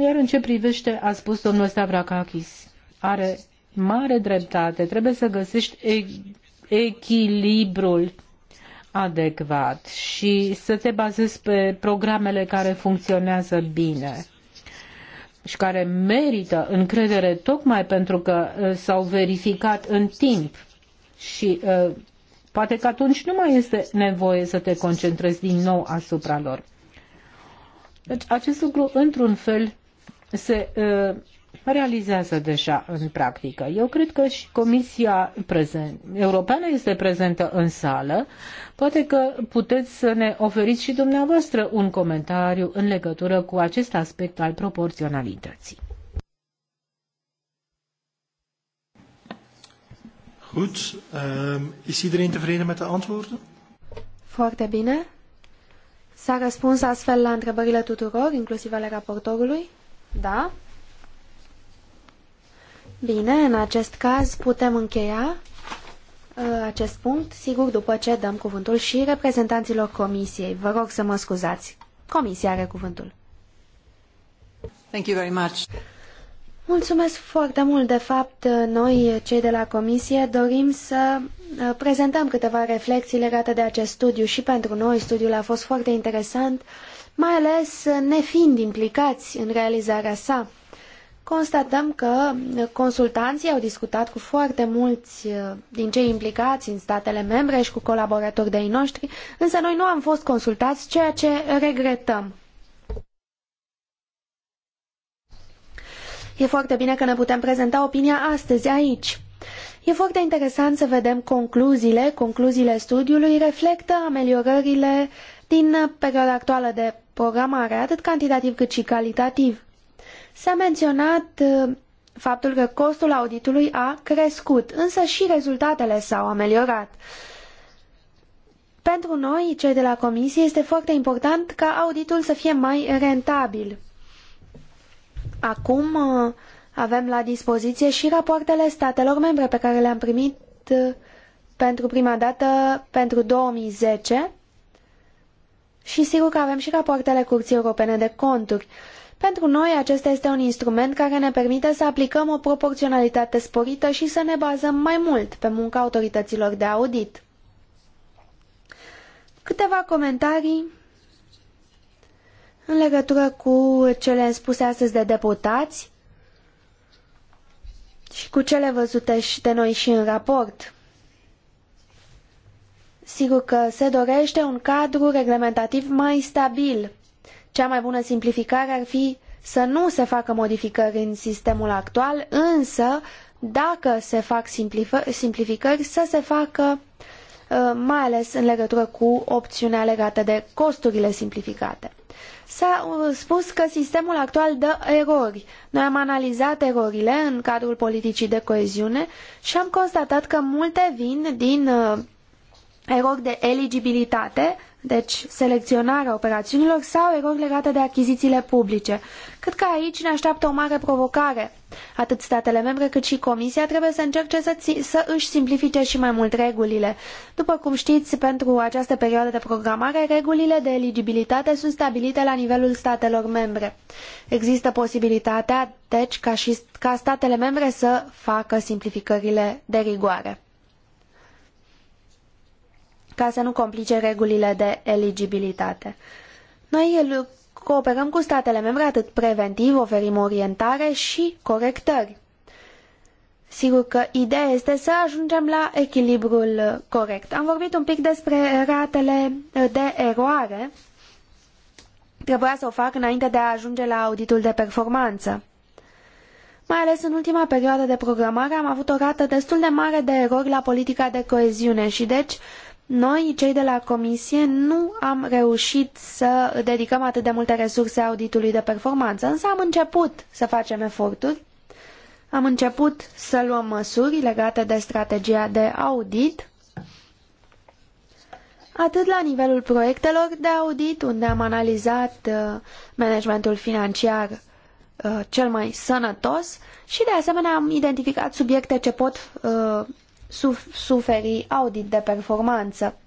Iar în ce privește, a spus domnul Stavrakakis, are mare dreptate. Trebuie să găsești echilibrul adecvat și să te bazezi pe programele care funcționează bine și care merită încredere tocmai pentru că uh, s-au verificat în timp și uh, poate că atunci nu mai este nevoie să te concentrezi din nou asupra lor. Deci acest lucru, într-un fel, se uh, realizează deja în practică. Eu cred că și Comisia prezent, Europeană este prezentă în sală. Poate că puteți să ne oferiți și dumneavoastră un comentariu în legătură cu acest aspect al proporționalității. Goed. Um, is iedereen tevreden met de antwoorden? Foarte bine. S-a răspuns astfel la întrebările tuturor, inclusiv ale raportorului? Da. Bine, în acest caz putem încheia uh, acest punct, sigur, după ce dăm cuvântul și reprezentanților comisiei. Vă rog să mă scuzați. Comisia are cuvântul. Thank you very much. Mulțumesc foarte mult. De fapt, uh, noi, cei de la comisie, dorim să uh, prezentăm câteva reflexii legate de acest studiu și pentru noi studiul a fost foarte interesant, mai ales nefiind implicați în realizarea sa constatăm că consultanții au discutat cu foarte mulți uh, din cei implicați în statele membre și cu colaboratori de-ai noștri, însă noi nu am fost consultați, ceea ce regretăm. E foarte bine că ne putem prezenta opinia astăzi aici. E foarte interesant să vedem concluziile. Concluziile studiului reflectă ameliorările din perioada actuală de programare, atât cantitativ cât și calitativ. S-a menționat uh, faptul că costul auditului a crescut, însă și rezultatele s-au ameliorat. Pentru noi, cei de la Comisie, este foarte important ca auditul să fie mai rentabil. Acum uh, avem la dispoziție și rapoartele statelor membre pe care le-am primit uh, pentru prima dată pentru 2010 și sigur că avem și rapoartele Curții Europene de Conturi. Pentru noi, acesta este un instrument care ne permite să aplicăm o proporționalitate sporită și să ne bazăm mai mult pe munca autorităților de audit. Câteva comentarii în legătură cu cele spuse astăzi de deputați și cu cele văzute și de noi și în raport. Sigur că se dorește un cadru reglementativ mai stabil cea mai bună simplificare ar fi să nu se facă modificări în sistemul actual, însă dacă se fac simplificări, să se facă uh, mai ales în legătură cu opțiunea legată de costurile simplificate. S-a uh, spus că sistemul actual dă erori. Noi am analizat erorile în cadrul politicii de coeziune și am constatat că multe vin din uh, erori de eligibilitate deci selecționarea operațiunilor sau erori legate de achizițiile publice. Cred că aici ne așteaptă o mare provocare. Atât statele membre cât și Comisia trebuie să încerce să, să își simplifice și mai mult regulile. După cum știți, pentru această perioadă de programare, regulile de eligibilitate sunt stabilite la nivelul statelor membre. Există posibilitatea, deci, ca, și, ca statele membre să facă simplificările de rigoare ca să nu complice regulile de eligibilitate. Noi cooperăm cu statele membre atât preventiv, oferim orientare și corectări. Sigur că ideea este să ajungem la echilibrul corect. Am vorbit un pic despre ratele de eroare. Trebuia să o fac înainte de a ajunge la auditul de performanță. Mai ales în ultima perioadă de programare am avut o rată destul de mare de erori la politica de coeziune și deci noi, cei de la Comisie, nu am reușit să dedicăm atât de multe resurse auditului de performanță, însă am început să facem eforturi, am început să luăm măsuri legate de strategia de audit, atât la nivelul proiectelor de audit, unde am analizat uh, managementul financiar uh, cel mai sănătos și de asemenea am identificat subiecte ce pot uh, suferi audit de performanță.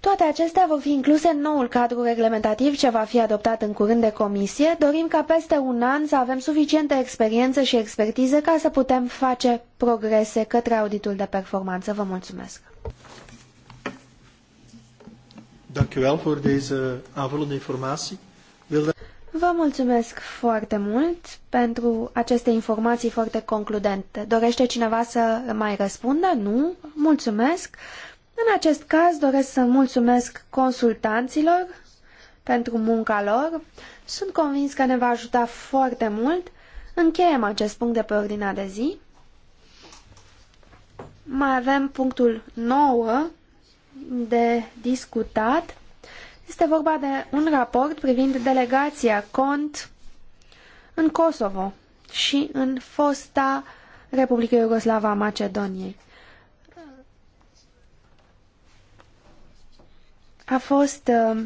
Toate acestea vor fi incluse în noul cadru reglementativ ce va fi adoptat în curând de comisie. Dorim ca peste un an să avem suficientă experiență și expertiză ca să putem face progrese către auditul de performanță. Vă mulțumesc! Dank Vă mulțumesc foarte mult pentru aceste informații foarte concludente. Dorește cineva să mai răspundă? Nu? Mulțumesc. În acest caz doresc să mulțumesc consultanților pentru munca lor. Sunt convins că ne va ajuta foarte mult. Încheiem acest punct de pe ordinea de zi. Mai avem punctul 9 de discutat este vorba de un raport privind delegația CONT în Kosovo și în fosta Republică Iugoslava a Macedoniei. A fost uh,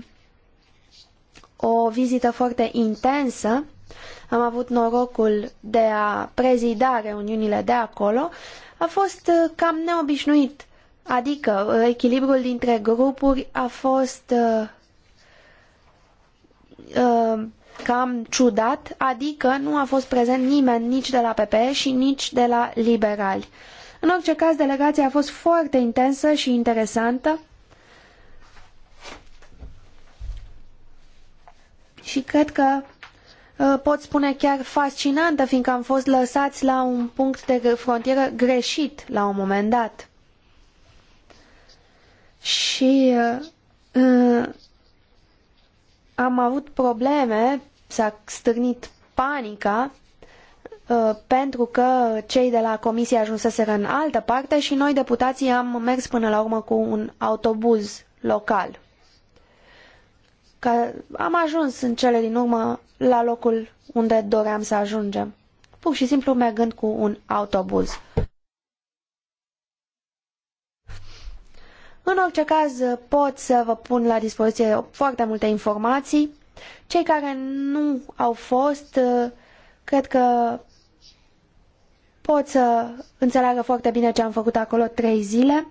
o vizită foarte intensă. Am avut norocul de a prezida reuniunile de acolo. A fost uh, cam neobișnuit, adică echilibrul dintre grupuri a fost uh, Uh, cam ciudat, adică nu a fost prezent nimeni nici de la PPE și nici de la liberali. În orice caz, delegația a fost foarte intensă și interesantă și cred că uh, pot spune chiar fascinantă, fiindcă am fost lăsați la un punct de frontieră greșit la un moment dat. Și uh, am avut probleme, s-a stârnit panica uh, pentru că cei de la comisie ajunseseră în altă parte și noi deputații am mers până la urmă cu un autobuz local. Că am ajuns în cele din urmă la locul unde doream să ajungem, pur și simplu mergând cu un autobuz. În orice caz, pot să vă pun la dispoziție foarte multe informații. Cei care nu au fost, cred că pot să înțeleagă foarte bine ce am făcut acolo trei zile.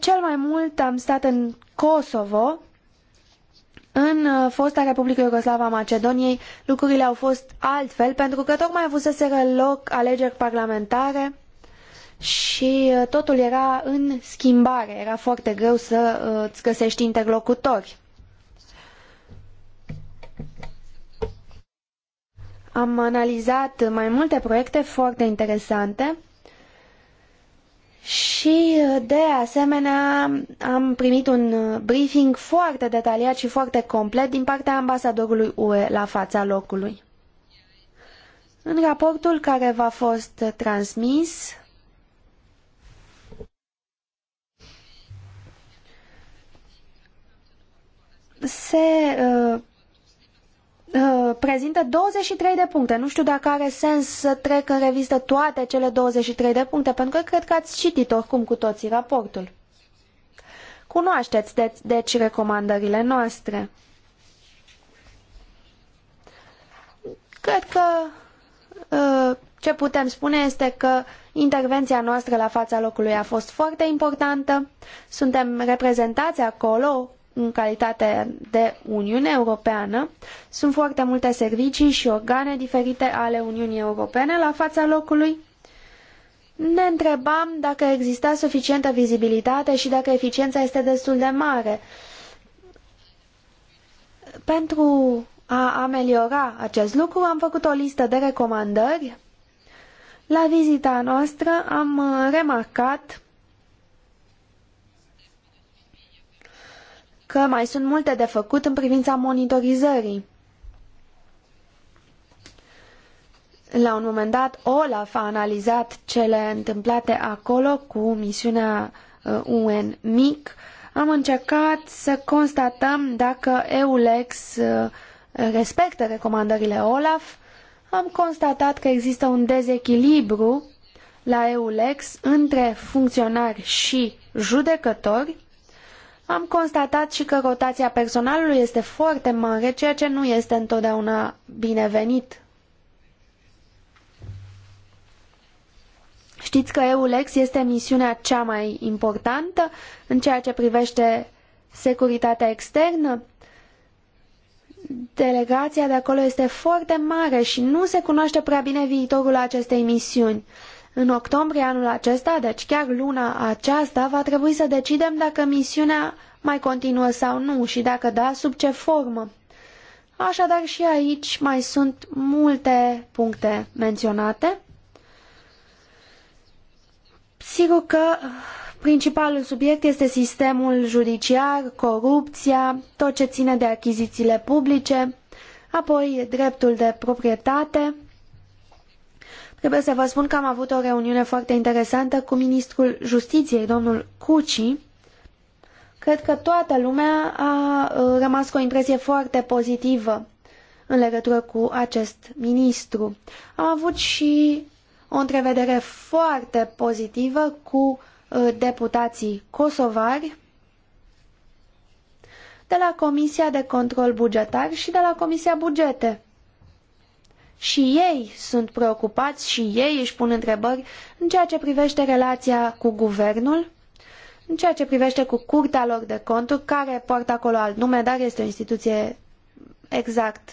Cel mai mult am stat în Kosovo, în fosta Republică Iugoslava Macedoniei lucrurile au fost altfel pentru că tocmai avuseseră loc alegeri parlamentare și uh, totul era în schimbare, era foarte greu să uh, îți găsești interlocutori. Am analizat mai multe proiecte foarte interesante și, uh, de asemenea, am primit un briefing foarte detaliat și foarte complet din partea ambasadorului UE la fața locului. În raportul care v-a fost transmis, se uh, uh, prezintă 23 de puncte. Nu știu dacă are sens să trec în revistă toate cele 23 de puncte, pentru că cred că ați citit oricum cu toții raportul. Cunoașteți, de deci, recomandările noastre. Cred că uh, ce putem spune este că intervenția noastră la fața locului a fost foarte importantă. Suntem reprezentați acolo în calitate de Uniune Europeană. Sunt foarte multe servicii și organe diferite ale Uniunii Europene la fața locului. Ne întrebam dacă exista suficientă vizibilitate și dacă eficiența este destul de mare. Pentru a ameliora acest lucru am făcut o listă de recomandări. La vizita noastră am remarcat că mai sunt multe de făcut în privința monitorizării. La un moment dat, Olaf a analizat cele întâmplate acolo cu misiunea uh, UN MIC. Am încercat să constatăm dacă EULEX uh, respectă recomandările Olaf. Am constatat că există un dezechilibru la EULEX între funcționari și judecători am constatat și că rotația personalului este foarte mare, ceea ce nu este întotdeauna binevenit. Știți că EULEX este misiunea cea mai importantă în ceea ce privește securitatea externă. Delegația de acolo este foarte mare și nu se cunoaște prea bine viitorul acestei misiuni. În octombrie anul acesta, deci chiar luna aceasta, va trebui să decidem dacă misiunea mai continuă sau nu și dacă da, sub ce formă. Așadar și aici mai sunt multe puncte menționate. Sigur că principalul subiect este sistemul judiciar, corupția, tot ce ține de achizițiile publice, apoi dreptul de proprietate, Trebuie să vă spun că am avut o reuniune foarte interesantă cu ministrul justiției, domnul Cuci. Cred că toată lumea a uh, rămas cu o impresie foarte pozitivă în legătură cu acest ministru. Am avut și o întrevedere foarte pozitivă cu uh, deputații kosovari de la Comisia de Control Bugetar și de la Comisia Bugete și ei sunt preocupați și ei își pun întrebări în ceea ce privește relația cu guvernul, în ceea ce privește cu curtea lor de conturi, care poartă acolo alt nume, dar este o instituție exact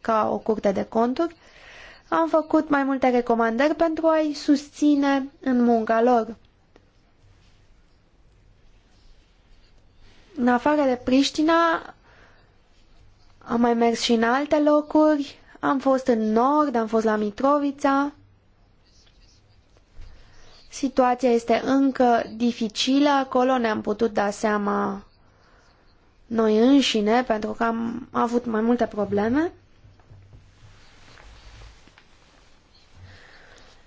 ca o curte de conturi, am făcut mai multe recomandări pentru a-i susține în munca lor. În afară de Priștina, am mai mers și în alte locuri, am fost în nord, am fost la Mitrovița. Situația este încă dificilă, acolo ne-am putut da seama noi înșine, pentru că am avut mai multe probleme.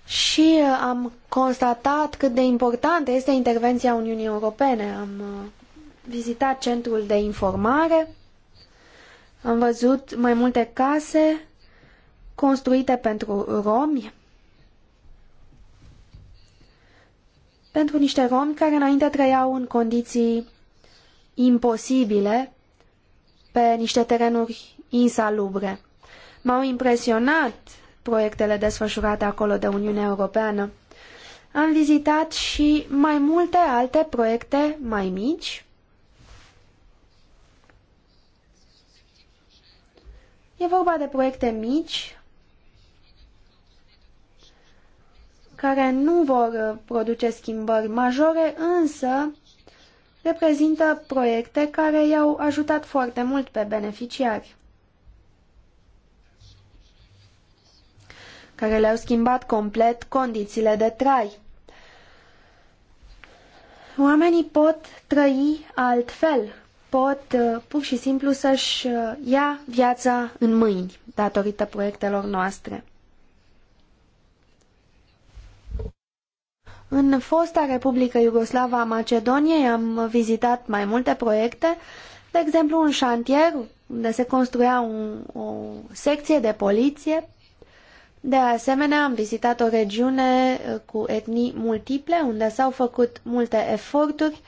Și uh, am constatat cât de importantă este intervenția Uniunii Europene. Am uh, vizitat centrul de informare, am văzut mai multe case construite pentru romi, pentru niște romi care înainte trăiau în condiții imposibile pe niște terenuri insalubre. M-au impresionat proiectele desfășurate acolo de Uniunea Europeană. Am vizitat și mai multe alte proiecte mai mici. E vorba de proiecte mici care nu vor uh, produce schimbări majore, însă reprezintă proiecte care i-au ajutat foarte mult pe beneficiari, care le-au schimbat complet condițiile de trai. Oamenii pot trăi altfel, pot uh, pur și simplu să-și uh, ia viața în mâini datorită proiectelor noastre. În fosta Republică Iugoslava a Macedoniei am vizitat mai multe proiecte, de exemplu un șantier unde se construia un, o secție de poliție. De asemenea, am vizitat o regiune uh, cu etnii multiple, unde s-au făcut multe eforturi.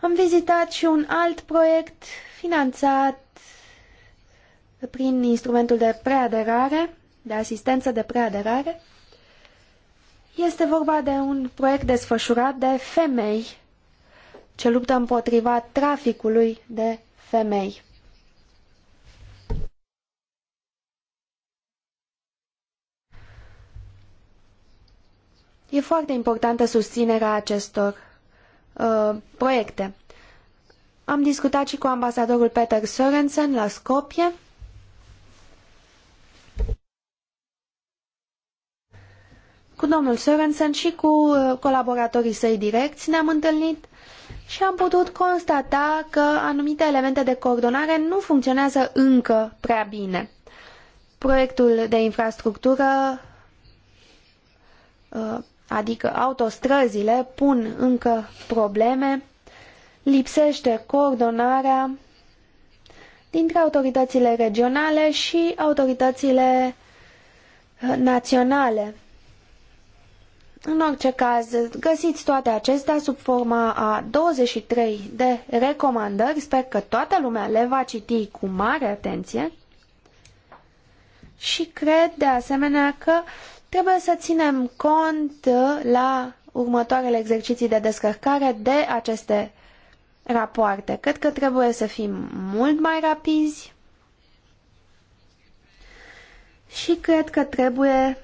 Am vizitat și un alt proiect finanțat prin instrumentul de preaderare, de asistență de preaderare, este vorba de un proiect desfășurat de femei ce luptă împotriva traficului de femei. E foarte importantă susținerea acestor uh, proiecte. Am discutat și cu ambasadorul Peter Sorensen la Skopje cu domnul Sørensen și cu uh, colaboratorii săi direcți ne-am întâlnit și am putut constata că anumite elemente de coordonare nu funcționează încă prea bine. Proiectul de infrastructură, uh, adică autostrăzile, pun încă probleme, lipsește coordonarea dintre autoritățile regionale și autoritățile uh, naționale. În orice caz, găsiți toate acestea sub forma a 23 de recomandări. Sper că toată lumea le va citi cu mare atenție. Și cred, de asemenea, că trebuie să ținem cont la următoarele exerciții de descărcare de aceste rapoarte. Cred că trebuie să fim mult mai rapizi și cred că trebuie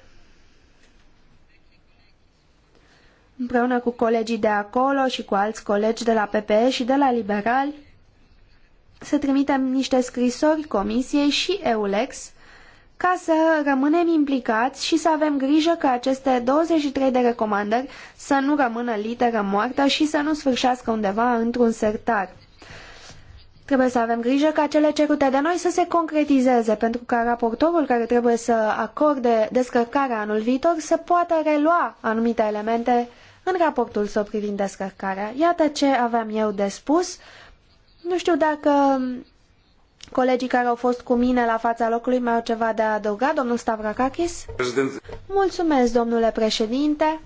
împreună cu colegii de acolo și cu alți colegi de la PPE și de la Liberali, să trimitem niște scrisori Comisiei și EULEX ca să rămânem implicați și să avem grijă că aceste 23 de recomandări să nu rămână literă moartă și să nu sfârșească undeva într-un sertar. Trebuie să avem grijă ca cele cerute de noi să se concretizeze, pentru ca raportorul care trebuie să acorde descărcarea anul viitor să poată relua anumite elemente în raportul său privind descărcarea. Iată ce aveam eu de spus. Nu știu dacă colegii care au fost cu mine la fața locului mai au ceva de adăugat, domnul Stavrakakis. Președinte. Mulțumesc, domnule președinte.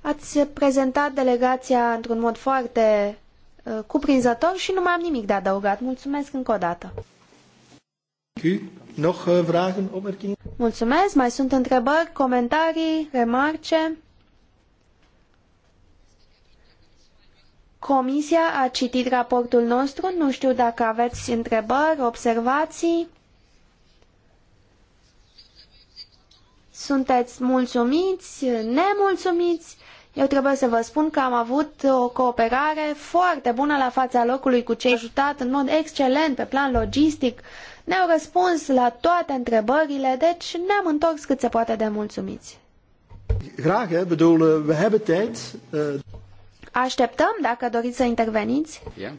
Ați prezentat delegația într-un mod foarte uh, cuprinzător și nu mai am nimic de adăugat. Mulțumesc încă o dată. Uh, Mulțumesc, mai sunt întrebări, comentarii, remarce? Comisia a citit raportul nostru, nu știu dacă aveți întrebări, observații. Sunteți mulțumiți, nemulțumiți? Eu trebuie să vă spun că am avut o cooperare foarte bună la fața locului cu cei ajutat în mod excelent pe plan logistic. Ne-au răspuns la toate întrebările, deci ne-am întors cât se poate de mulțumiți. Graag, hè. Bedoel, eh, we hebben tijd. Eh, Așteptăm dacă doriți să interveniți. Uh,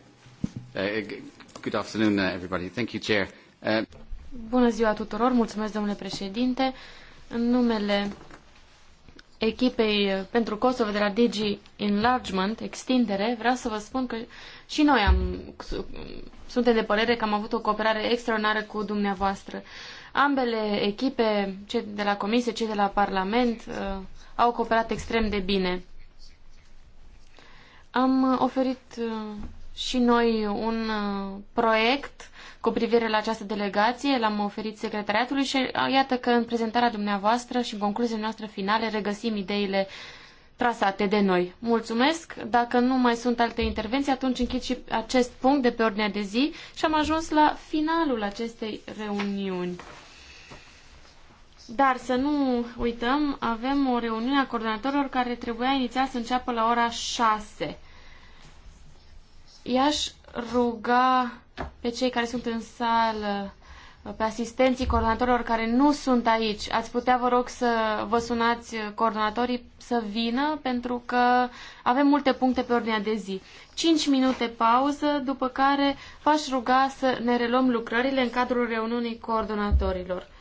good afternoon, uh, everybody. Thank you, Chair. Uh, Bună ziua tuturor, mulțumesc domnule președinte. În numele echipei pentru Kosovo de la DIGI Enlargement, extindere, vreau să vă spun că și noi am, suntem de părere că am avut o cooperare extraordinară cu dumneavoastră. Ambele echipe, cei de la Comisie, cei de la Parlament, au cooperat extrem de bine. Am uh, oferit uh, și noi un uh, proiect cu privire la această delegație, l-am oferit secretariatului și iată că în prezentarea dumneavoastră și în concluziile noastre finale regăsim ideile trasate de noi. Mulțumesc! Dacă nu mai sunt alte intervenții, atunci închid și acest punct de pe ordinea de zi și am ajuns la finalul acestei reuniuni. Dar să nu uităm, avem o reuniune a coordonatorilor care trebuia inițial să înceapă la ora 6. I-aș ruga pe cei care sunt în sală, pe asistenții coordonatorilor care nu sunt aici, ați putea, vă rog, să vă sunați coordonatorii să vină, pentru că avem multe puncte pe ordinea de zi. 5 minute pauză, după care v-aș ruga să ne reluăm lucrările în cadrul reuniunii coordonatorilor.